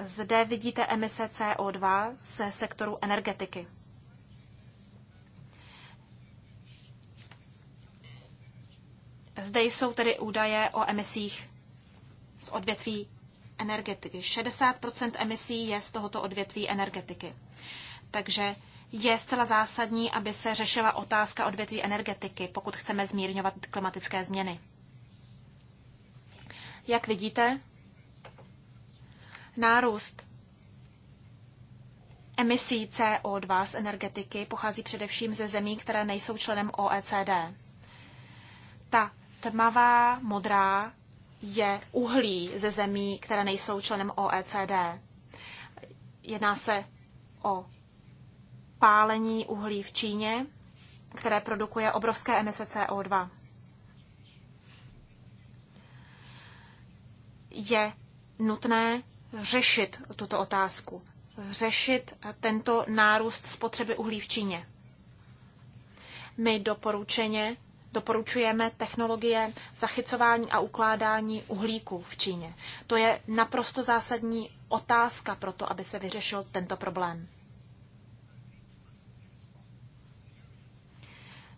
Zde vidíte emise CO2 ze sektoru energetiky. Zde jsou tedy údaje o emisích z odvětví energetiky. 60 emisí je z tohoto odvětví energetiky. Takže je zcela zásadní, aby se řešila otázka odvětví energetiky, pokud chceme zmírňovat klimatické změny. Jak vidíte, nárůst emisí CO2 z energetiky pochází především ze zemí, které nejsou členem OECD. Ta Tmavá modrá je uhlí ze zemí, které nejsou členem OECD. Jedná se o pálení uhlí v Číně, které produkuje obrovské emise CO2. Je nutné řešit tuto otázku, řešit tento nárůst spotřeby uhlí v Číně. My doporučeně doporučujeme technologie zachycování a ukládání uhlíku v Číně. To je naprosto zásadní otázka pro to, aby se vyřešil tento problém.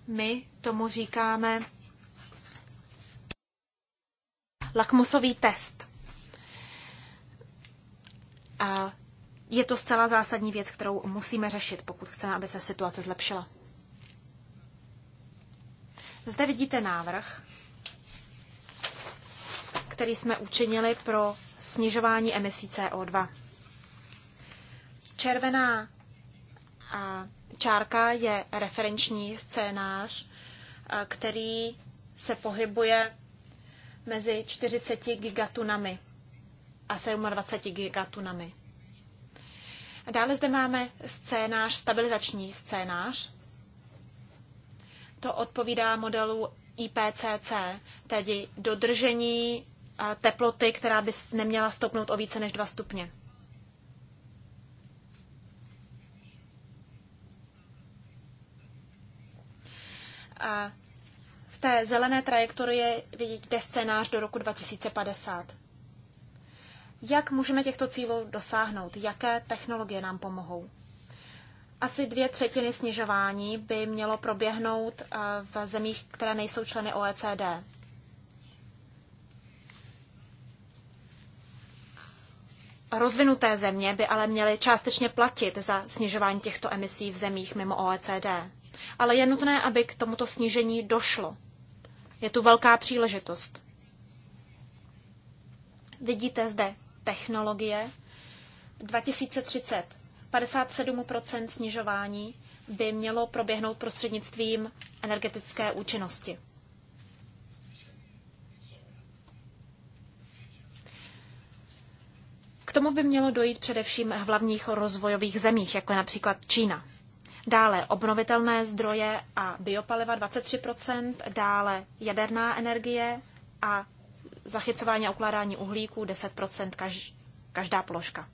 My tomu říkáme lakmusový test. A je to zcela zásadní věc, kterou musíme řešit, pokud chceme, aby se situace zlepšila. Zde vidíte návrh, který jsme učinili pro snižování emisí CO2. Červená čárka je referenční scénář, který se pohybuje mezi 40 gigatunami a 27 gigatunami. Dále zde máme scénář, stabilizační scénář, to odpovídá modelu IPCC, tedy dodržení teploty, která by neměla stoupnout o více než 2 stupně. A v té zelené trajektorii vidíte scénář do roku 2050. Jak můžeme těchto cílů dosáhnout? Jaké technologie nám pomohou? Asi dvě třetiny snižování by mělo proběhnout eh, v zemích, které nejsou členy OECD. Rozvinuté země by ale měly částečně platit za snižování těchto emisí v zemích mimo OECD. Ale je nutné, aby k tomuto snížení došlo. Je tu velká příležitost. Vidíte zde technologie 2030 57% snižování by mělo proběhnout prostřednictvím energetické účinnosti. K tomu by mělo dojít především v hlavních rozvojových zemích, jako je například Čína. Dále obnovitelné zdroje a biopaliva 23%, dále jaderná energie a zachycování a ukládání uhlíku 10% každá položka.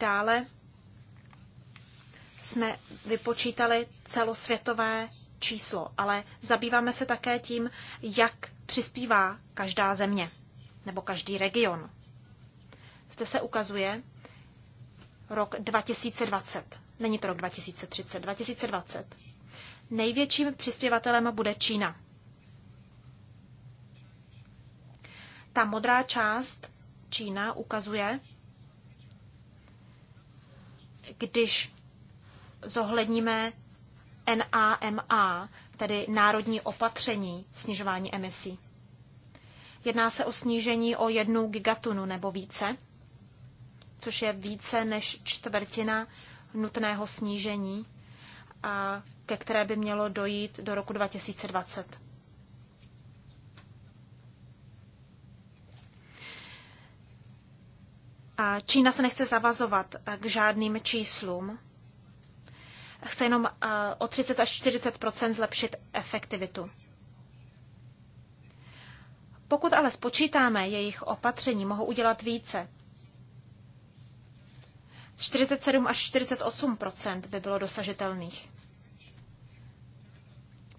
Dále jsme vypočítali celosvětové číslo, ale zabýváme se také tím, jak přispívá každá země nebo každý region. Zde se ukazuje rok 2020. Není to rok 2030, 2020. Největším přispěvatelem bude Čína. Ta modrá část Čína ukazuje, když zohledníme NAMA, tedy národní opatření snižování emisí. Jedná se o snížení o jednu gigatunu nebo více, což je více než čtvrtina nutného snížení, a ke které by mělo dojít do roku 2020. Čína se nechce zavazovat eh, k žádným číslům. Chce jenom eh, o 30 až 40 zlepšit efektivitu. Pokud ale spočítáme jejich opatření, mohou udělat více. 47 až 48 by bylo dosažitelných.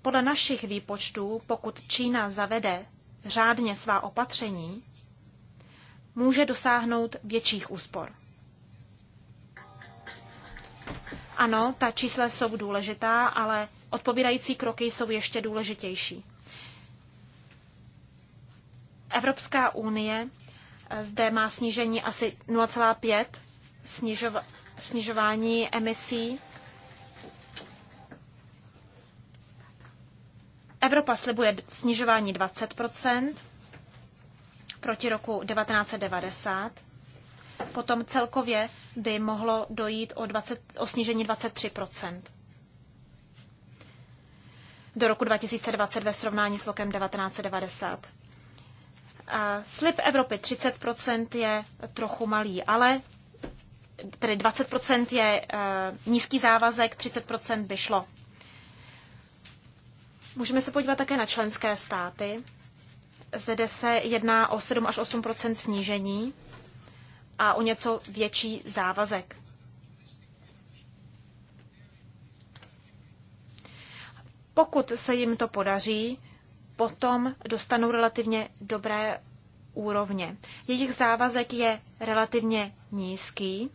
Podle našich výpočtů, pokud Čína zavede řádně svá opatření, může dosáhnout větších úspor. Ano, ta čísla jsou důležitá, ale odpovídající kroky jsou ještě důležitější. Evropská unie eh, zde má snížení asi 0,5 snižova- snižování emisí. Evropa slibuje snižování 20 proti roku 1990. Potom celkově by mohlo dojít o, 20, o snížení 23 do roku 2020 ve srovnání s rokem 1990. A slib Evropy 30 je trochu malý, ale tedy 20 je eh, nízký závazek, 30 by šlo. Můžeme se podívat také na členské státy zde se jedná o 7 až 8 snížení a o něco větší závazek. Pokud se jim to podaří, potom dostanou relativně dobré úrovně. Jejich závazek je relativně nízký,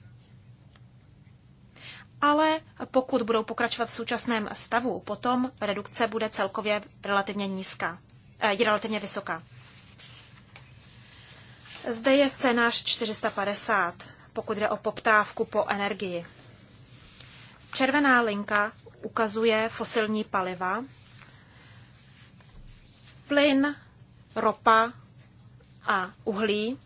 ale pokud budou pokračovat v současném stavu, potom redukce bude celkově relativně nízká. Eh, je relativně vysoká. Zde je scénář 450, pokud jde o poptávku po energii. Červená linka ukazuje fosilní paliva, plyn, ropa a uhlí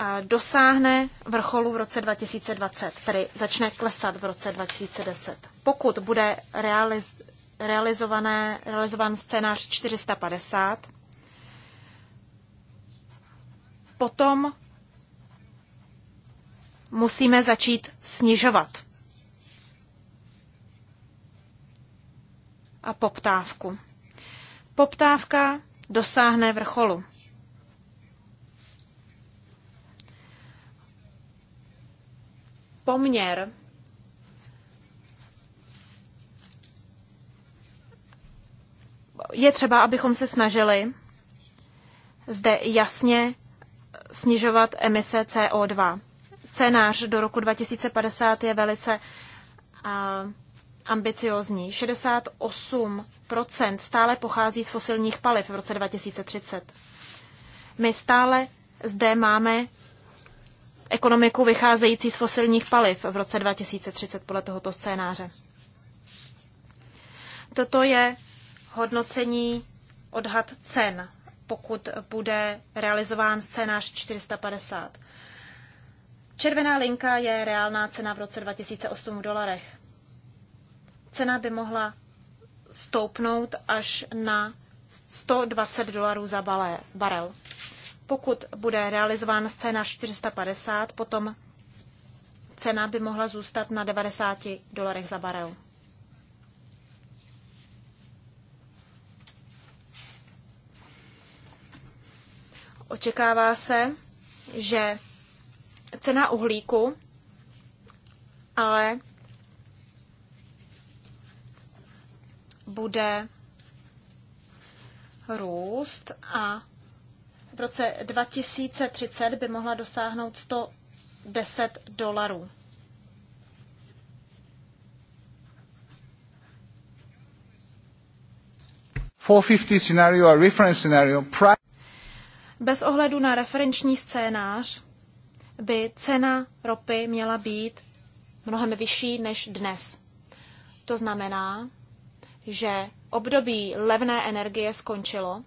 eh, dosáhne vrcholu v roce 2020, tedy začne klesat v roce 2010. Pokud bude realiz- realizované, realizovan scénář 450. Potom musíme začít snižovat a poptávku. Poptávka dosáhne vrcholu. Poměr je třeba, abychom se snažili zde jasně snižovat emise CO2. Scénář do roku 2050 je velice uh, ambiciozní. 68 stále pochází z fosilních paliv v roce 2030. My stále zde máme ekonomiku vycházející z fosilních paliv v roce 2030 podle tohoto scénáře. Toto je hodnocení odhad cen, pokud bude realizován scénář 450. Červená linka je reálná cena v roce 2008 v dolarech. Cena by mohla stoupnout až na 120 dolarů za balé, barel. Pokud bude realizován scénář 450, potom cena by mohla zůstat na 90 dolarech za barel. Očekává se, že cena uhlíku ale bude růst a v roce 2030 by mohla dosáhnout 110 dolarů. scenario, a reference scenario, bez ohledu na referenční scénář by cena ropy měla být mnohem vyšší než dnes. To znamená, že období levné energie skončilo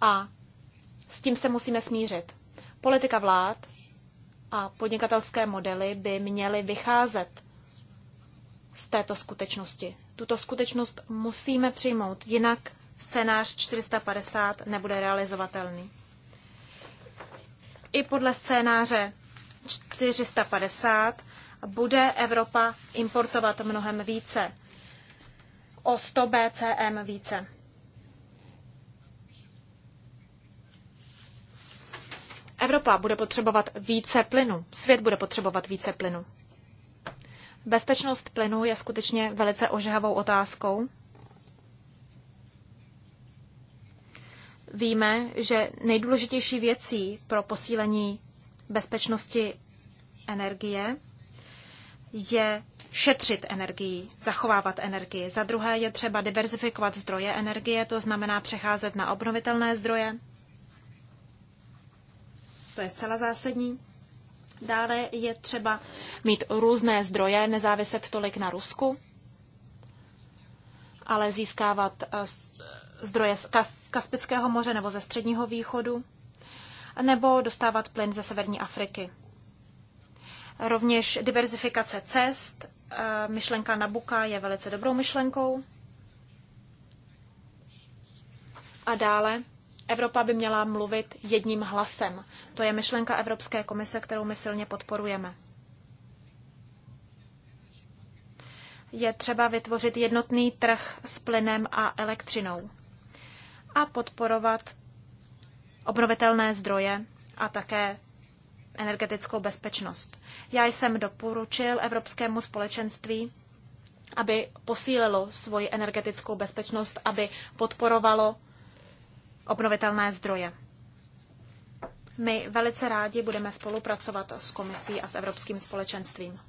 a s tím se musíme smířit. Politika vlád a podnikatelské modely by měly vycházet z této skutečnosti. Tuto skutečnost musíme přijmout, jinak scénář 450 nebude realizovatelný i podle scénáře 450 bude Evropa importovat mnohem více, o 100 BCM více. Evropa bude potřebovat více plynu, svět bude potřebovat více plynu. Bezpečnost plynu je skutečně velice ožehavou otázkou Víme, že nejdůležitější věcí pro posílení bezpečnosti energie je šetřit energii, zachovávat energii. Za druhé je třeba diverzifikovat zdroje energie, to znamená přecházet na obnovitelné zdroje. To je zcela zásadní. Dále je třeba mít různé zdroje, nezáviset tolik na Rusku, ale získávat eh, zdroje z Kaspického moře nebo ze Středního východu, nebo dostávat plyn ze Severní Afriky. Rovněž diverzifikace cest, e, myšlenka Nabuka je velice dobrou myšlenkou. A dále, Evropa by měla mluvit jedním hlasem. To je myšlenka Evropské komise, kterou my silně podporujeme. Je třeba vytvořit jednotný trh s plynem a elektřinou a podporovat obnovitelné zdroje a také energetickou bezpečnost. Já jsem doporučil Evropskému společenství, aby posílilo svoji energetickou bezpečnost, aby podporovalo obnovitelné zdroje. My velice rádi budeme spolupracovat s komisí a s Evropským společenstvím.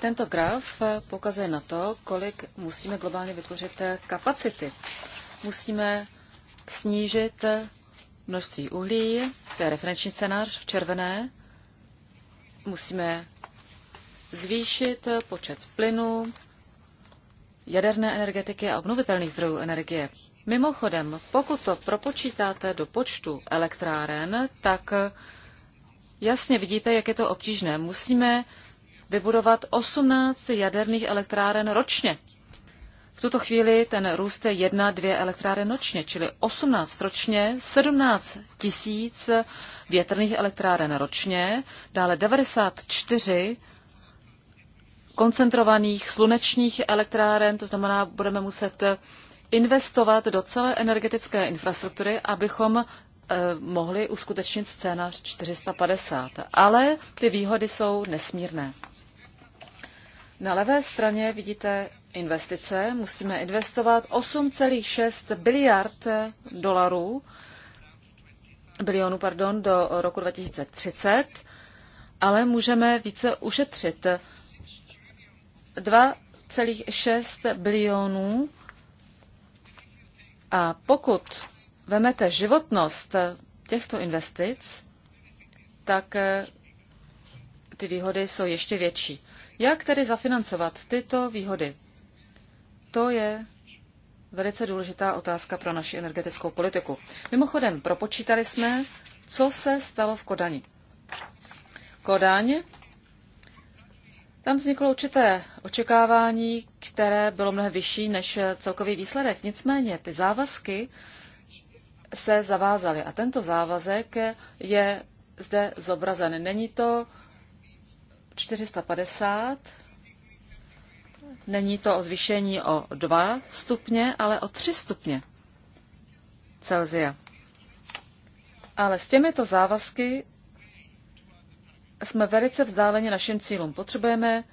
Tento graf pokazuje na to, kolik musíme globálně vytvořit kapacity musíme snížit množství uhlí, to je referenční scénář v červené. Musíme zvýšit počet plynu, jaderné energetiky a obnovitelných zdrojů energie. Mimochodem, pokud to propočítáte do počtu elektráren, tak jasně vidíte, jak je to obtížné. Musíme vybudovat 18 jaderných elektráren ročně tuto chvíli ten růst je jedna, dvě elektrárny ročně, čili 18 ročně, 17 tisíc větrných elektráren ročně, dále 94 koncentrovaných slunečních elektráren, to znamená, budeme muset investovat do celé energetické infrastruktury, abychom eh, mohli uskutečnit scénář 450. Ale ty výhody jsou nesmírné. Na levé straně vidíte investice. Musíme investovat 8,6 biliard dolarů, bilionů, pardon, do roku 2030, ale můžeme více ušetřit 2,6 bilionů a pokud vemete životnost těchto investic, tak eh, ty výhody jsou ještě větší. Jak tedy zafinancovat tyto výhody? To je velice důležitá otázka pro naši energetickou politiku. Mimochodem, propočítali jsme, co se stalo v Kodani. Kodaň, tam vzniklo určité očekávání, které bylo mnohem vyšší než celkový výsledek. Nicméně ty závazky se zavázaly a tento závazek je zde zobrazen. Není to 450, Není to o zvýšení o 2 stupně, ale o 3 stupně Celzia. Ale s těmito závazky jsme velice vzdáleni našim cílům. Potřebujeme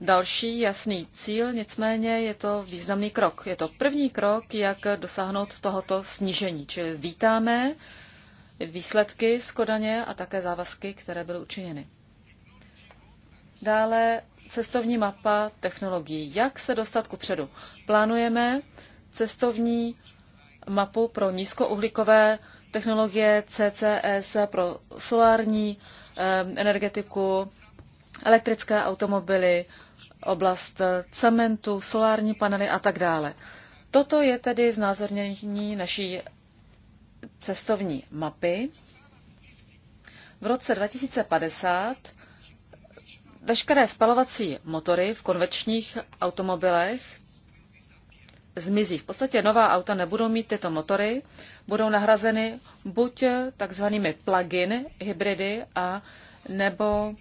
další jasný cíl, nicméně je to významný krok. Je to první krok, jak dosáhnout tohoto snížení. Čili vítáme výsledky z Kodaně a také závazky, které byly učiněny. Dále cestovní mapa technologií. Jak se dostat ku předu? Plánujeme cestovní mapu pro nízkouhlíkové technologie CCS, pro solární eh, energetiku, elektrické automobily, oblast eh, cementu, solární panely a tak dále. Toto je tedy znázornění naší cestovní mapy. V roce 2050 veškeré spalovací motory v konvečních automobilech zmizí. V podstatě nová auta nebudou mít tyto motory, budou nahrazeny buď takzvanými plug-in hybridy a nebo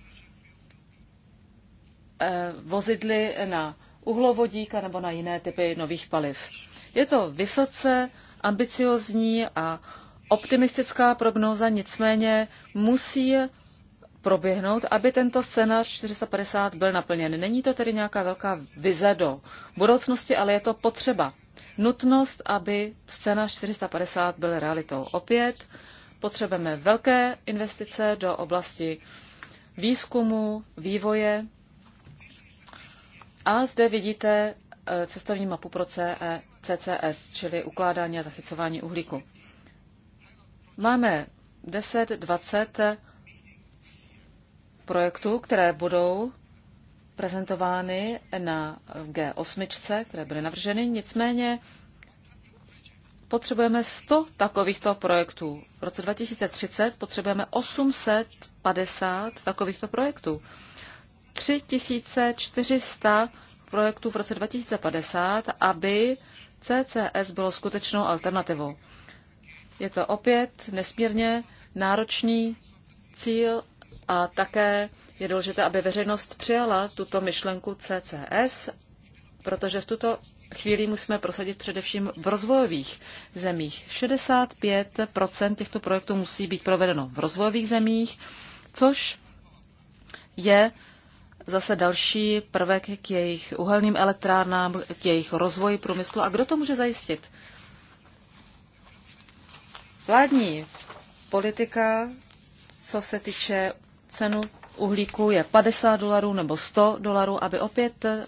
eh, vozidly na uhlovodík a nebo na jiné typy nových paliv. Je to vysoce ambiciozní a optimistická prognóza, nicméně musí proběhnout, aby tento scénář 450 byl naplněn. Není to tedy nějaká velká vize do budoucnosti, ale je to potřeba. Nutnost, aby scénář 450 byl realitou. Opět potřebujeme velké investice do oblasti výzkumu, vývoje. A zde vidíte eh, cestovní mapu pro CE, CCS, čili ukládání a zachycování uhlíku. Máme 10, 20 projektů, které budou prezentovány na G8, které byly navrženy. Nicméně potřebujeme 100 takovýchto projektů. V roce 2030 potřebujeme 850 takovýchto projektů. 3400 projektů v roce 2050, aby CCS bylo skutečnou alternativou. Je to opět nesmírně náročný cíl a také je důležité, aby veřejnost přijala tuto myšlenku CCS, protože v tuto chvíli musíme prosadit především v rozvojových zemích. 65 těchto projektů musí být provedeno v rozvojových zemích, což je zase další prvek k jejich uhelným elektrárnám, k jejich rozvoji průmyslu. A kdo to může zajistit? Vládní politika, co se týče cenu uhlíku je 50 dolarů nebo 100 dolarů, aby opět eh,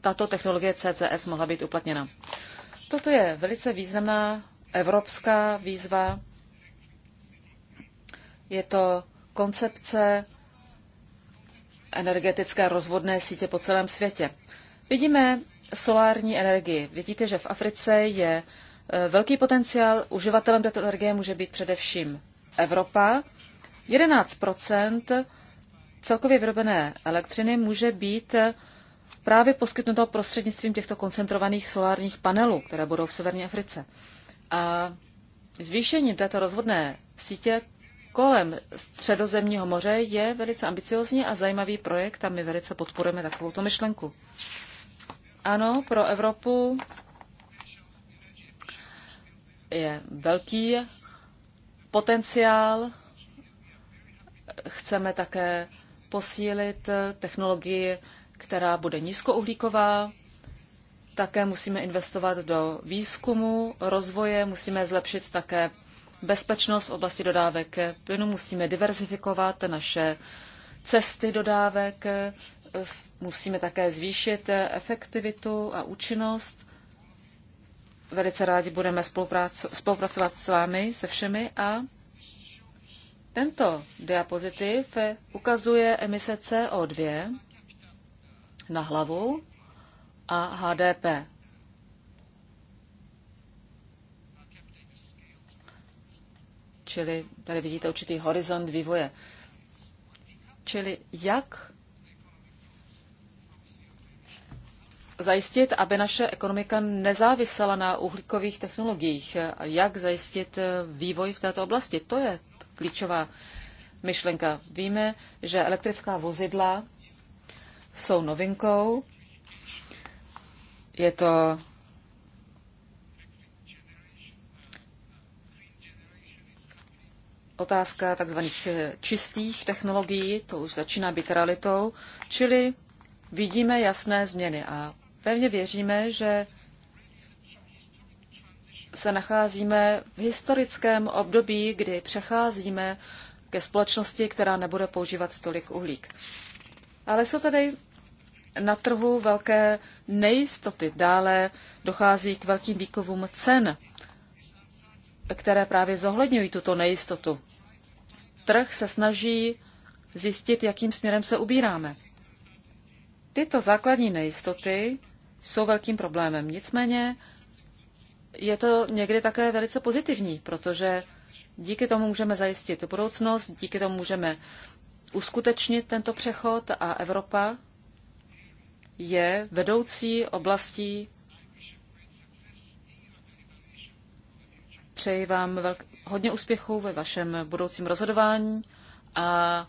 tato technologie CCS mohla být uplatněna. Toto je velice významná evropská výzva. Je to koncepce energetické rozvodné sítě po celém světě. Vidíme solární energii. Vidíte, že v Africe je eh, velký potenciál. Uživatelem této energie může být především Evropa, 11 celkově vyrobené elektřiny může být právě poskytnuto prostřednictvím těchto koncentrovaných solárních panelů, které budou v severní Africe. A zvýšení této rozvodné sítě kolem středozemního moře je velice ambiciozní a zajímavý projekt a my velice podporujeme takovouto myšlenku. Ano, pro Evropu je velký potenciál chceme také posílit technologii, která bude nízkouhlíková. Také musíme investovat do výzkumu, rozvoje, musíme zlepšit také bezpečnost v oblasti dodávek plynu, musíme diverzifikovat naše cesty dodávek, musíme také zvýšit efektivitu a účinnost. Velice rádi budeme spolupracovat s vámi, se všemi a tento diapozitiv ukazuje emise CO2 na hlavu a HDP. Čili tady vidíte určitý horizont vývoje. Čili jak zajistit, aby naše ekonomika nezávisela na uhlíkových technologiích. Jak zajistit vývoj v této oblasti? To je klíčová myšlenka. Víme, že elektrická vozidla jsou novinkou. Je to otázka takzvaných eh, čistých technologií, to už začíná být realitou, čili vidíme jasné změny a pevně věříme, že se nacházíme v historickém období, kdy přecházíme ke společnosti, která nebude používat tolik uhlík. Ale jsou tady na trhu velké nejistoty. Dále dochází k velkým výkovům cen, které právě zohledňují tuto nejistotu. Trh se snaží zjistit, jakým směrem se ubíráme. Tyto základní nejistoty jsou velkým problémem. Nicméně je to někdy také velice pozitivní, protože díky tomu můžeme zajistit budoucnost, díky tomu můžeme uskutečnit tento přechod a Evropa je vedoucí oblastí. Přeji vám velk- hodně úspěchů ve vašem budoucím rozhodování a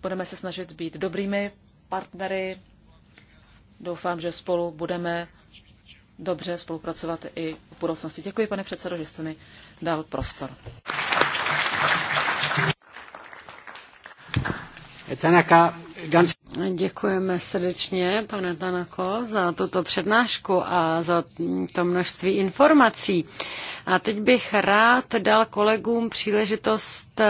budeme se snažit být dobrými partnery. Doufám, že spolu budeme dobře spolupracovat i v budoucnosti. Děkuji, pane předsedo, že jste mi dal prostor. Děkujeme srdečně, pane Tanako, za tuto přednášku a za to množství informací. A teď bych rád dal kolegům příležitost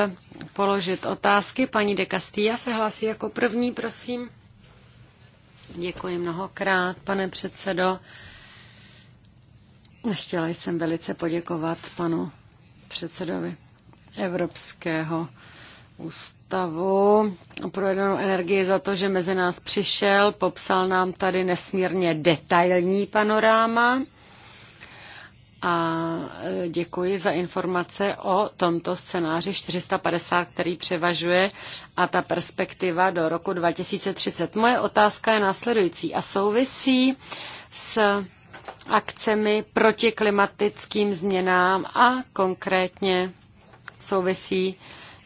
položit otázky. Paní de Castilla se hlásí jako první, prosím. Děkuji mnohokrát, pane předsedo. Chtěla jsem velice poděkovat panu předsedovi Evropského ústavu pro jedenou energii za to, že mezi nás přišel, popsal nám tady nesmírně detailní panoráma a e, děkuji za informace o tomto scénáři 450, který převažuje a ta perspektiva do roku 2030. Moje otázka je následující a souvisí s akcemi proti klimatickým změnám a konkrétně souvisí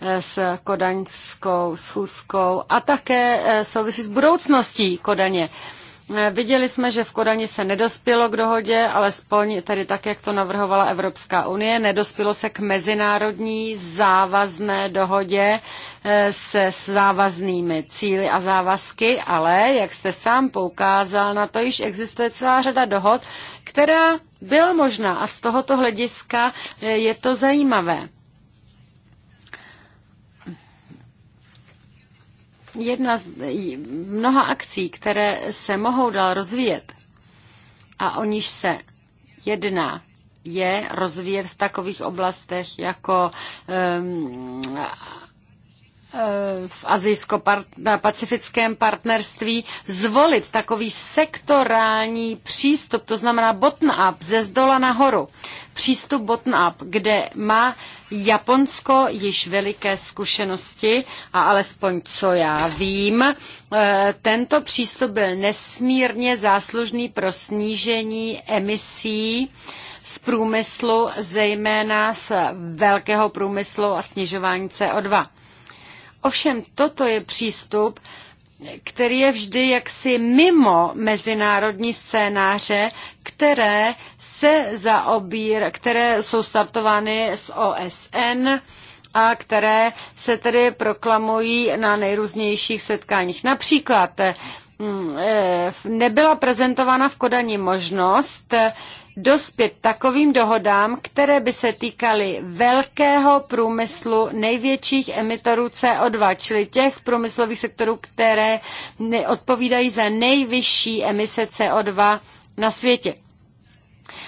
eh, s kodaňskou schůzkou a také eh, souvisí s budoucností Kodaně. Eh, viděli jsme, že v Kodani se nedospělo k dohodě, alespoň tedy tak, jak to navrhovala Evropská unie, nedospělo se k mezinárodní závazné dohodě eh, se závaznými cíly a závazky, ale, jak jste sám poukázal, na to již existuje celá řada dohod, která byla možná a z tohoto hlediska eh, je to zajímavé. jedna z mnoha akcí, které se mohou dál rozvíjet a o níž se jedná, je rozvíjet v takových oblastech jako um, Eh, v azijsko-pacifickém partnerství zvolit takový sektorální přístup, to znamená bottom-up, ze zdola nahoru. Přístup bottom-up, kde má Japonsko již veliké zkušenosti a alespoň co já vím, eh, tento přístup byl nesmírně záslužný pro snížení emisí z průmyslu, zejména z velkého průmyslu a snižování CO2. Ovšem toto je přístup, který je vždy jaksi mimo mezinárodní scénáře, které se zaobír, které jsou startovány z OSN a které se tedy proklamují na nejrůznějších setkáních. Například mm, eh, nebyla prezentována v Kodani možnost dospět takovým dohodám, které by se týkaly velkého průmyslu největších emitorů CO2, čili těch průmyslových sektorů, které odpovídají za nejvyšší emise CO2 na světě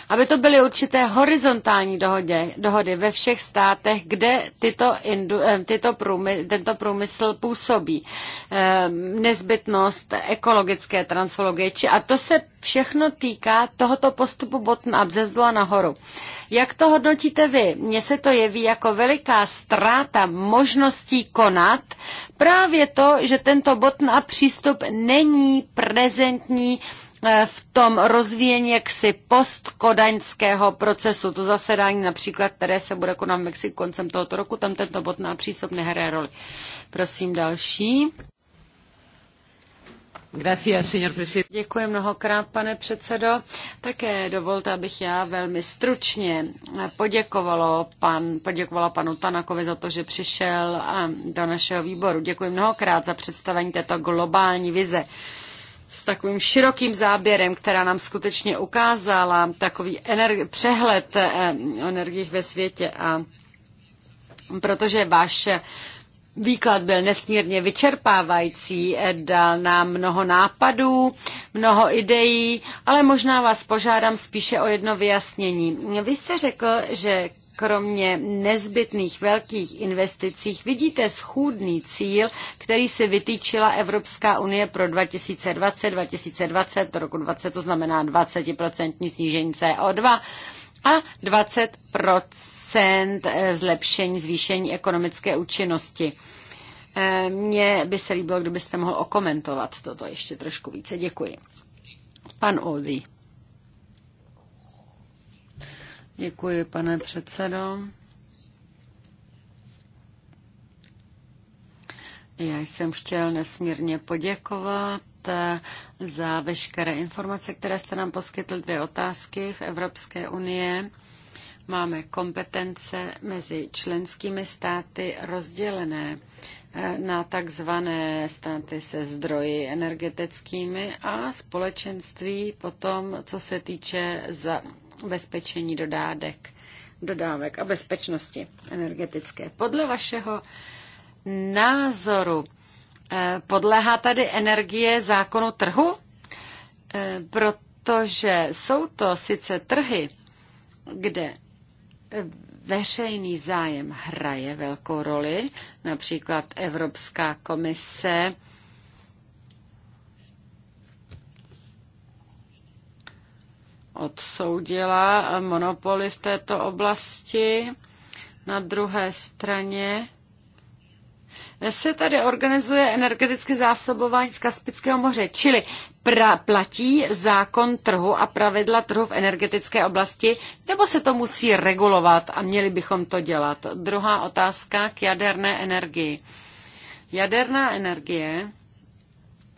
aby to byly určité horizontální dohodě, dohody ve všech státech, kde tyto, indu, eh, tyto průmysl, tento průmysl působí. Eh, nezbytnost ekologické transfologie. A to se všechno týká tohoto postupu bottom-up ze zdola nahoru. Jak to hodnotíte vy? Mně se to jeví jako veliká ztráta možností konat. Právě to, že tento bottom-up přístup není prezentní Eh, v tom rozvíjení jaksi postkodaňského procesu, to zasedání například, které se bude konat v Mexiku koncem tohoto roku, tam tento bod má přístup nehraje roli. Prosím další. Děkuji mnohokrát, pane předsedo. Také dovolte, abych já velmi stručně poděkovala, pan, poděkovala panu Tanakovi za to, že přišel eh, do našeho výboru. Děkuji mnohokrát za představení této globální vize s takovým širokým záběrem, která nám skutečně ukázala takový energi- přehled eh, o energiích ve světě. A protože váš Výklad byl nesmírně vyčerpávající, eh, dal nám mnoho nápadů, mnoho ideí, ale možná vás požádám spíše o jedno vyjasnění. Vy jste řekl, že kromě nezbytných velkých investicích vidíte schůdný cíl, který si vytýčila Evropská unie pro 2020, 2020 roku 20, to znamená 20% snížení CO2 a 20 eh, zlepšení, zvýšení ekonomické účinnosti. Eh, mně by se líbilo, kdybyste mohl okomentovat toto ještě trošku více. Děkuji. Pan Ozi. Děkuji, pane předsedo. Já jsem chtěl nesmírně poděkovat eh, za veškeré informace, které jste nám poskytl dvě otázky v Evropské unie. Máme kompetence mezi členskými státy rozdělené eh, na takzvané státy se zdroji energetickými a společenství potom, co se týče za bezpečení dodádek, dodávek a bezpečnosti energetické. Podle vašeho názoru eh, podléhá tady energie zákonu trhu? Eh, protože jsou to sice trhy, kde veřejný zájem hraje velkou roli, například Evropská komise odsoudila monopoly v této oblasti. Na druhé straně se tady organizuje energetické zásobování z Kaspického moře, čili pra- platí zákon trhu a pravidla trhu v energetické oblasti, nebo se to musí regulovat a měli bychom to dělat? Druhá otázka k jaderné energii. Jaderná energie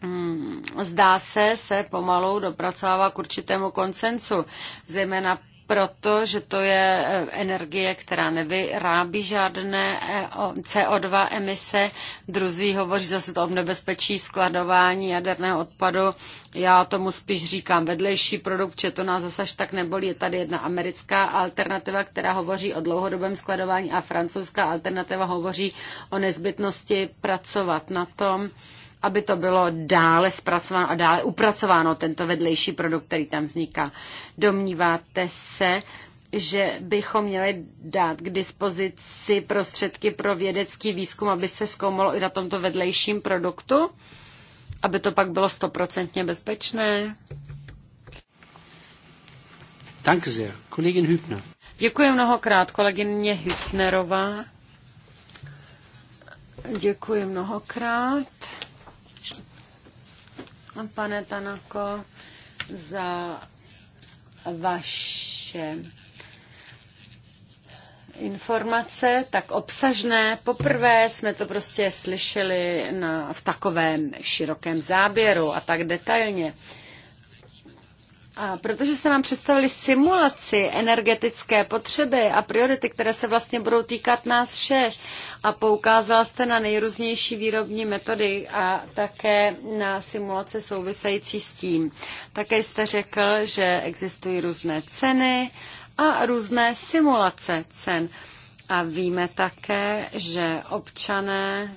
Mm, zdá se, se pomalu dopracovává k určitému koncensu, zejména proto, že to je eh, energie, která nevyrábí žádné eh, CO2 emise. Druzí hovoří zase to o nebezpečí skladování jaderného odpadu. Já tomu spíš říkám vedlejší produkt, že to nás zase tak nebolí. Je tady jedna americká alternativa, která hovoří o dlouhodobém skladování a francouzská alternativa hovoří o nezbytnosti pracovat na tom, aby to bylo dále zpracováno a dále upracováno, tento vedlejší produkt, který tam vzniká. Domníváte se, že bychom měli dát k dispozici prostředky pro vědecký výzkum, aby se zkoumalo i na tomto vedlejším produktu, aby to pak bylo stoprocentně bezpečné? Danke sehr. Kollegin Hübner. Děkuji mnohokrát, kolegyně Hübnerová. Děkuji mnohokrát pane Tanako, za vaše informace, tak obsažné. Poprvé jsme to prostě slyšeli na, v takovém širokém záběru a tak detailně. Uh, a protože jste nám představili simulaci energetické potřeby a priority, které se vlastně budou týkat nás všech a poukázala jste na nejrůznější výrobní metody a také na simulace související s tím. Také jste řekl, že existují různé ceny a různé simulace cen. A víme také, že občané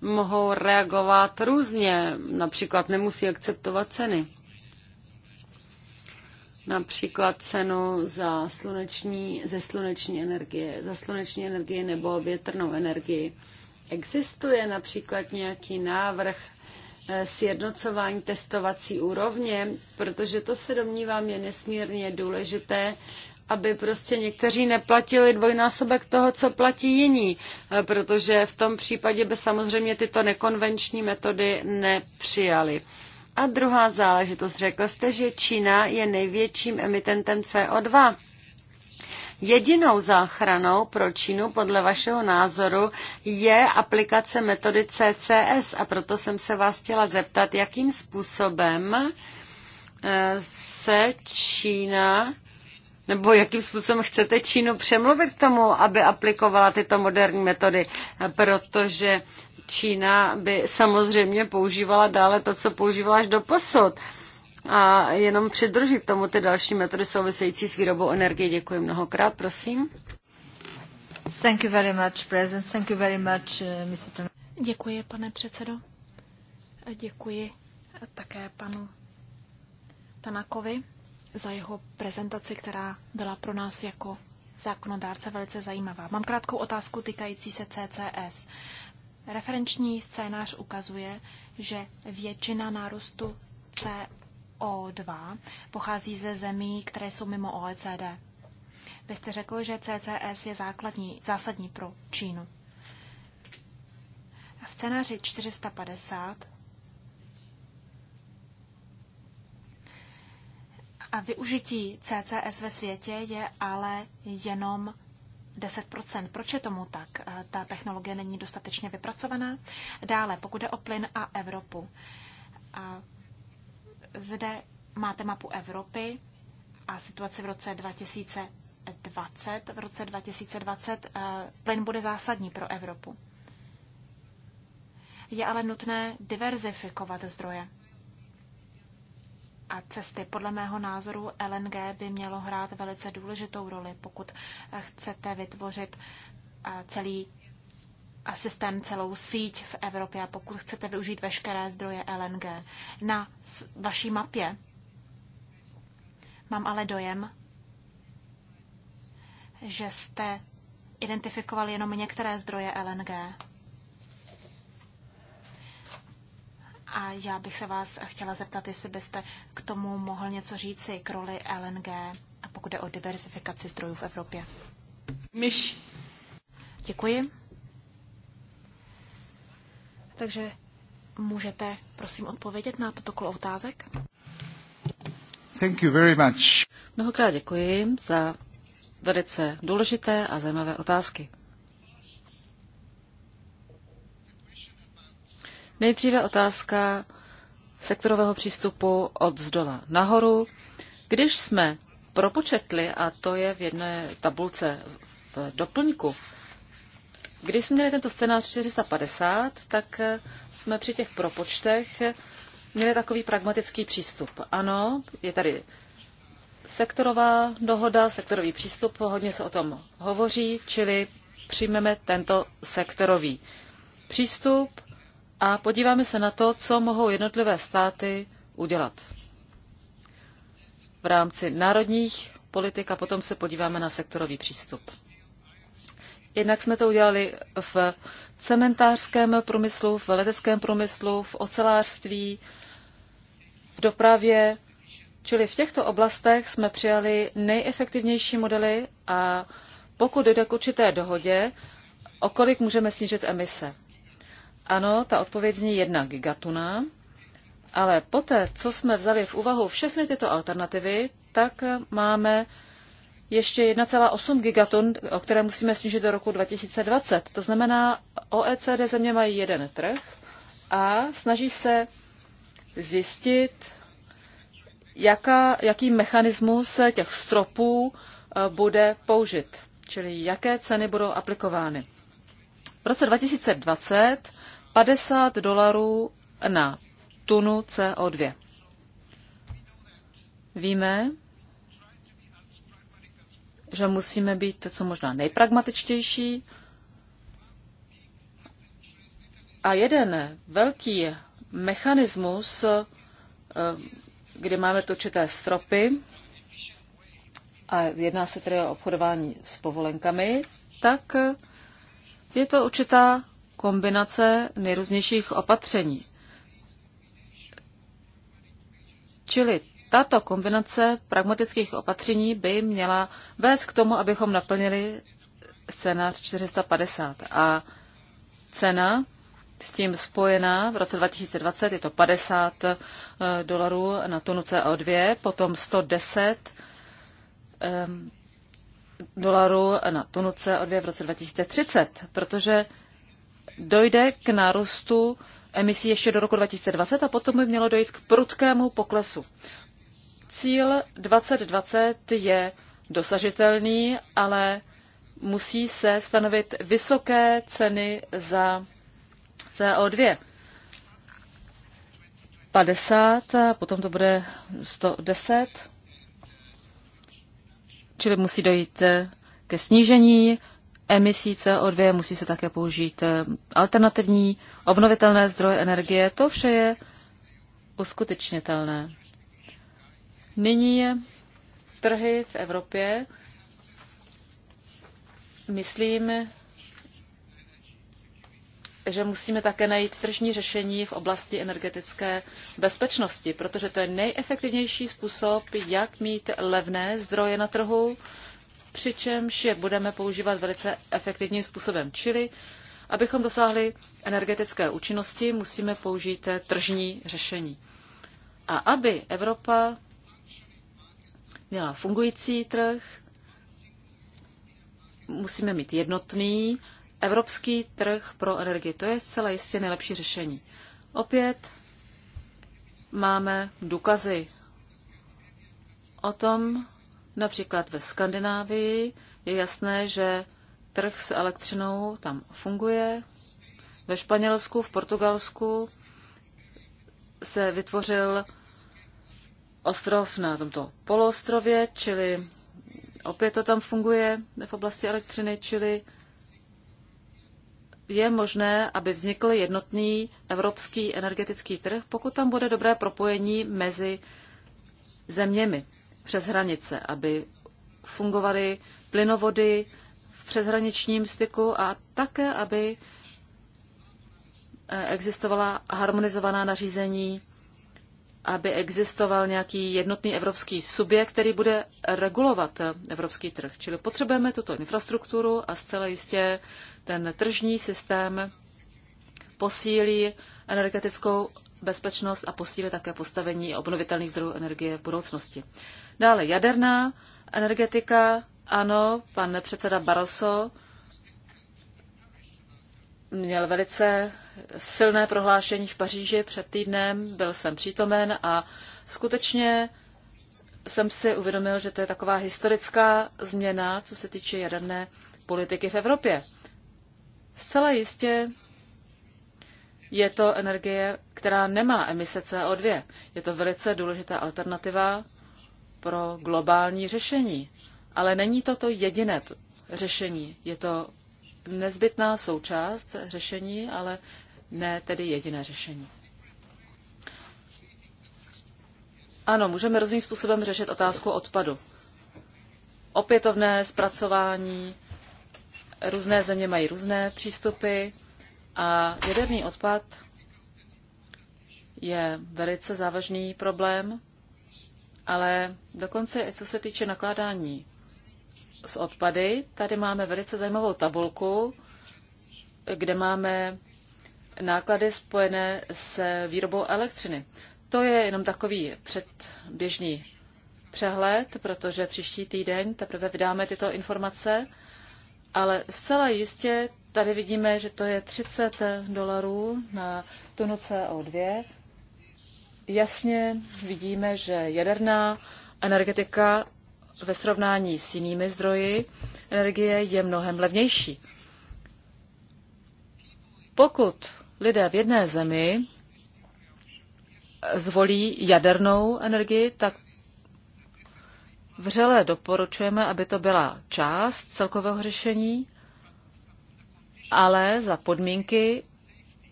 mohou reagovat různě, například nemusí akceptovat ceny například cenu za sluneční, ze sluneční energie, za sluneční energii nebo větrnou energii. Existuje například nějaký návrh eh, sjednocování testovací úrovně, protože to se domnívám je nesmírně důležité, aby prostě někteří neplatili dvojnásobek toho, co platí jiní, eh, protože v tom případě by samozřejmě tyto nekonvenční metody nepřijali. A druhá záležitost, řekl jste, že Čína je největším emitentem CO2. Jedinou záchranou pro Čínu podle vašeho názoru je aplikace metody CCS a proto jsem se vás chtěla zeptat, jakým způsobem eh, se Čína nebo jakým způsobem chcete Čínu přemluvit k tomu, aby aplikovala tyto moderní metody, protože Čína by samozřejmě používala dále to, co používala až do posud. A jenom přidružit k tomu ty další metody související s výrobou energie. Děkuji mnohokrát, prosím. Thank you very much, President. Thank you very much, uh, Mr. Děkuji, pane předsedo. děkuji uh, také panu Tanakovi za jeho prezentaci, která byla pro nás jako zákonodárce velice zajímavá. Mám krátkou otázku týkající se CCS. Referenční scénář ukazuje, že většina nárůstu CO2 pochází ze zemí, které jsou mimo OECD. Vy jste řekl, že CCS je základní, zásadní pro Čínu. V scénáři 450 a využití CCS ve světě je ale jenom 10%. Proč je tomu tak? Eh, ta technologie není dostatečně vypracovaná. Dále, pokud jde o plyn a Evropu. A zde máte mapu Evropy a situaci v roce 2020. V roce 2020 eh, plyn bude zásadní pro Evropu. Je ale nutné diverzifikovat zdroje a cesty. Podle mého názoru LNG by mělo hrát velice důležitou roli, pokud eh, chcete vytvořit eh, celý a systém, celou síť v Evropě a pokud chcete využít veškeré zdroje LNG. Na vaší mapě mám ale dojem, že jste identifikovali jenom některé zdroje LNG. A já bych se vás chtěla zeptat, jestli byste k tomu mohl něco říci k roli LNG, a pokud jde o diversifikaci zdrojů v Evropě. Myš. Děkuji. Takže můžete, prosím, odpovědět na toto kolo otázek? Thank you very much. Mnohokrát děkuji za velice důležité a zajímavé otázky. Nejdříve otázka sektorového přístupu od zdola nahoru. Když jsme propočetli, a to je v jedné tabulce v doplňku, když jsme měli tento scénář 450, tak jsme při těch propočtech měli takový pragmatický přístup. Ano, je tady sektorová dohoda, sektorový přístup, hodně se o tom hovoří, čili přijmeme tento sektorový přístup a podíváme se na to, co mohou jednotlivé státy udělat v rámci národních politik a potom se podíváme na sektorový přístup. Jednak jsme to udělali v cementářském průmyslu, v leteckém průmyslu, v ocelářství, v dopravě, čili v těchto oblastech jsme přijali nejefektivnější modely a pokud dojde k určité dohodě, o kolik můžeme snížit emise. Ano, ta odpověď zní jedna gigatuna, ale poté, co jsme vzali v úvahu všechny tyto alternativy, tak máme ještě 1,8 gigaton, o které musíme snížit do roku 2020. To znamená, OECD země mají jeden trh a snaží se zjistit, jaká, jaký mechanismus těch stropů eh, bude použit, čili jaké ceny budou aplikovány. V roce 2020 50 dolarů na tunu CO2. Víme, že musíme být co možná nejpragmatičtější. A jeden velký mechanismus, eh, kdy máme tu určité stropy, a jedná se tedy o obchodování s povolenkami, tak je to určitá kombinace nejrůznějších opatření. Čili tato kombinace pragmatických opatření by měla vést k tomu, abychom naplnili scénář 450. A cena s tím spojená v roce 2020 je to 50 eh, dolarů na tonu CO2, potom 110 eh, dolarů na tonu CO2 v roce 2030, protože dojde k nárůstu emisí ještě do roku 2020 a potom by mělo dojít k prudkému poklesu. Cíl 2020 je dosažitelný, ale musí se stanovit vysoké ceny za CO2. 50, a potom to bude 110, čili musí dojít ke snížení emisí CO2, musí se také použít eh, alternativní obnovitelné zdroje energie. To vše je uskutečnitelné. Nyní trhy v Evropě, myslím, že musíme také najít tržní řešení v oblasti energetické bezpečnosti, protože to je nejefektivnější způsob, jak mít levné zdroje na trhu, přičemž je budeme používat velice efektivním způsobem. Čili, abychom dosáhli energetické účinnosti, musíme použít tržní řešení. A aby Evropa měla fungující trh, musíme mít jednotný evropský trh pro energii. To je zcela jistě nejlepší řešení. Opět máme důkazy o tom, Například ve Skandinávii je jasné, že trh s elektřinou tam funguje. Ve Španělsku, v Portugalsku se vytvořil ostrov na tomto poloostrově, čili opět to tam funguje v oblasti elektřiny, čili je možné, aby vznikl jednotný evropský energetický trh, pokud tam bude dobré propojení mezi zeměmi přes hranice, aby fungovaly plynovody v přeshraničním styku a také, aby eh, existovala harmonizovaná nařízení, aby existoval nějaký jednotný evropský subjekt, který bude regulovat evropský trh. Čili potřebujeme tuto infrastrukturu a zcela jistě ten tržní systém posílí energetickou bezpečnost a posílí také postavení obnovitelných zdrojů energie v budoucnosti. Dále jaderná energetika, ano, pan předseda Barroso měl velice silné prohlášení v Paříži před týdnem, byl jsem přítomen a skutečně jsem si uvědomil, že to je taková historická změna, co se týče jaderné politiky v Evropě. Zcela jistě je to energie, která nemá emise CO2. Je to velice důležitá alternativa pro globální řešení. Ale není to to jediné řešení. Je to nezbytná součást řešení, ale ne tedy jediné řešení. Ano, můžeme různým způsobem řešit otázku odpadu. Opětovné zpracování, různé země mají různé přístupy a jaderný odpad je velice závažný problém ale dokonce co se týče nakládání s odpady, tady máme velice zajímavou tabulku, kde máme náklady spojené s výrobou elektřiny. To je jenom takový předběžný přehled, protože příští týden teprve vydáme tyto informace, ale zcela jistě tady vidíme, že to je 30 dolarů na tunu CO2 jasně vidíme, že jaderná energetika ve srovnání s jinými zdroji energie je mnohem levnější. Pokud lidé v jedné zemi zvolí jadernou energii, tak vřele doporučujeme, aby to byla část celkového řešení, ale za podmínky,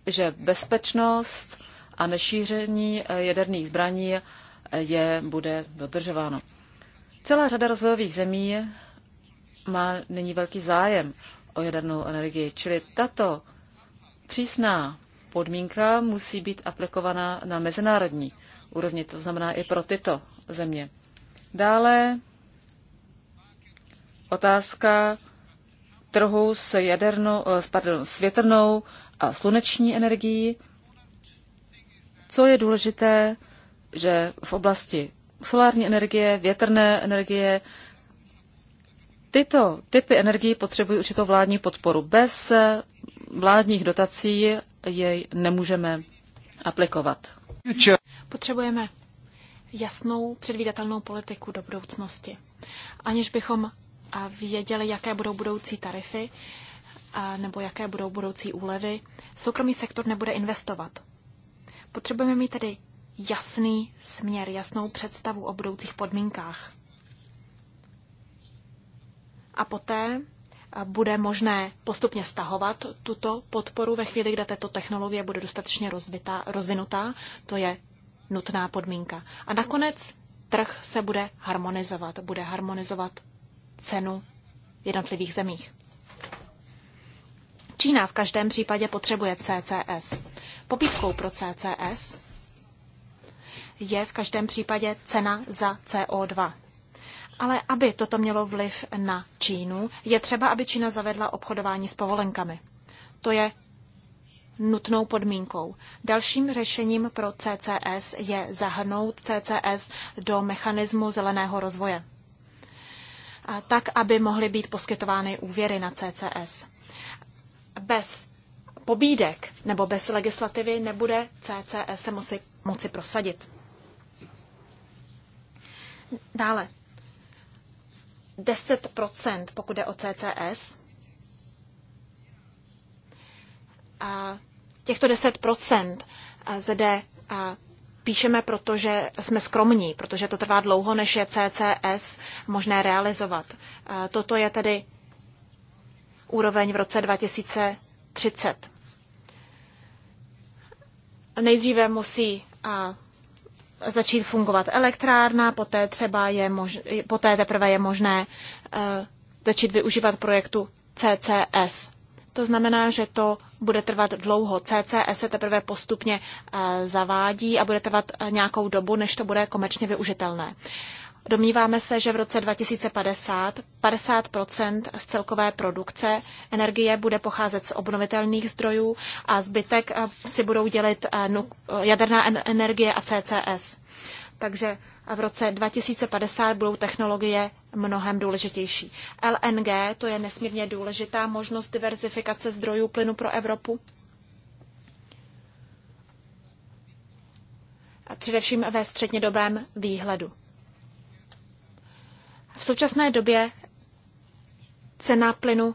že bezpečnost a nešíření eh, jaderných zbraní eh, je bude dodržováno. Celá řada rozvojových zemí má nyní velký zájem o jadernou energii, čili tato přísná podmínka musí být aplikovaná na mezinárodní úrovni, to znamená i pro tyto země. Dále otázka trhu s, jadernou, eh, pardon, s větrnou a sluneční energií. Co je důležité, že v oblasti solární energie, větrné energie, tyto typy energií potřebují určitou vládní podporu. Bez vládních dotací jej nemůžeme aplikovat. Potřebujeme jasnou předvídatelnou politiku do budoucnosti. Aniž bychom věděli, jaké budou budoucí tarify nebo jaké budou budoucí úlevy, soukromý sektor nebude investovat. Potřebujeme mít tedy jasný směr, jasnou představu o budoucích podmínkách. A poté eh, bude možné postupně stahovat tuto podporu ve chvíli, kde tato technologie bude dostatečně rozvitá, rozvinutá. To je nutná podmínka. A nakonec trh se bude harmonizovat. Bude harmonizovat cenu v jednotlivých zemích. Čína v každém případě potřebuje CCS. Pobídkou pro CCS je v každém případě cena za CO2. Ale aby toto mělo vliv na Čínu, je třeba, aby Čína zavedla obchodování s povolenkami. To je nutnou podmínkou. Dalším řešením pro CCS je zahrnout CCS do mechanismu zeleného rozvoje, A tak aby mohly být poskytovány úvěry na CCS. Bez pobídek nebo bez legislativy nebude CCS se moci, moci prosadit. Dále. 10%, pokud jde o CCS, a těchto 10% zde píšeme, protože jsme skromní, protože to trvá dlouho, než je CCS možné realizovat. Toto je tedy úroveň v roce 2030 nejdříve musí a, začít fungovat elektrárna, poté, třeba je mož, poté teprve je možné a, e, začít využívat projektu CCS. To znamená, že to bude trvat dlouho. CCS se teprve postupně e, zavádí a bude trvat e, nějakou dobu, než to bude komerčně využitelné. Domníváme se, že v roce 2050 50 z celkové produkce energie bude pocházet z obnovitelných zdrojů a zbytek eh, si budou dělit eh, jaderná energie a CCS. Takže v roce 2050 budou technologie mnohem důležitější. LNG to je nesmírně důležitá možnost diverzifikace zdrojů plynu pro Evropu. A především ve střednědobém výhledu. V současné době cena plynu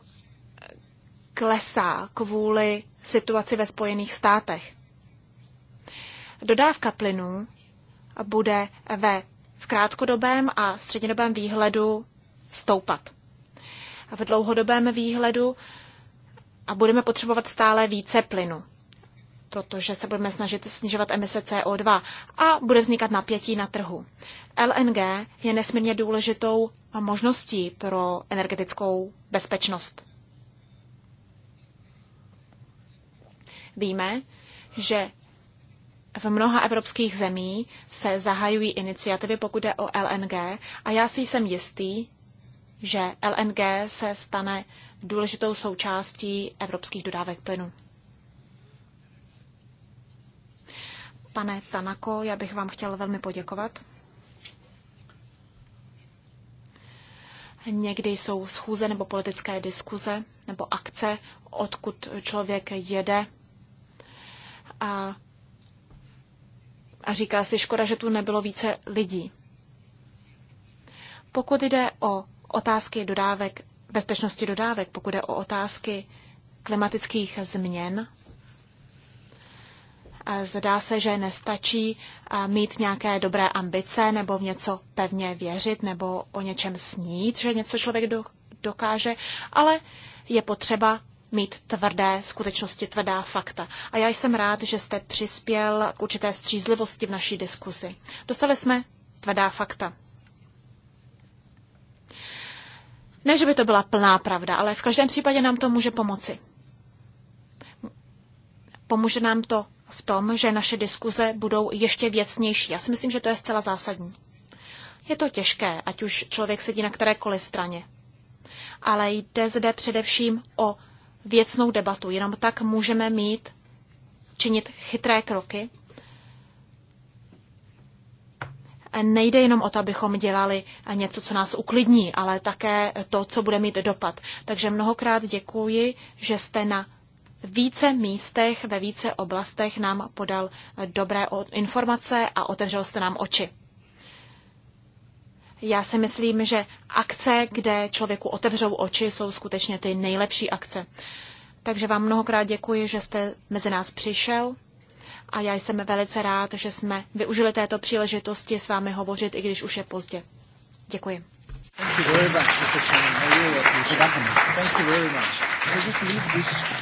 klesá kvůli situaci ve Spojených státech. Dodávka plynu bude ve v krátkodobém a střednědobém výhledu stoupat. A v dlouhodobém výhledu a budeme potřebovat stále více plynu protože se budeme snažit snižovat emise CO2 a bude vznikat napětí na trhu. LNG je nesmírně důležitou možností pro energetickou bezpečnost. Víme, že v mnoha evropských zemí se zahajují iniciativy, pokud jde o LNG, a já si jsem jistý, že LNG se stane důležitou součástí evropských dodávek plynu. Pane Tanako, já bych vám chtěla velmi poděkovat. Někdy jsou schůze nebo politické diskuze nebo akce, odkud člověk jede a, a říká si, škoda, že tu nebylo více lidí. Pokud jde o otázky dodávek, bezpečnosti dodávek, pokud jde o otázky klimatických změn Zdá se, že nestačí mít nějaké dobré ambice nebo v něco pevně věřit nebo o něčem snít, že něco člověk dokáže, ale je potřeba mít tvrdé skutečnosti, tvrdá fakta. A já jsem rád, že jste přispěl k určité střízlivosti v naší diskusi. Dostali jsme tvrdá fakta. Ne, že by to byla plná pravda, ale v každém případě nám to může pomoci. Pomůže nám to v tom, že naše diskuze budou ještě věcnější. Já si myslím, že to je zcela zásadní. Je to těžké, ať už člověk sedí na kterékoliv straně. Ale jde zde především o věcnou debatu. Jenom tak můžeme mít, činit chytré kroky. Nejde jenom o to, abychom dělali něco, co nás uklidní, ale také to, co bude mít dopad. Takže mnohokrát děkuji, že jste na více místech, ve více oblastech nám podal eh, dobré informace a otevřel jste nám oči. Já si myslím, že akce, kde člověku otevřou oči, jsou skutečně ty nejlepší akce. Takže vám mnohokrát děkuji, že jste mezi nás přišel a já jsem velice rád, že jsme využili této příležitosti s vámi hovořit, i když už je pozdě. Děkuji. Thank you very much, Mr. Chairman. I really appreciate it. Thank you very much. I just need this